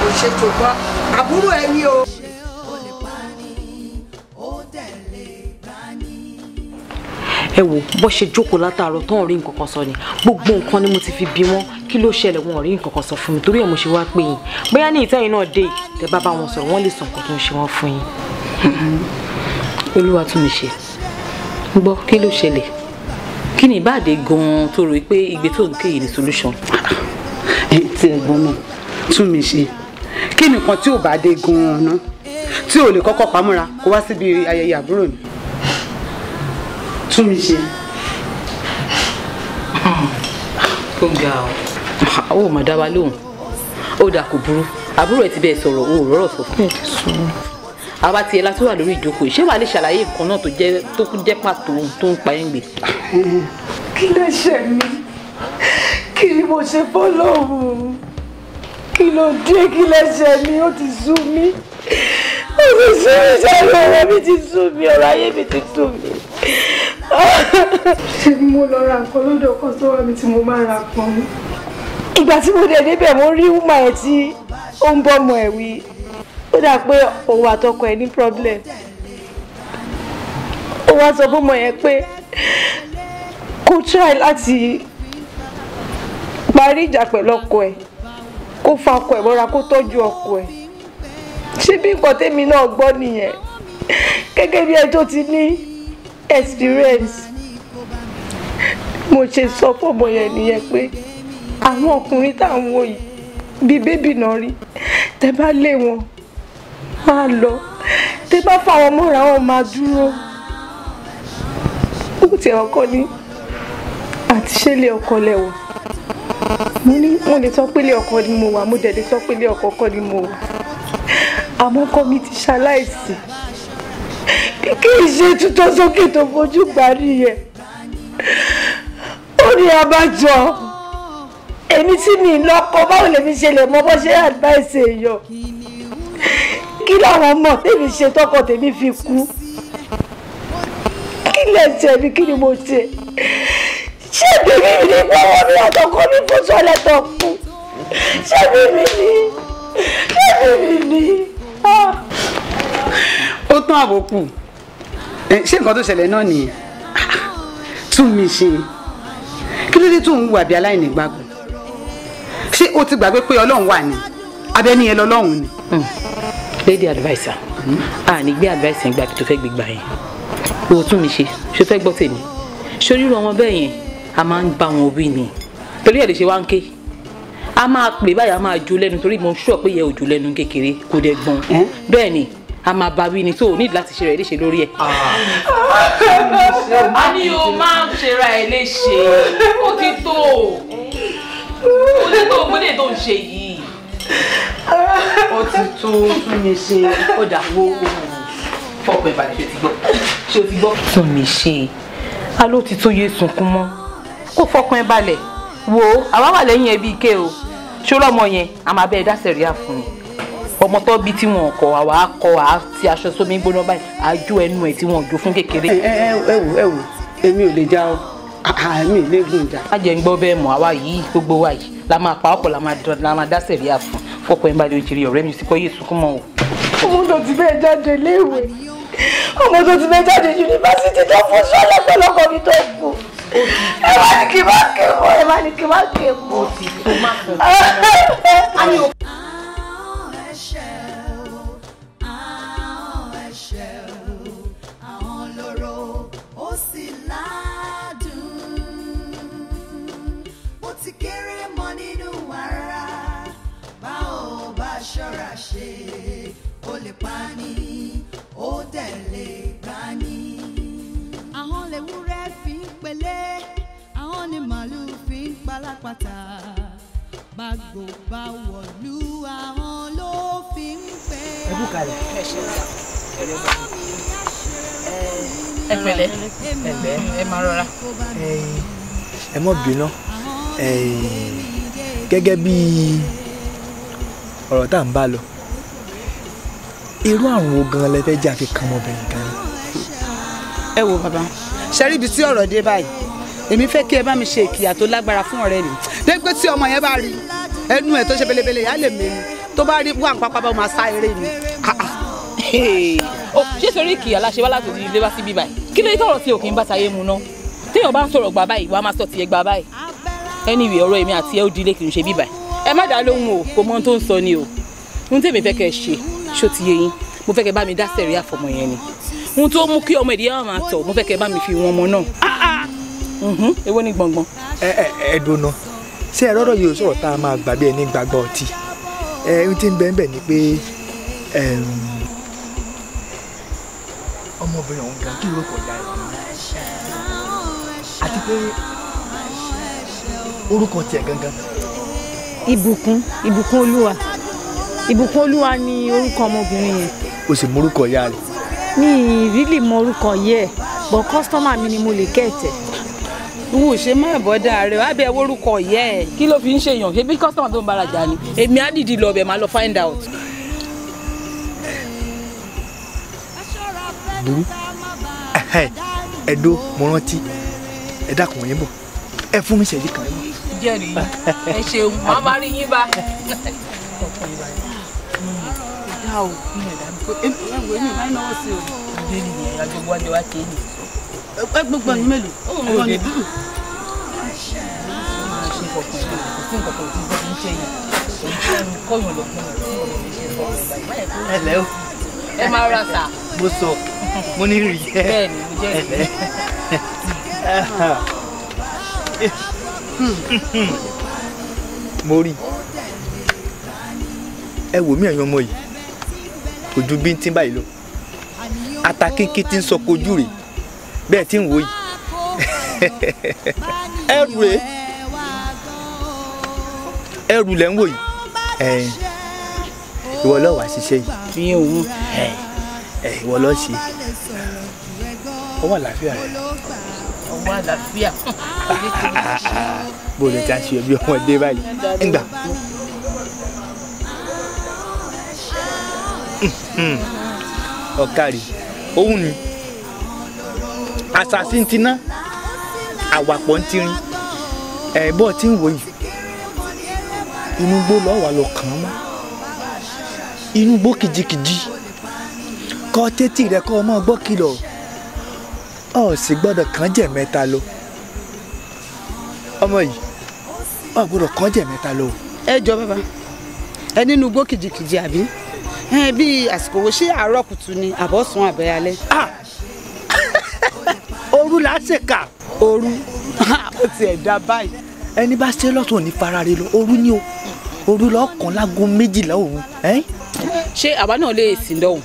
[SPEAKER 3] mi ó ṣe gbọ́ àbúrò ẹ ní o. ẹ wo, bó ṣe jókòó látàárọ̀ tó ń rí nǹkan kan sọ ni gbogbo nǹkan ni mo ti fi bí wọn kí ló ṣẹlẹ̀ wọn ò rí nǹkan kan sọ fún mi torí ẹ̀ mo ṣe wá pé yín bóyá ní ìtẹ́yìn náà dé tẹ bá bá wọn sọ̀rọ̀ wọ́n lè sọ nǹkan tó ń ṣe wọ́n fún yín. olúwa tún mi ṣe gbọ́ kí ló ṣẹlẹ̀ kí ni ìbáàdé gan-an tó rò pé ìgbé tó ń ké ni solution. ẹ ti ẹ gbọ́n náà tún mi ṣe kí nìkan tí ò bá dé gan-an tí ò lè kọ́kọ́ pamọ́ra kó wá síbi ayẹyẹ àbúrò mi tún mi ṣe. ó ga o. ó mà dá wa lóhùn ó dà kò burú àbúrò ẹ ti bẹ́ẹ̀ sọ̀rọ̀ o ò rọ́rọ̀ sọ fún un. àwa tiẹ̀ la tó wà lórí ìjókòó ṣé wàá lè ṣàlàyé nǹkan náà tó jẹ́ tó jẹ́ pàtó tó ń pa ẹ̀ ń gbè. kí lè ṣe mí kí ni mo ṣe fọ́lọ́hùn kí ló dé kí lè ṣe mí ó ti sú mi ó ti sú mi ṣáà lọ́wọ́ mi ti sú mi ọ̀rọ̀ ayé mi ti sú mi ṣe ni mo lọ ra nǹkan lọ́dọ̀ kan tó wà mí tí mo máa ra pọ́n. ìgbà tí mo dé débẹ̀ mo rí wúmà ẹ̀ tí ó ń bọ́mọ ẹ̀ wí ó dà pé òun àtọkọ ẹ̀ ní problem ó wá sọ fún ọmọ yẹn pé kó try láti parí ìjà pẹ̀lú ọkọ ẹ̀ kó fa ọkọ ẹ̀ mọ́ra kó tọ́jú ọkọ ẹ̀ ṣé bí nǹkan tèmi náà gbọ́ nìyẹn gẹ́gẹ́ bí ẹ tó ti ní experience mo ṣe sọ fọmọ yẹn nìyẹn pé àwọn ọkùnrin tá à ń wò yìí bíi bébì náà rí tẹ bá lé wọn á lọ tẹ bá fà wọn mọ́ra wọn máa dúró ó ti ọkọ ní àti ṣẹlẹ̀ ọkọ lẹwọ mo ní mo lè sọ pé ọkọ ni mo wà mo dẹ̀ lè sọ pé ọkọ kọ́ ni mo wà àmọ́ ọkọ mi ti ṣaláìsí kì í ṣe tuntun sókè tó fojú gbà nìyẹn ó ní abájọ èmi tí mi lọ́kọ báwo lèmi ṣe lè mọ bó ṣe advice èèyàn kí làwọn ọmọ tèmi ṣe tọkọ tèmi fi kú kí lè ṣe mi kí ni mo ṣe ṣé bèbí mi ní gbọ́wọ́ mi àtọkọ ní kó sọlẹ̀ tó kú ṣé bèbí mi ṣé bèbí mi ó tán àbòkù ṣé nǹkan tó ṣẹlẹ̀ náà nìyẹn tún mi ṣe kí ló dé tó ń wà bí aláìní gbàgbọ́ ṣé o ti gbàgbé pé ọlọ́run wà ní abẹ́ni yẹn lọ́lọ́run ni. Hmm. lady adviser hmm. a ní gbé advice yẹn gbàgbé tó fẹ́ gbé gbà yẹn o tún mi ṣe ṣe fẹ́ gbọ́ tèmi ṣorírọ̀ wọn bẹ́ẹ̀ yẹn a máa ń bá wọn wí ni torí ẹ̀ lè ṣe wá ń ké a máa pè báyìí a máa jó lẹ́nu torí mo ń ṣọ́ pé yẹ òjò lẹ́nu kékeré kò dẹ̀ gbọ́n bẹ́ẹ̀ ni a máa bá wí ni tó o ní láti ṣe rẹ̀ léṣe lórí ẹ̀. Ah. a ní o máa ń ṣera ẹ léṣe ó ti tó ó ti tó gbélé tó ń ṣe yìí ó ti tó tún mi ṣe ó dà wó fọpọ ìbàdàn ṣe ti gbọ́ ṣe ti gbọ́. tún mi ṣe a ló ti tó yé sunkún mọ́ kó fọkàn ẹ wo àwa wà lẹ́yìn ẹbí ike o ṣó lọ́mọ yẹn a máa bẹ dá sẹ̀ríà fún mi ọmọ tó bí tí wọn kọ àwa akọ àti aṣọ sómi gbóná báyìí àjò ẹnu ẹ tí wọn jò fún kékeré. ẹ ẹ ẹ wò ẹ wò èmi ò lè já o àmì lẹ́gùn ìjà. a jẹ́ ń gbọ́ bẹ́ẹ̀ mọ̀ àwa yìí gbogbo wa yìí la máa pa ọ̀pọ̀ la máa dá sẹ̀rí àfún fọ́pọ̀ ẹ̀ ń bá lè jèrè ọ̀rẹ́ mi sí kọ́ yé sunkún mọ́ o. ọmọ tó ti bẹ́ẹ̀ jáde léèwé ọmọ tó ti bẹ́ẹ̀ jáde yunifásitì tó fún sọ́lá pẹ̀lọ́kọ̀ mi tó kù. ẹ má ní kí n má kéwò ẹ má ní kí n má kéwò.
[SPEAKER 1] ṣọ́ra ṣe ó lè pa ni ó dẹ̀ lè gbá ni. ahọ́n lewúrẹ́ fi ń pelé ahọ́n ni màlúù fi ń palápàtà gbàgbó bá wọ̀lú ahọ́n ló fi ń pè é. ẹ̀bùn kalẹ̀ ẹ pẹ̀lẹ́ ẹgbẹ́ ẹ
[SPEAKER 3] máa rọra.
[SPEAKER 7] ẹ mọ̀ bínú gẹ́gẹ́ bíi ọ̀rọ̀ tá à ń bá lọ irú àrùn wo gan lẹ fẹ́ jẹ́ àfi kan ọmọbìnrin gan. ẹ wo bàbá
[SPEAKER 3] ṣẹ́rí ibi tí ọ̀rọ̀ dé báyìí èmi fẹ́ kí ẹ bá mi ṣe ìkìyà tó lágbára fún ọ̀rẹ́ mi dégbé tí ọmọ yẹn bá rí ẹnu ẹ̀ tó ṣe belebele yà lè mẹ́nu tó bá rí wà ń pápá bá máa sá eré mi. ṣé sori ìkìyà la ṣe wá láti ilé wá síbí báyìí kí ló yẹ tọrọ tí òkè ń bá tayé mu ná téèyàn bá sọ̀rọ̀ gbà báyìí wàá máa sọ tiẹ̀ gbà báyìí anyway ọ̀rọ̀ èmi àti ẹ ó dilé kì í ṣe bíbáyìí ẹ má dá lóhùn o kò mọ ohun tó ń sọ ni o ohun tèmi fẹ́ kẹ́ ẹ ṣe ṣó ti yé yín mo fẹ́ kẹ́ bá mi dá sẹ̀ríà fọmọ yẹn ni ohun tó mú kí ọmọ ìdíyàwó máa tọ̀ mo fẹ́ kẹ́ bá mi fi wọn ọmọ náà
[SPEAKER 7] èwo ni gbọ̀ngbọ̀n. ẹ ẹ ẹ dùnà ṣé ẹ rọ́rọ̀ yìí ò sọ̀rọ̀ tá a máa gbàgbé ẹni gbàgbọ́ ọtí ẹ ń tí ń bẹ́ẹ̀ bẹ́ẹ̀ ni pé ọmọbìnrin ọ̀hún gan kí ló kọjá ẹ̀ àti pé orúkọ tiẹ̀ gangan
[SPEAKER 3] ìbùkún ìbùkún olúwa ìbùkún olúwa ni orúkọ ọmọbìnrin yẹn.
[SPEAKER 7] o sì morúkọ ìyá rẹ.
[SPEAKER 3] mi ìrírí mọ yẹ bọ kọ́sítọ́mà mi ni mo lè kẹ̀tẹ̀. wù ṣe má bọ́dà rẹ wá bẹ orúkọ yẹ ẹ kí ló fi ń ṣèyàn ebi kọ́sítọ́mà tó ń bára jà ni èmi á dìdí lọ bẹ̀ máa lọ find out.
[SPEAKER 7] burú ẹ̀dó mo rántí ẹ dákun yín bọ̀ ẹ fún mi ṣèjì kan yín bọ̀ jẹ́ nìyí ẹ
[SPEAKER 3] ṣeun màá máa rí yín bá. gbogbo ẹ̀yin mélòó. ẹ máa ra sà.
[SPEAKER 7] mo sọ mo ní rí ẹ. bẹ́ẹ̀ni mo jẹ ẹ. mo rí ẹ wò mí ẹ̀yin ọmọ yìí ojú bíntín báyìí lọ ata kéńké tí ń sọ kojú rẹ̀ bẹ́ẹ̀ tí ń wò yìí ẹrù rẹ̀ ẹrù lẹ̀ ń wò yìí ẹ̀yìn ìwọ ló wá ṣiṣẹ́ yìí ìwọ ló ṣe ọwọ́ àlàáfíà rẹ̀
[SPEAKER 8] ọmọ àlàáfíà.
[SPEAKER 7] bó lè ta ṣe bí ọmọdé báyìí ńgbà. ọ̀kàrí òun ni àṣàṣì ń tiná àwàpọ̀ ń tirin ẹ̀bọ́ tí ń wò yìí inú gbó lọ́ọ́ lọ kàn án mọ́ inú gbó kìjikìji kọ́ tẹ́tì rẹ̀ kọ́ ọmọ gbọ́ kìlọ̀ ọ sì gbọ́dọ̀ kàn jẹ mẹ́ta lọ ọmọ yìí ọ gbọ́dọ̀ kàn jẹ mẹ́ta lọ.
[SPEAKER 3] ẹ jọ bàbá ẹ nínú igbó kìjìkìjì àbí bí àsìkò wo ṣé àárọ̀ kùtù ni àbọ̀sùn àbẹ̀ alẹ́. Ah! òru là á ṣe kà
[SPEAKER 7] òru ó ti ẹ̀ dá báyìí. ẹni bá ṣe lọ́tọ̀ ní farare lọ òru ni o òru lọ́ọ́ kàn lágo méjìlá òru.
[SPEAKER 3] ṣé àwa náà lè sìn lọ́hùn.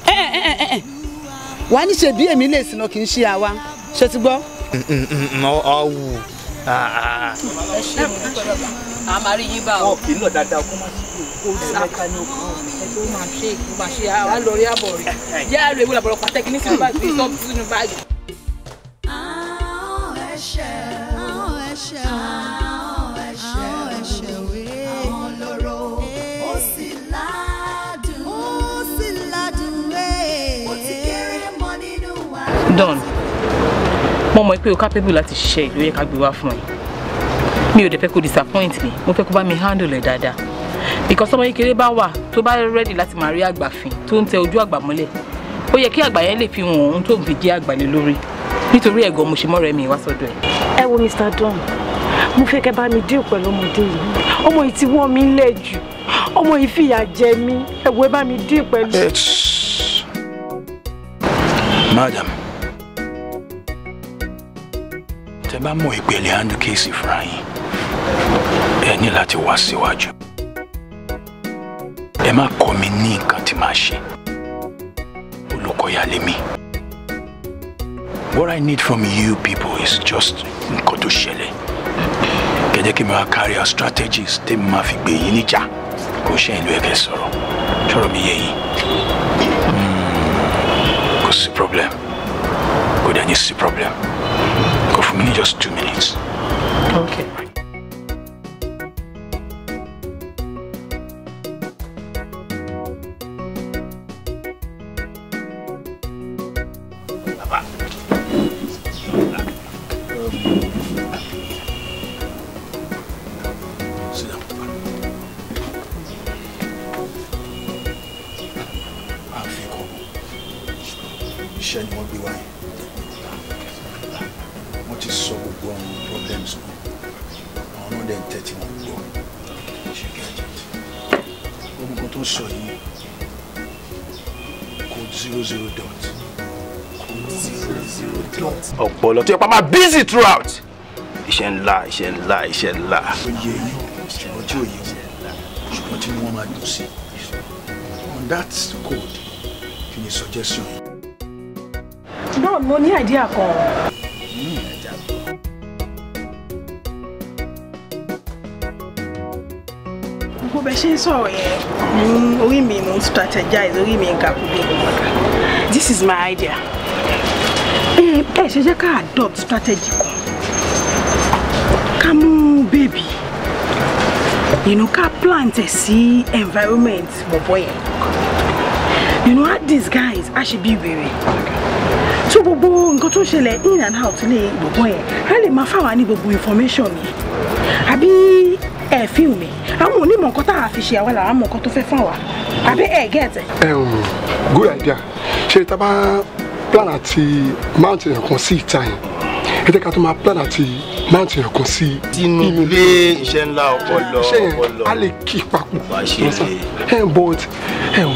[SPEAKER 3] wàá ní ṣe bí èmi lè sìn kì í ṣe àwa ṣe ti gbọ́.
[SPEAKER 7] ọwù ah, ah, ah. a máa rí yín bá o. wọn kì dáadáa kó má sí kó sáka ní ọkọ ẹgbẹ́ máa ṣe ó máa ṣe àwa lọ àbọ̀ rẹ̀
[SPEAKER 3] yá rẹ̀ wúlò àbọ̀rọ̀ pàtẹ́kì ní sinimá ìgbé tó tún ní àwọn ẹ̀ṣẹ̀
[SPEAKER 1] àwọn ẹ̀ṣẹ̀ àwọn ẹ̀ṣẹ̀ wé àwọn lọ́rọ̀ ó sì ládùn
[SPEAKER 7] ó sì ládùn wé
[SPEAKER 1] ó ti kéré mọ́ nínú
[SPEAKER 3] wa mo mọ̀ pé o capable láti ṣiṣẹ́ ìlú yẹ gbé wá fún ẹ mi ò dẹ̀ fẹ́ kó disappoint mi mo fẹ́ kó bá mi handle ẹ̀ dáadáa because ọmọ kékeré bá wà tó bá ready láti máa rí àgbàfin tó ń tẹ ojú àgbà mọ́lẹ̀ ó yẹ kí àgbà yẹn lè fi hàn ohun tó ń fi jẹ́ àgbà lé lórí nítorí ẹ̀gọ́ mo ṣe mọ́rẹ̀ mi wá sọ́dọ̀ ẹ̀. ẹ wo Mr. Don mo fẹ́ kẹ́ bá mi dín pẹ̀lú ọmọdé yìí ọmọ yìí ti wọ́n mi lẹ̀ jù ọmọ yìí fìyà jẹ mí ẹ ẹ bá mi dín pẹ̀lú. Eh,
[SPEAKER 8] madam bá mọ̀ ìpele hand case fúnra yín ẹ ní láti wá síwájú ẹ má kọ́ mi ní nǹkan tí màá ṣe olùkọ́ yà What I need from you people is just nǹkan tó ṣẹlẹ̀ kẹjẹ kí mi wá carry out strategies tí mi máa fi gbé yín níjà kò ṣe ìlú ẹ̀kẹ́ sọ̀rọ̀ sọ̀rọ̀ mi yé yín hmm, kò sí problem kò dẹ̀ ní sí problem. me just two minutes. Okay. are busy throughout. iṣẹ́ ńlá iṣẹ́ ńlá iṣẹ́ ńlá. oyè yìí ṣùgbọ́n tí oyè wò ṣùgbọ́n tí wọ́n máa dùn sí on that code kí ni suggestion.
[SPEAKER 3] don mo ní àìdíà kan. gbogbo bẹ ṣe ń sọ̀rọ̀ yẹn orí mi mo ń strategize orí mi ń kàkúgbé this is my idea ẹ ẹ ṣe jẹ́ ká adopt strategy kan ká mú bèbí you know ká plant ẹ̀ sí environment bọ̀bọ̀ yẹn you know how these guys á ṣe bí wèrè so gbogbo nǹkan tó ń ṣẹlẹ̀ in and out ilé bọ̀bọ̀ yẹn á lè máa fáwọn ní gbogbo information yẹn àbí ẹ fíìmù mi àwọn onímọ̀ nǹkan tá a fi ṣe àwa làwọn mọ̀ nǹkan tó fẹ́ fún àbí ẹ gẹ̀ẹ́tẹ̀.
[SPEAKER 4] good idea ṣe tá bá plan àti mount ẹ̀kan sí ìta yẹn ẹ jẹ́ ká tó máa plan àti mount ẹ̀kan sí inú ilé
[SPEAKER 8] iṣẹ́ ńlá ọpọlọ ọpọlọ a lè kí papọ̀
[SPEAKER 4] ẹ̀ but ẹ̀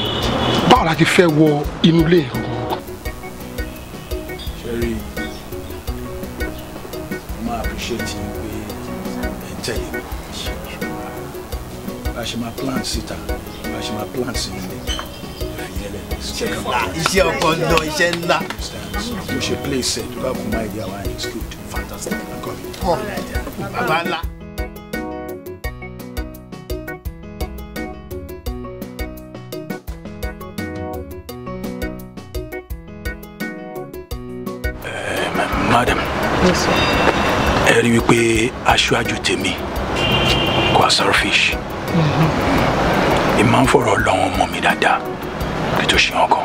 [SPEAKER 4] báwo la ti fẹ́ wọ inú ilé
[SPEAKER 8] yẹn. ṣẹ́rí máa appreciate yín pé ẹ̀ ń tẹ̀lé bá a ṣe máa plan síta bá a plan sínú iṣẹ́ ọpọlọ iṣẹ́ ńlá. mo ṣe play set bá kún máa di àwọn it's good fantastic nǹkan bàbá ńlá. Eh, madam ẹ rí i wípé aṣáájú tèmi kwasar fish ìmọ̀ mm-hmm. ń fọ̀rọ̀ lọ́wọ́ ọmọ mi dáadáa kí tó ṣe hàn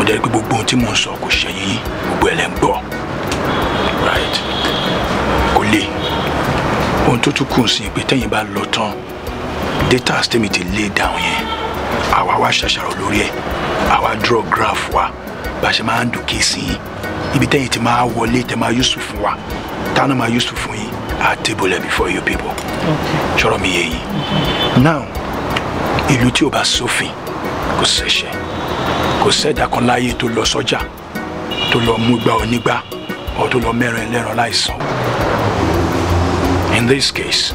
[SPEAKER 8] mo jẹ́ pé gbogbo ohun tí mò ń sọ kò ṣẹ́yìn gbogbo ẹ̀ lẹ́ ń gbọ́ right kò lè ohun tó tún kù sí pé tẹ́yìn bá lọ tán data tèmi ti lay down yẹn àwa wá ṣàṣàrò lórí ẹ̀ àwa draw graph wa bá ṣe máa ń dùn kéésì yín ibi tẹ́yìn ti máa wọlé tẹ́ máa yusuf fún wa tánà máa yusuf fún yín á table ẹ̀ before you people ṣọ́rọ̀ mi yé yín now ìlú tí o bá sófin kò ṣẹ̀ṣẹ̀ kò sẹ́dá kan láyé tó lọ sọ́jà tó lọ mú gba onígbà ọ̀ tó lọ mẹ́rin lẹ́ran láìsàn. in this case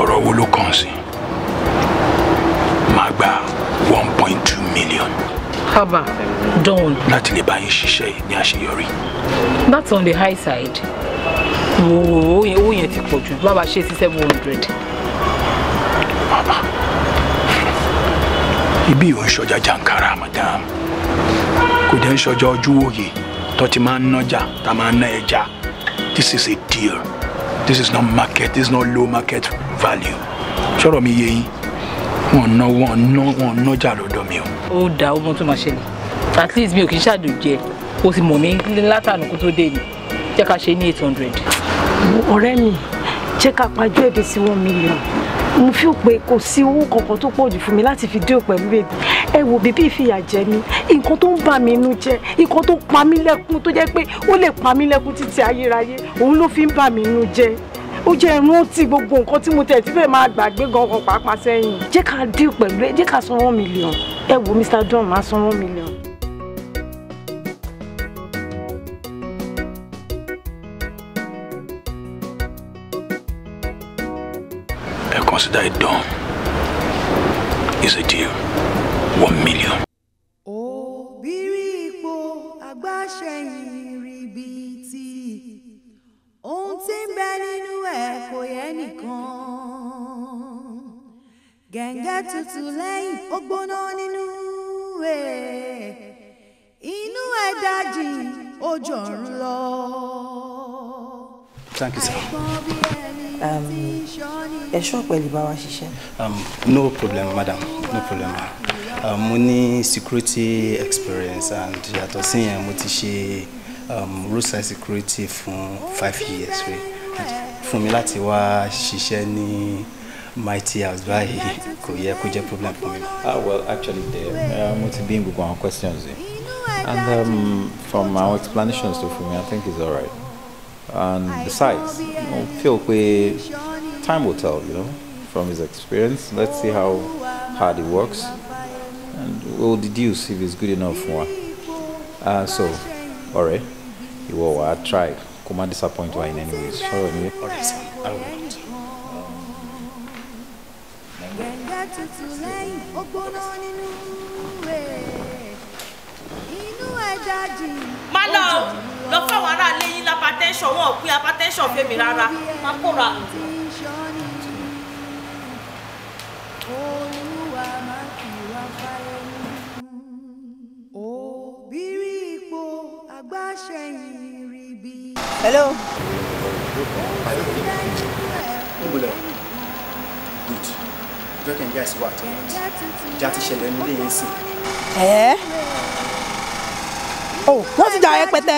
[SPEAKER 8] ọ̀rọ̀ wo ló kàn sí máa gba one point two million. haba don. láti lè bá yín ṣiṣẹ́ ní àṣeyọrí.
[SPEAKER 3] that's on the high side. wo owó yẹn ti pọ̀ jù bàbá ṣe sí seven hundred.
[SPEAKER 8] ibi ò ń ṣọjà jàǹkàrà madam kò dé ń ṣọjà ojú òye tó ti máa ń nájà tá a máa ń ná ẹja this is a deal this is not market this is not low market value ṣọ́rọ̀ mi yé yín wọn ná wọn ná wọn nájà lọ́dọ̀ mi o.
[SPEAKER 3] ó dá ọmọ tó máa ṣẹlẹ̀ at least mi ò kì í ṣàdùjẹ o sì mọ̀ mí látànù kó tó dé ni jẹ́ ká ṣe ní eight hundred. ọ̀rẹ́ mi Check up pajú èdè sí one million mo fi pé kò sí owó kankan tó pọ̀ jù fún mi láti fi dé pẹ̀lú èdè ẹ wò bíbí ìfìyà jẹ mí nǹkan tó ń bà mí inú jẹ nǹkan tó pa mí lẹ́kún tó jẹ́ pé ó lè pa mí lẹ́kún títí ayérayé òun ló fi ń bà mí inú jẹ ó jẹ́ ìrántí gbogbo nǹkan tí mo tẹ̀ tí fẹ́ máa gbàgbé gangan pàápàá sẹ́yìn jẹ́ ká dé pẹ̀lú ẹ jẹ́ ká san one million ẹ wò Mr. John máa san one million.
[SPEAKER 8] consider it done. Is a deal. One million.
[SPEAKER 1] ohun tí ń bẹ nínú ẹ̀ kò yẹ nìkan. Gẹ̀ǹgẹ̀ tutù lẹ́yìn ó gbóná nínú ẹ̀, inú ẹ̀ dájì ojú ọ̀run lọ. Thank you, sir. Um, Ẹ ṣọ́ pẹ̀lú bá
[SPEAKER 3] wa
[SPEAKER 6] ṣiṣẹ́. Um, no problem, madam. No problem.
[SPEAKER 8] Um, mo ní security
[SPEAKER 6] experience and yàtọ̀ sí yẹn mo ti ṣe um, roadside security fún five years rẹ̀ fún mi láti wá ṣiṣẹ́ ní mighty house báyìí kò yẹ kó jẹ́ problem fún mi. ah well actually uh, mo ti bí gbogbo àwọn questions yìí and um, from our explanations to fún mi I think it's alright. And besides, you know, time will tell, you know, from his experience. Let's see how hard he works. And we'll deduce if he's good enough for uh, So, all right. You will uh, try. Come and disappoint her in any way. anyway. All right, sir. I
[SPEAKER 1] will not. Um, má lọ o lọ fáwọn aráalé yín lápátẹ́ńsọ̀n
[SPEAKER 3] wọn ò pín apátẹ́ńsọ̀n fẹ́mi rárá má kóra.
[SPEAKER 1] òbírí ipò agbáṣẹ́yìn hello. good
[SPEAKER 7] jọ́kẹ́ ń gbà sí wa tó já ti ṣẹlẹ̀ nílé yẹn sí.
[SPEAKER 1] Oh, wọ́n ti jà rẹpẹtẹ.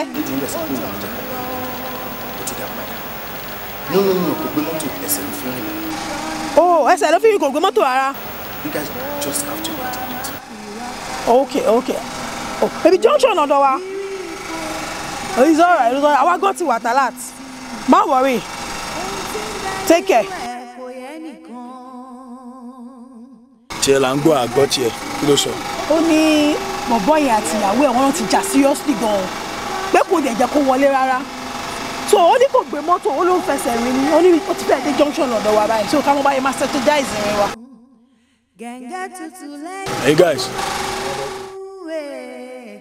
[SPEAKER 1] o
[SPEAKER 3] ẹsẹ̀ ló fi mi oh, kò gbé mọ́tò rárá.
[SPEAKER 8] You guys just have to wait
[SPEAKER 3] Okay, okay. Oh, ebi junction ọ̀dọ̀ wa. Oh, it's all right, it's all right. Àwa gan ti wà talat. Má worry. Take care.
[SPEAKER 8] Tiẹ̀ là ń gbọ́ àgọ́ tiẹ̀, kí ló sọ?
[SPEAKER 3] Ó ní bọ̀bọ́ yẹn àti ìyàwó ẹ̀ wọ́n ti jà seriously gan-an pé kò dẹ̀ jẹ́ kó wọlé rárá so ó ní kò gbé mọ́tò ó ló ń fẹsẹ̀ rìn ni ó ó ti fẹ́ẹ́ dé junction ọ̀dọ̀ wa báyìí so káwọn báyìí máa strategize
[SPEAKER 1] rìn wa. Hey guys. Eh.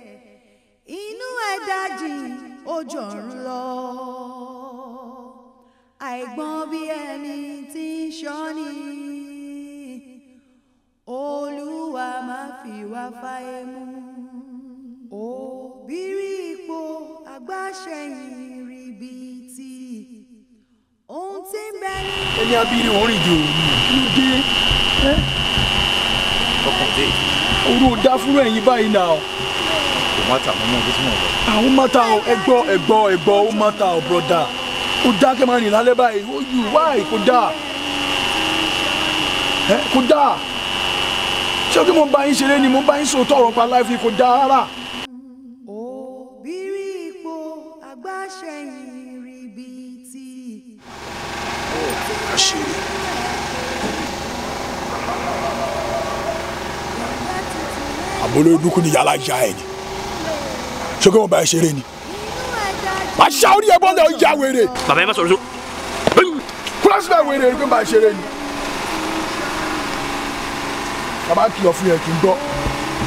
[SPEAKER 1] inú ẹ̀dájì ojú ọ̀run lọ àìgbọ́n bí ẹni tí ń ṣọ́ ni olúwa máa fi wá fáyé mú òbírí ipò agbáṣẹ́yìn ribiti ohun tí ń bẹ ní. ẹni abiri orin ìjò
[SPEAKER 8] òru ló dé ọkàn dé òru ò dá fúnra ẹ̀yìn báyìí náà
[SPEAKER 6] kò má ta mọ́mọ́ bí tí mo lọ.
[SPEAKER 8] àwọn má ta ẹgbọ́ ẹgbọ́ ẹgbọ́ ó má ta ọ bọ́dà ó dá kẹ́ rìn lálẹ́ báyìí ó yù wáì kó dà kó dà ṣé o kí mo bá yín ṣeré ni mo bá yín sòótọ́ ọ̀rọ̀ pa láìfi kò dáa rárá. òbírí ipò
[SPEAKER 1] àgbàṣẹ́yìn ríbi tí. ọ̀rọ̀ àṣírí.
[SPEAKER 8] àbólórí dúkú ni yàrá ya ẹ̀ ni ṣé o kí mo bá yín ṣeré ni. màá ṣá orí ẹ̀ bọ́ọ̀lù ó ya bàbá yẹn bá sọ̀rọ̀ sọ. kúlọ́sì bá wèrè ẹ̀ ló pé màá ṣeré ni bàbá kìlọ̀ fún yẹn kì í gbọ́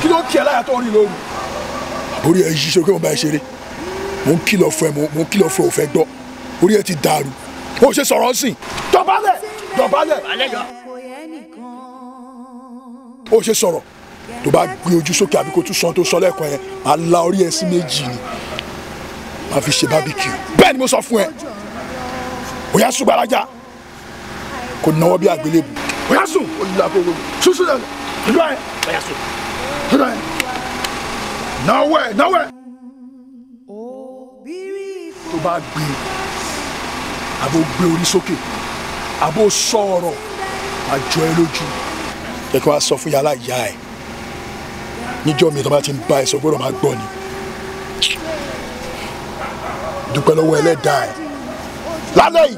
[SPEAKER 8] kí ló kí ẹ láyà tó rìn lóru. orí ẹ yí ṣe pé mo bá ẹ ṣeré mo ń kìlọ̀ fún ẹ mo ń kìlọ̀ fún ẹ ò fẹ́ gbọ́ orí ẹ ti dàrú ó ṣe sọ̀rọ̀ sí i dọ̀bálẹ̀ dọ̀bálẹ̀ ó ṣe sọ̀rọ̀ tó bá gbé ojú sókè àbí kó tún sọ tó sọ lẹ́ẹ̀kan yẹn máa la orí ẹ sí méjì ni máa fi ṣe bábíkì bẹ́ẹ̀ ni mo sọ fún ẹ òyà sùgbàlájà kò náwó bí àgbélébù òyà sùn olùdókòwò ṣùṣù lẹ́nu. Dwan. Oya Nowhere, nowhere. Tó bá gbé àbò gbé orí sókè àbò sọ ọ̀rọ̀ àjọ ẹ lójú. Ẹ kí wàá sọ fún yàrá ìyá ẹ̀ níjọ́ mi tó bá ti ń bá ẹ sọ gbọ́dọ̀ máa gbọ́ ni. Dúpẹ́ lọ́wọ́ ẹlẹ́dàá ẹ̀ lálẹ́ yìí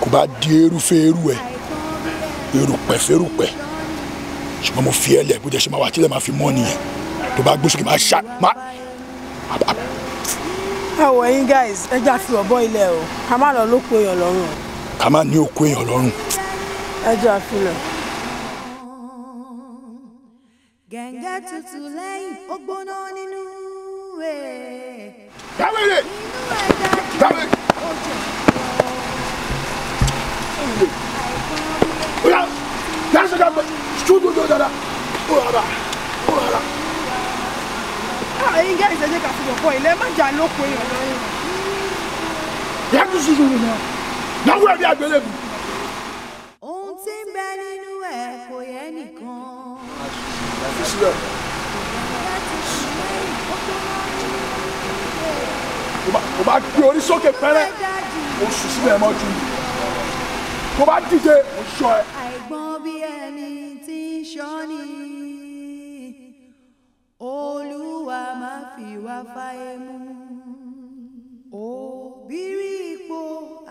[SPEAKER 8] kò bá di erúfẹ́ erú ẹ̀ erùpẹ̀ fẹ́rùpẹ̀ ṣùgbọ́n mo fi ẹlẹ̀ bójú ẹ ṣe máa wà tílẹ̀ máa fi mọ́ nìyẹn tó bá gbósùn kí máa ṣá máa.
[SPEAKER 3] àwọ̀ ẹ̀yin guys ẹ jà fi ọ̀bọ ilẹ̀ o ká má lọ lóko èèyàn lọ́rùn o.
[SPEAKER 8] ká má ní òkú èèyàn lọ́rùn.
[SPEAKER 3] ẹ jà fi lọ.
[SPEAKER 1] gẹ̀ǹgẹ̀ tutù lẹ́yìn ó gbóná nínú ẹ̀. dáwèrè
[SPEAKER 8] dáwèrè. Yeah. That's the government. Studio do that. Oh, that. Oh, that. Ah, you guys are just going to go. Let me just look for you. You have to see you now. Now we are the available. Ohun tí ń bẹ nínú ẹ̀ kò yẹ nìkan. Fi sílẹ̀. bá kí orí sókè pẹ́rẹ́, oṣù sílẹ̀ mọ́ jù tó bá dìde mo sọ ẹ.
[SPEAKER 1] àìgbọ́n bí ẹni tí ń sọ ni olúwa máa fi wá fáyé mú òbírí ipò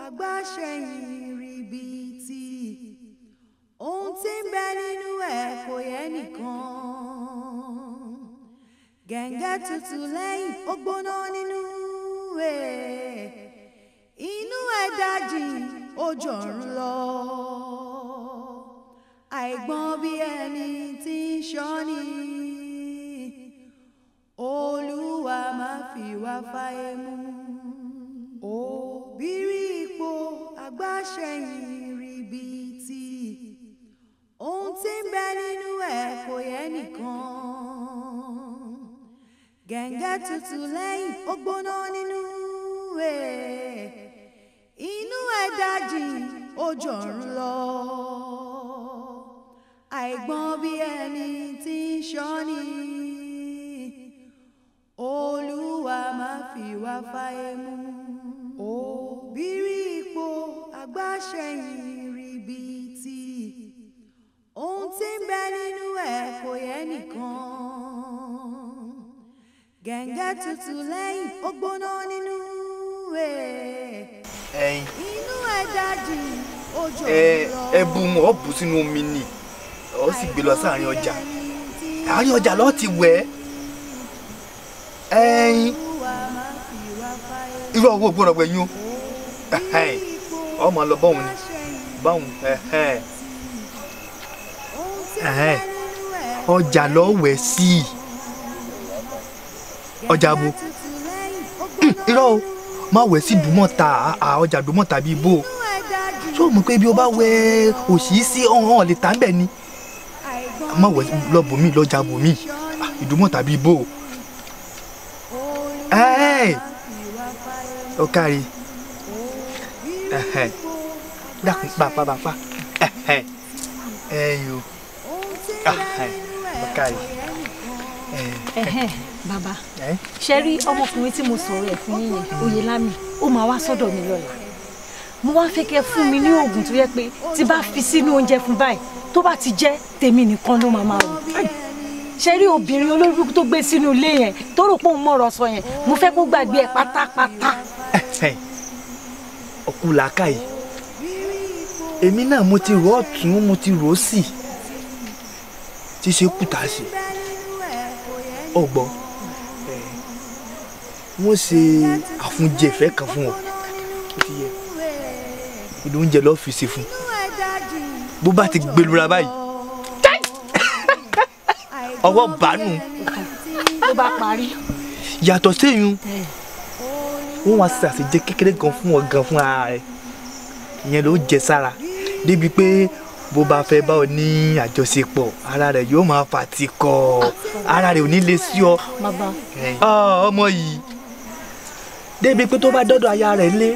[SPEAKER 1] agbáṣẹ́yìn ribiti ohun tí ń bẹ nínú ẹ̀ kò yẹ nìkan gẹ̀ǹgẹ̀ tutù lẹ́yìn ó gbóná nínú ẹ̀ inú ẹ̀ dájì ó jọ̀run lọ. àìgbọ́n bí ẹni tí ń ṣọ́ni olúwa má fi wá fáyé mú. òbírí ipò agbáṣẹ́yìn ríbitì ohun tí ń bẹ nínú ẹ̀ kò yẹ nìkan. gẹ̀ǹgẹ̀ tutù lẹ́yìn ó gbóná nínú ẹ̀ inú ẹ̀dájì ojú ọ̀run lọ àìgbọ́n bí ẹni tí ń ṣọ́ni olúwa máa fi wá fáyé mú òbírí ipò àgbàṣẹ́yìn ríbitì ohun tí ń bẹ nínú ẹ̀ kò yẹ nìkan gẹ̀ǹgẹ̀ tutù lẹ́yìn ó gbóná nínú. ẹyin ẹ ẹ bu
[SPEAKER 7] ọ bù sínú omi ni ọ sì gbé lọ sáàrin ọjà àárín ọjà lọ ti wẹ ẹyin irú ọwọ́ ògbóná pẹ̀ yín o ọmọ lọ bọ́hùn ni bọ́hùn ọjà lọ wẹ̀ sí ọjà bo o. má wẹ̀ sí dùmọ̀ta ọjà dùmọ̀ta bíi bó tó mọ̀ pé bí o bá wẹ̀ òsì sí ọ̀hún lè tà ń bẹ̀ ni má wẹ̀ lọ bòmí lọ́jà bòmí ìdùmọ̀ta bíi bó ó kárí dákun bàbá bàbá ẹ̀yìn o ó kárí
[SPEAKER 3] bàbá ṣe rí ọmọkùnrin tí mo sọ̀rọ̀ ẹ̀ fún yíyẹn oyelami ó máa wá sọ́dọ̀ mi lọ́la mo wá fẹ́ kẹ́ fún mi ní oògùn tó yẹ pé tí bá fi sínú oúnjẹ fún báyìí tó bá ti jẹ́ tèmi nìkan ló máa máa wò ṣe rí obìnrin olórúkú tó gbé sínú ilé yẹn tó rò pé òun mọ̀rọ̀ sọ yẹn mo fẹ́ kó gbàgbé ẹ̀ pátápátá.
[SPEAKER 7] ọkùnrin làákàyè èmi náà mo ti rò ọ̀tún mo ti rò ó sì ti ṣe kùtà sí i ọgbọ wọn ṣe àfúnjẹfẹ kan fún ọ ìlú oúnjẹ lọ fi ṣe fún bó bá ti gbẹlura báyìí ọwọ́ bánú ló bá parí. yàtọ̀ séyún wọn wá ṣe àṣejẹ kékeré gan fún ọ gan fún ara rẹ ìyẹn ló jẹ sára débi pé bó bá fẹ́ bá ọ ní àjọṣepọ̀ ara rẹ̀ yóò máa fà ti kọ́ ọ ara rẹ̀ ò ní lè sí ọ. Ah, ọmọ yìí débi pé tó bá dọ́dọ̀ aya rẹ̀ lé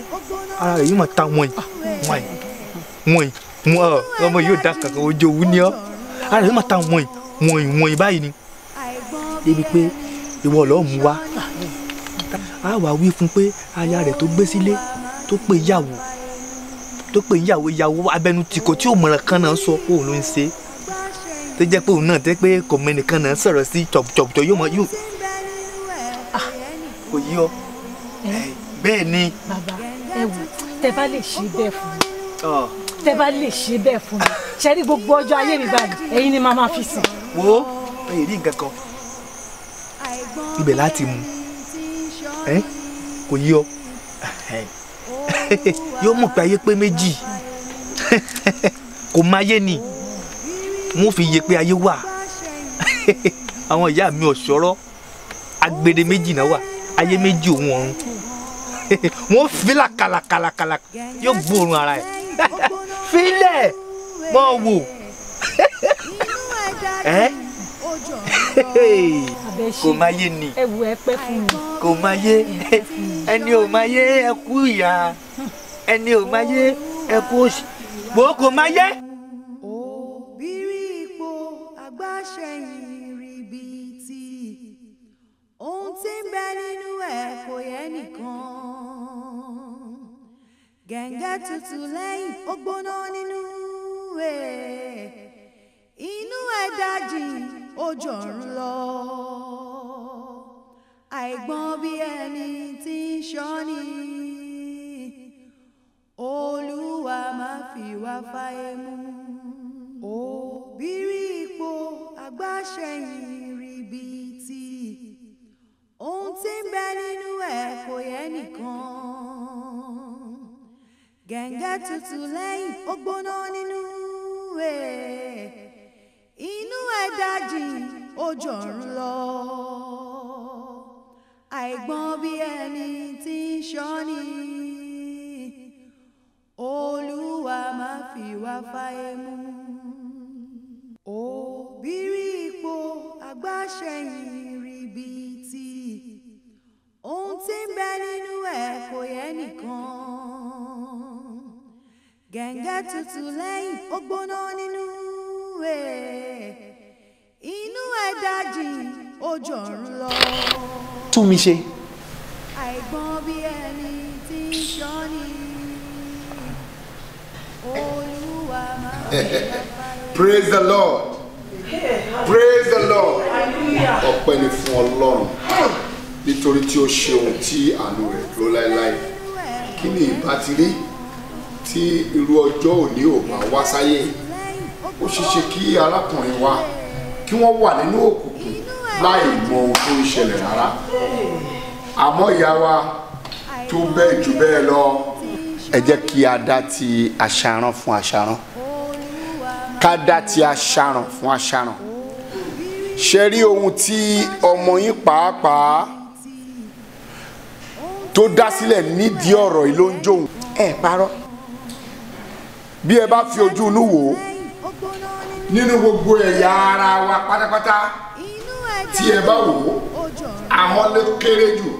[SPEAKER 7] ara rẹ̀ yóò máa ta wọ̀nyí ah. wọ̀nyí wọ̀nyí wọ̀n ah, ọmọ yóò da kankan ojú òwú ni ọ ara rẹ̀ yóò máa ta wọ̀nyí wọ̀nyí wọ̀nyí báyìí ni débi pé ìwọ ọ̀lọ́ mú wa a wà wí fún pé aya rẹ̀ tó gbé sílé tó pé ìyàwó tó pè ń yàwó yàwó abẹnutìkọ tí ò mọ̀ràn kan náà sọ òun ló ń ṣe tó jẹ́ pé òun náà tẹ́ pé kò mọ ẹnìkan náà sọ̀rọ̀ sí tọ̀pọ̀tọ̀ yóò mọ yóò ah, kò yí ọ bẹ́ẹ̀ ni. bàbá
[SPEAKER 3] ẹ wò tẹ bá lè ṣe bẹ́ẹ̀ fún
[SPEAKER 7] mi
[SPEAKER 3] tẹ bá lè ṣe bẹ́ẹ̀ fún mi ṣe gbogbo ọjọ́ ayé mi báyìí ẹ̀yin ni màá fi sìn.
[SPEAKER 7] wo èyí rí nǹkan kan ibẹ̀ láti mu kò yí ọ yóò mọ̀ pé ayé pé méjì kò máyé ni mo fi yé pé ayé wà àwọn ìyá mi ọ̀ṣọ́rọ́ agbede méjì náà wà ayé méjì òun ọ̀run wọ́n fílà kàlàkàlàkàlà yóò gbóòórùn ara ẹ̀ fílẹ̀ mọ́ wò ẹ́ kò má yé ni kò má yé ẹni ò má yé ẹkú ìyá ẹni ò má yé ẹkú òsì gbòó kò má yé. òbírí ipò àgbàṣẹyìn
[SPEAKER 1] rìbìtì ohun tí ń bẹ nínú ẹ kò yẹ nìkan gẹ̀ǹgẹ̀ tutù lẹ́yìn ó gbóná nínú ẹ inú ẹ dájì ó jọ̀run lọ. àìgbọ́n bí ẹni tí ń ṣọ́ni olúwa máa fi wá fáyé mú. òbírí ipò àgbàṣẹ́yìn ribiti ohun tí ń bẹ nínú ẹ̀ kò yẹ nìkan. gẹ̀ǹgẹ̀ tutù lẹ́yìn ó gbóná nínú ẹ̀ inú ẹ̀dájì ojú ọ̀run lọ àìgbọ́n bí ẹni tí ń ṣọ́ni olúwa máa fi wá fáyé mú òbírí ipò agbáṣẹ́yìn ríbitì ohun tí ń bẹ nínú ẹ̀ kò yẹ nìkan gẹ̀ǹgẹ̀ tutù lẹ́yìn ó gbóná nínú ẹ̀ inú ẹ̀ dájì ojú ọ̀run lọ. tún mi ṣe. àìgbọ́n bí ẹni tí ń ṣọ́ ni
[SPEAKER 4] olúwa máa ń bẹ̀rẹ̀ praise the lord praise the lord ọpẹ́ ni fún ọlọ́run nítorí tí ó ṣe ohun tí àánú rẹ̀ dúró láéláé kí ni ìbá tí irú ọjọ́ òní ò bá wá sáyé yìí ó ṣeéṣe kí arákùnrin wa kí wọ́n wà nínú òkùnkùn láì mọ ohun tó ń ṣẹlẹ̀ rárá àmọ́ ìyá wa tó bẹ́ẹ̀ jù bẹ́ẹ̀ lọ ẹ jẹ́ kí a dá ti aṣaran fún aṣaran ká dá ti aṣaran fún aṣaran ṣe rí ohun tí ọmọ yín pàápàá tó dá sílẹ̀ nídìí ọ̀rọ̀ yìí ló ń jóun. ẹ parọ́. bí ẹ bá fi ojú inú wò ó nínú gbogbo ẹ̀yà ara wa pátápátá tí ẹ bá wò ó àwọn ló kéré jù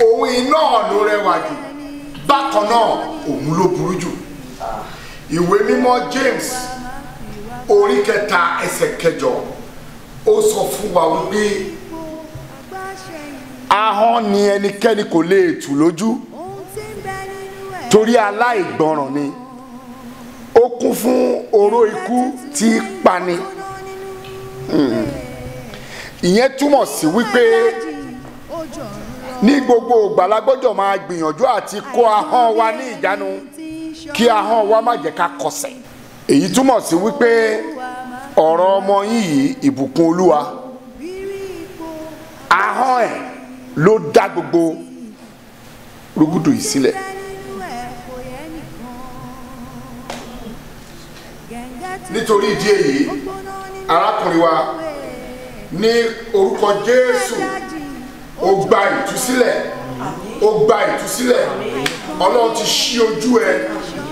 [SPEAKER 4] òun iná ló rẹwà jù bákan náà òun ló burú jù ìwé mímọ́ James orí kẹta ẹsẹ̀ kẹjọ ó sọ fún wa wípé ahọ́n ni ẹnikẹ́ni kò lè tù lójú torí aláìgbọràn ni ó kún fún oró ikú tí pani hmm. ìyẹn túmọ̀ sí wípé ní gbogbo ìgbà la gbọ́dọ̀ máa gbìyànjú àti kó ahọ́n wa ní ìjánu kí ahọ́n wa má jẹ́ ká kọsẹ̀ èyí túmọ̀ sí wípé ọ̀rọ̀ ọmọ yín yìí ìbùkún olúwa ahọ́n ẹ̀ ló dá gbogbo rúgùdù yìí sílẹ̀. nítorí ìdí èyí arákùnrin wa ní orúkọ jésù ó gba ìtúsílẹ̀ ó gba ìtúsílẹ̀ ọlọ́run ti ṣí ojú ẹ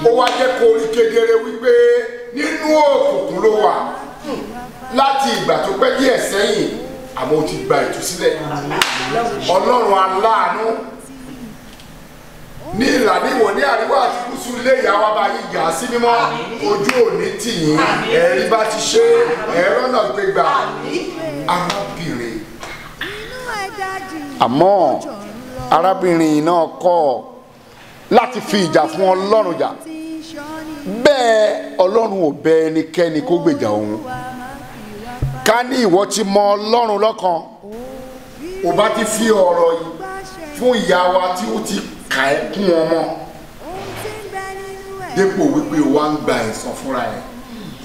[SPEAKER 4] ó wá jẹ́ kó rí kedere wípé nínú òkùnkùn ló wà láti ìgbà tó pẹ́ díẹ̀ sẹ́yìn àmọ́ ó ti gba ìtúsílẹ̀ ọlọ́run aláàánú ní ìlà ní ìwọ̀ ní àríwá àti gúúsù ilé ìyàwó abayé yà sí mímọ́ ojú òní tì yín ẹ̀rí bá ti ṣe ẹ̀rọ náà gbé gbà arábìnrin. àmọ́ arábìnrin náà kọ̀ láti fi ìjà fún ọlọ́run jà bẹ́ẹ̀ ọlọ́run ò bẹ ẹnikẹ́ni kó gbèjà òun ká ní ìwọ ti mọ ọlọ́run lọ́kàn ò bá ti fi ọ̀rọ̀ yìí fún ìyá wa tí ó ti kà ẹ́ kún ọmọ dépò wípé o wá ń gba ẹ̀san fúnra ẹ̀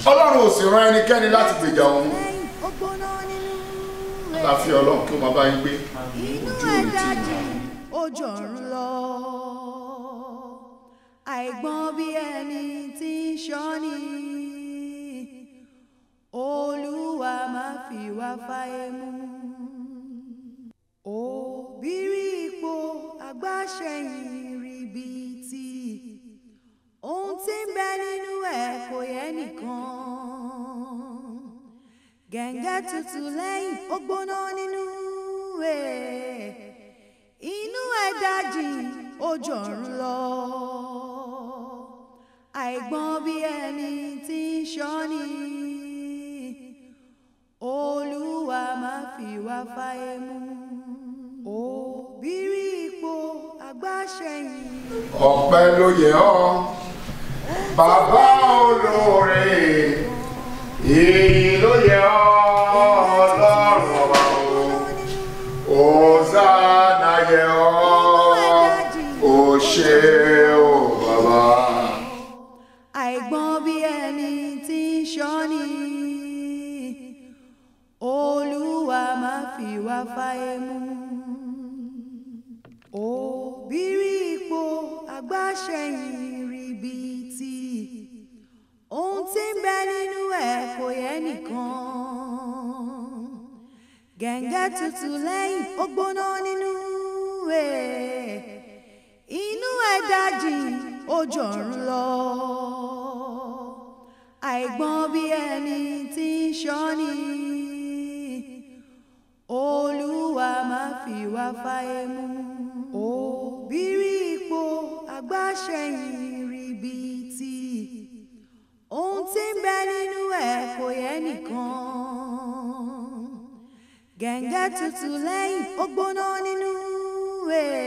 [SPEAKER 4] ọlọ́run ò sì rán ẹnikẹ́ni láti gbèjà òun láfi ọlọ́run kí o máa bá yín gbé
[SPEAKER 1] ojú òní tí ó àìgbọ́n bí ẹni tí ń ṣọ́ni olúwa máa fi wá fáyé mú òbírí ipò agbáṣẹ́yìn ribiti ohun tí ń bẹ nínú ẹ̀ kò yẹ nìkan gẹ̀ǹgẹ̀ tutù lẹ́yìn ó gbóná nínú ẹ̀ inú ẹ̀ dájì ó jọ̀rún lọ àìgbọ́n bí ẹni tí ń ṣọ́ni olúwa máa fi wá fáyé mú òbírí ipò àgbàṣẹyìn. ọpẹ́ ló yẹ ọ́
[SPEAKER 4] bàbá olóore èyí ló yẹ ọ́ ọlọ́run ọba o ọ̀sánà yẹ ọ́ ò ṣe
[SPEAKER 5] o bàbá.
[SPEAKER 1] àìgbọ́n bí ẹni tí ń ṣọ́ni olúwa máa fi wá fáyé mú òbírí ipò àgbàṣẹ́yìn rìbìtì ohun tí ń bẹ nínú ẹ̀ kò yẹ nìkan gẹ̀ǹgẹ̀ tutù lẹ́yìn ó gbóná nínú ẹ̀ inú ẹ̀ dájì ó jọ̀rún lọ àìgbọ́n bí ẹni tí ń ṣọ́ni olúwa máa fi wá fáyé mú òbírí ipò àgbàṣẹ́yìn ribiti ohun tí ń bẹ nínú ẹ̀ kò yẹ nìkan gẹ̀ǹgẹ̀ tutù lẹ́yìn ó gbóná nínú ẹ̀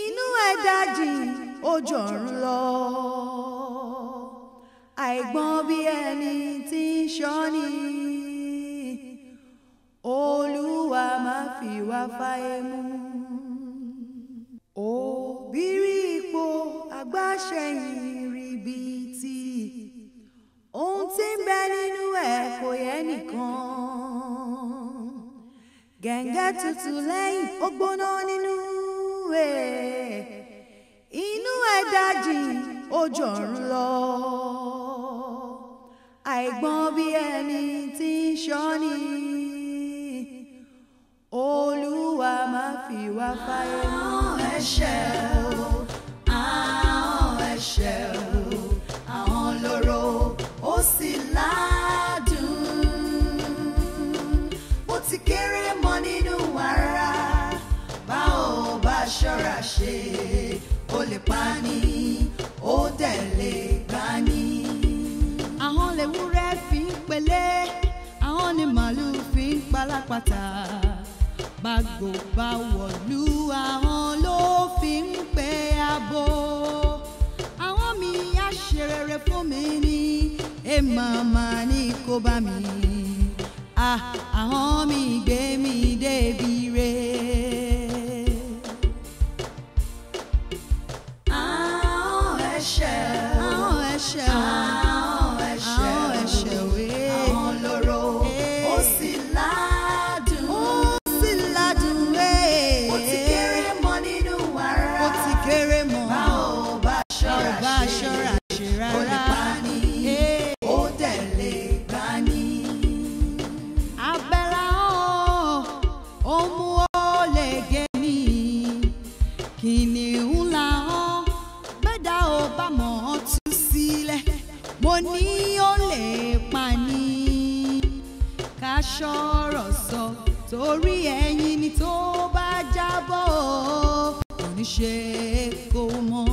[SPEAKER 1] inú ẹ̀ dájì ó jọ̀rún lọ àìgbọ́n bí ẹni tí ń ṣọ́ni olúwa máa fi wá fáyé mú òbírí ipò àgbàṣẹ́yìn rìbìtì ohun tí ń bẹ nínú ẹ̀ kò yẹ nìkan gẹ̀ǹgẹ̀ tutù lẹ́yìn ó gbóná nínú ẹ̀ inú ẹ̀ dájì ó jọ̀rún lọ àìgbọ́n bí ẹni tí ń ṣọ́ni olúwa máa fi wá fáyé mọ́ ẹ̀ṣẹ̀ o ahọ́n ẹ̀ṣẹ̀ o ahọ́n lóró ó sì ládùn bó ti kéré mọ́ nínú ara bá fi ń pelé ahọ́n ni màlúù fi ń palápàtà gbàgbó bá wọ̀lú àwọn ló fi ń pe abo àwọn mi á ṣe rere fún mi ní èèmàmà ní kó bá mi àwọn mi gbé mi débi re. àwọn ẹ̀ṣẹ̀ àwọn ẹ̀ṣẹ̀. chegou o momento.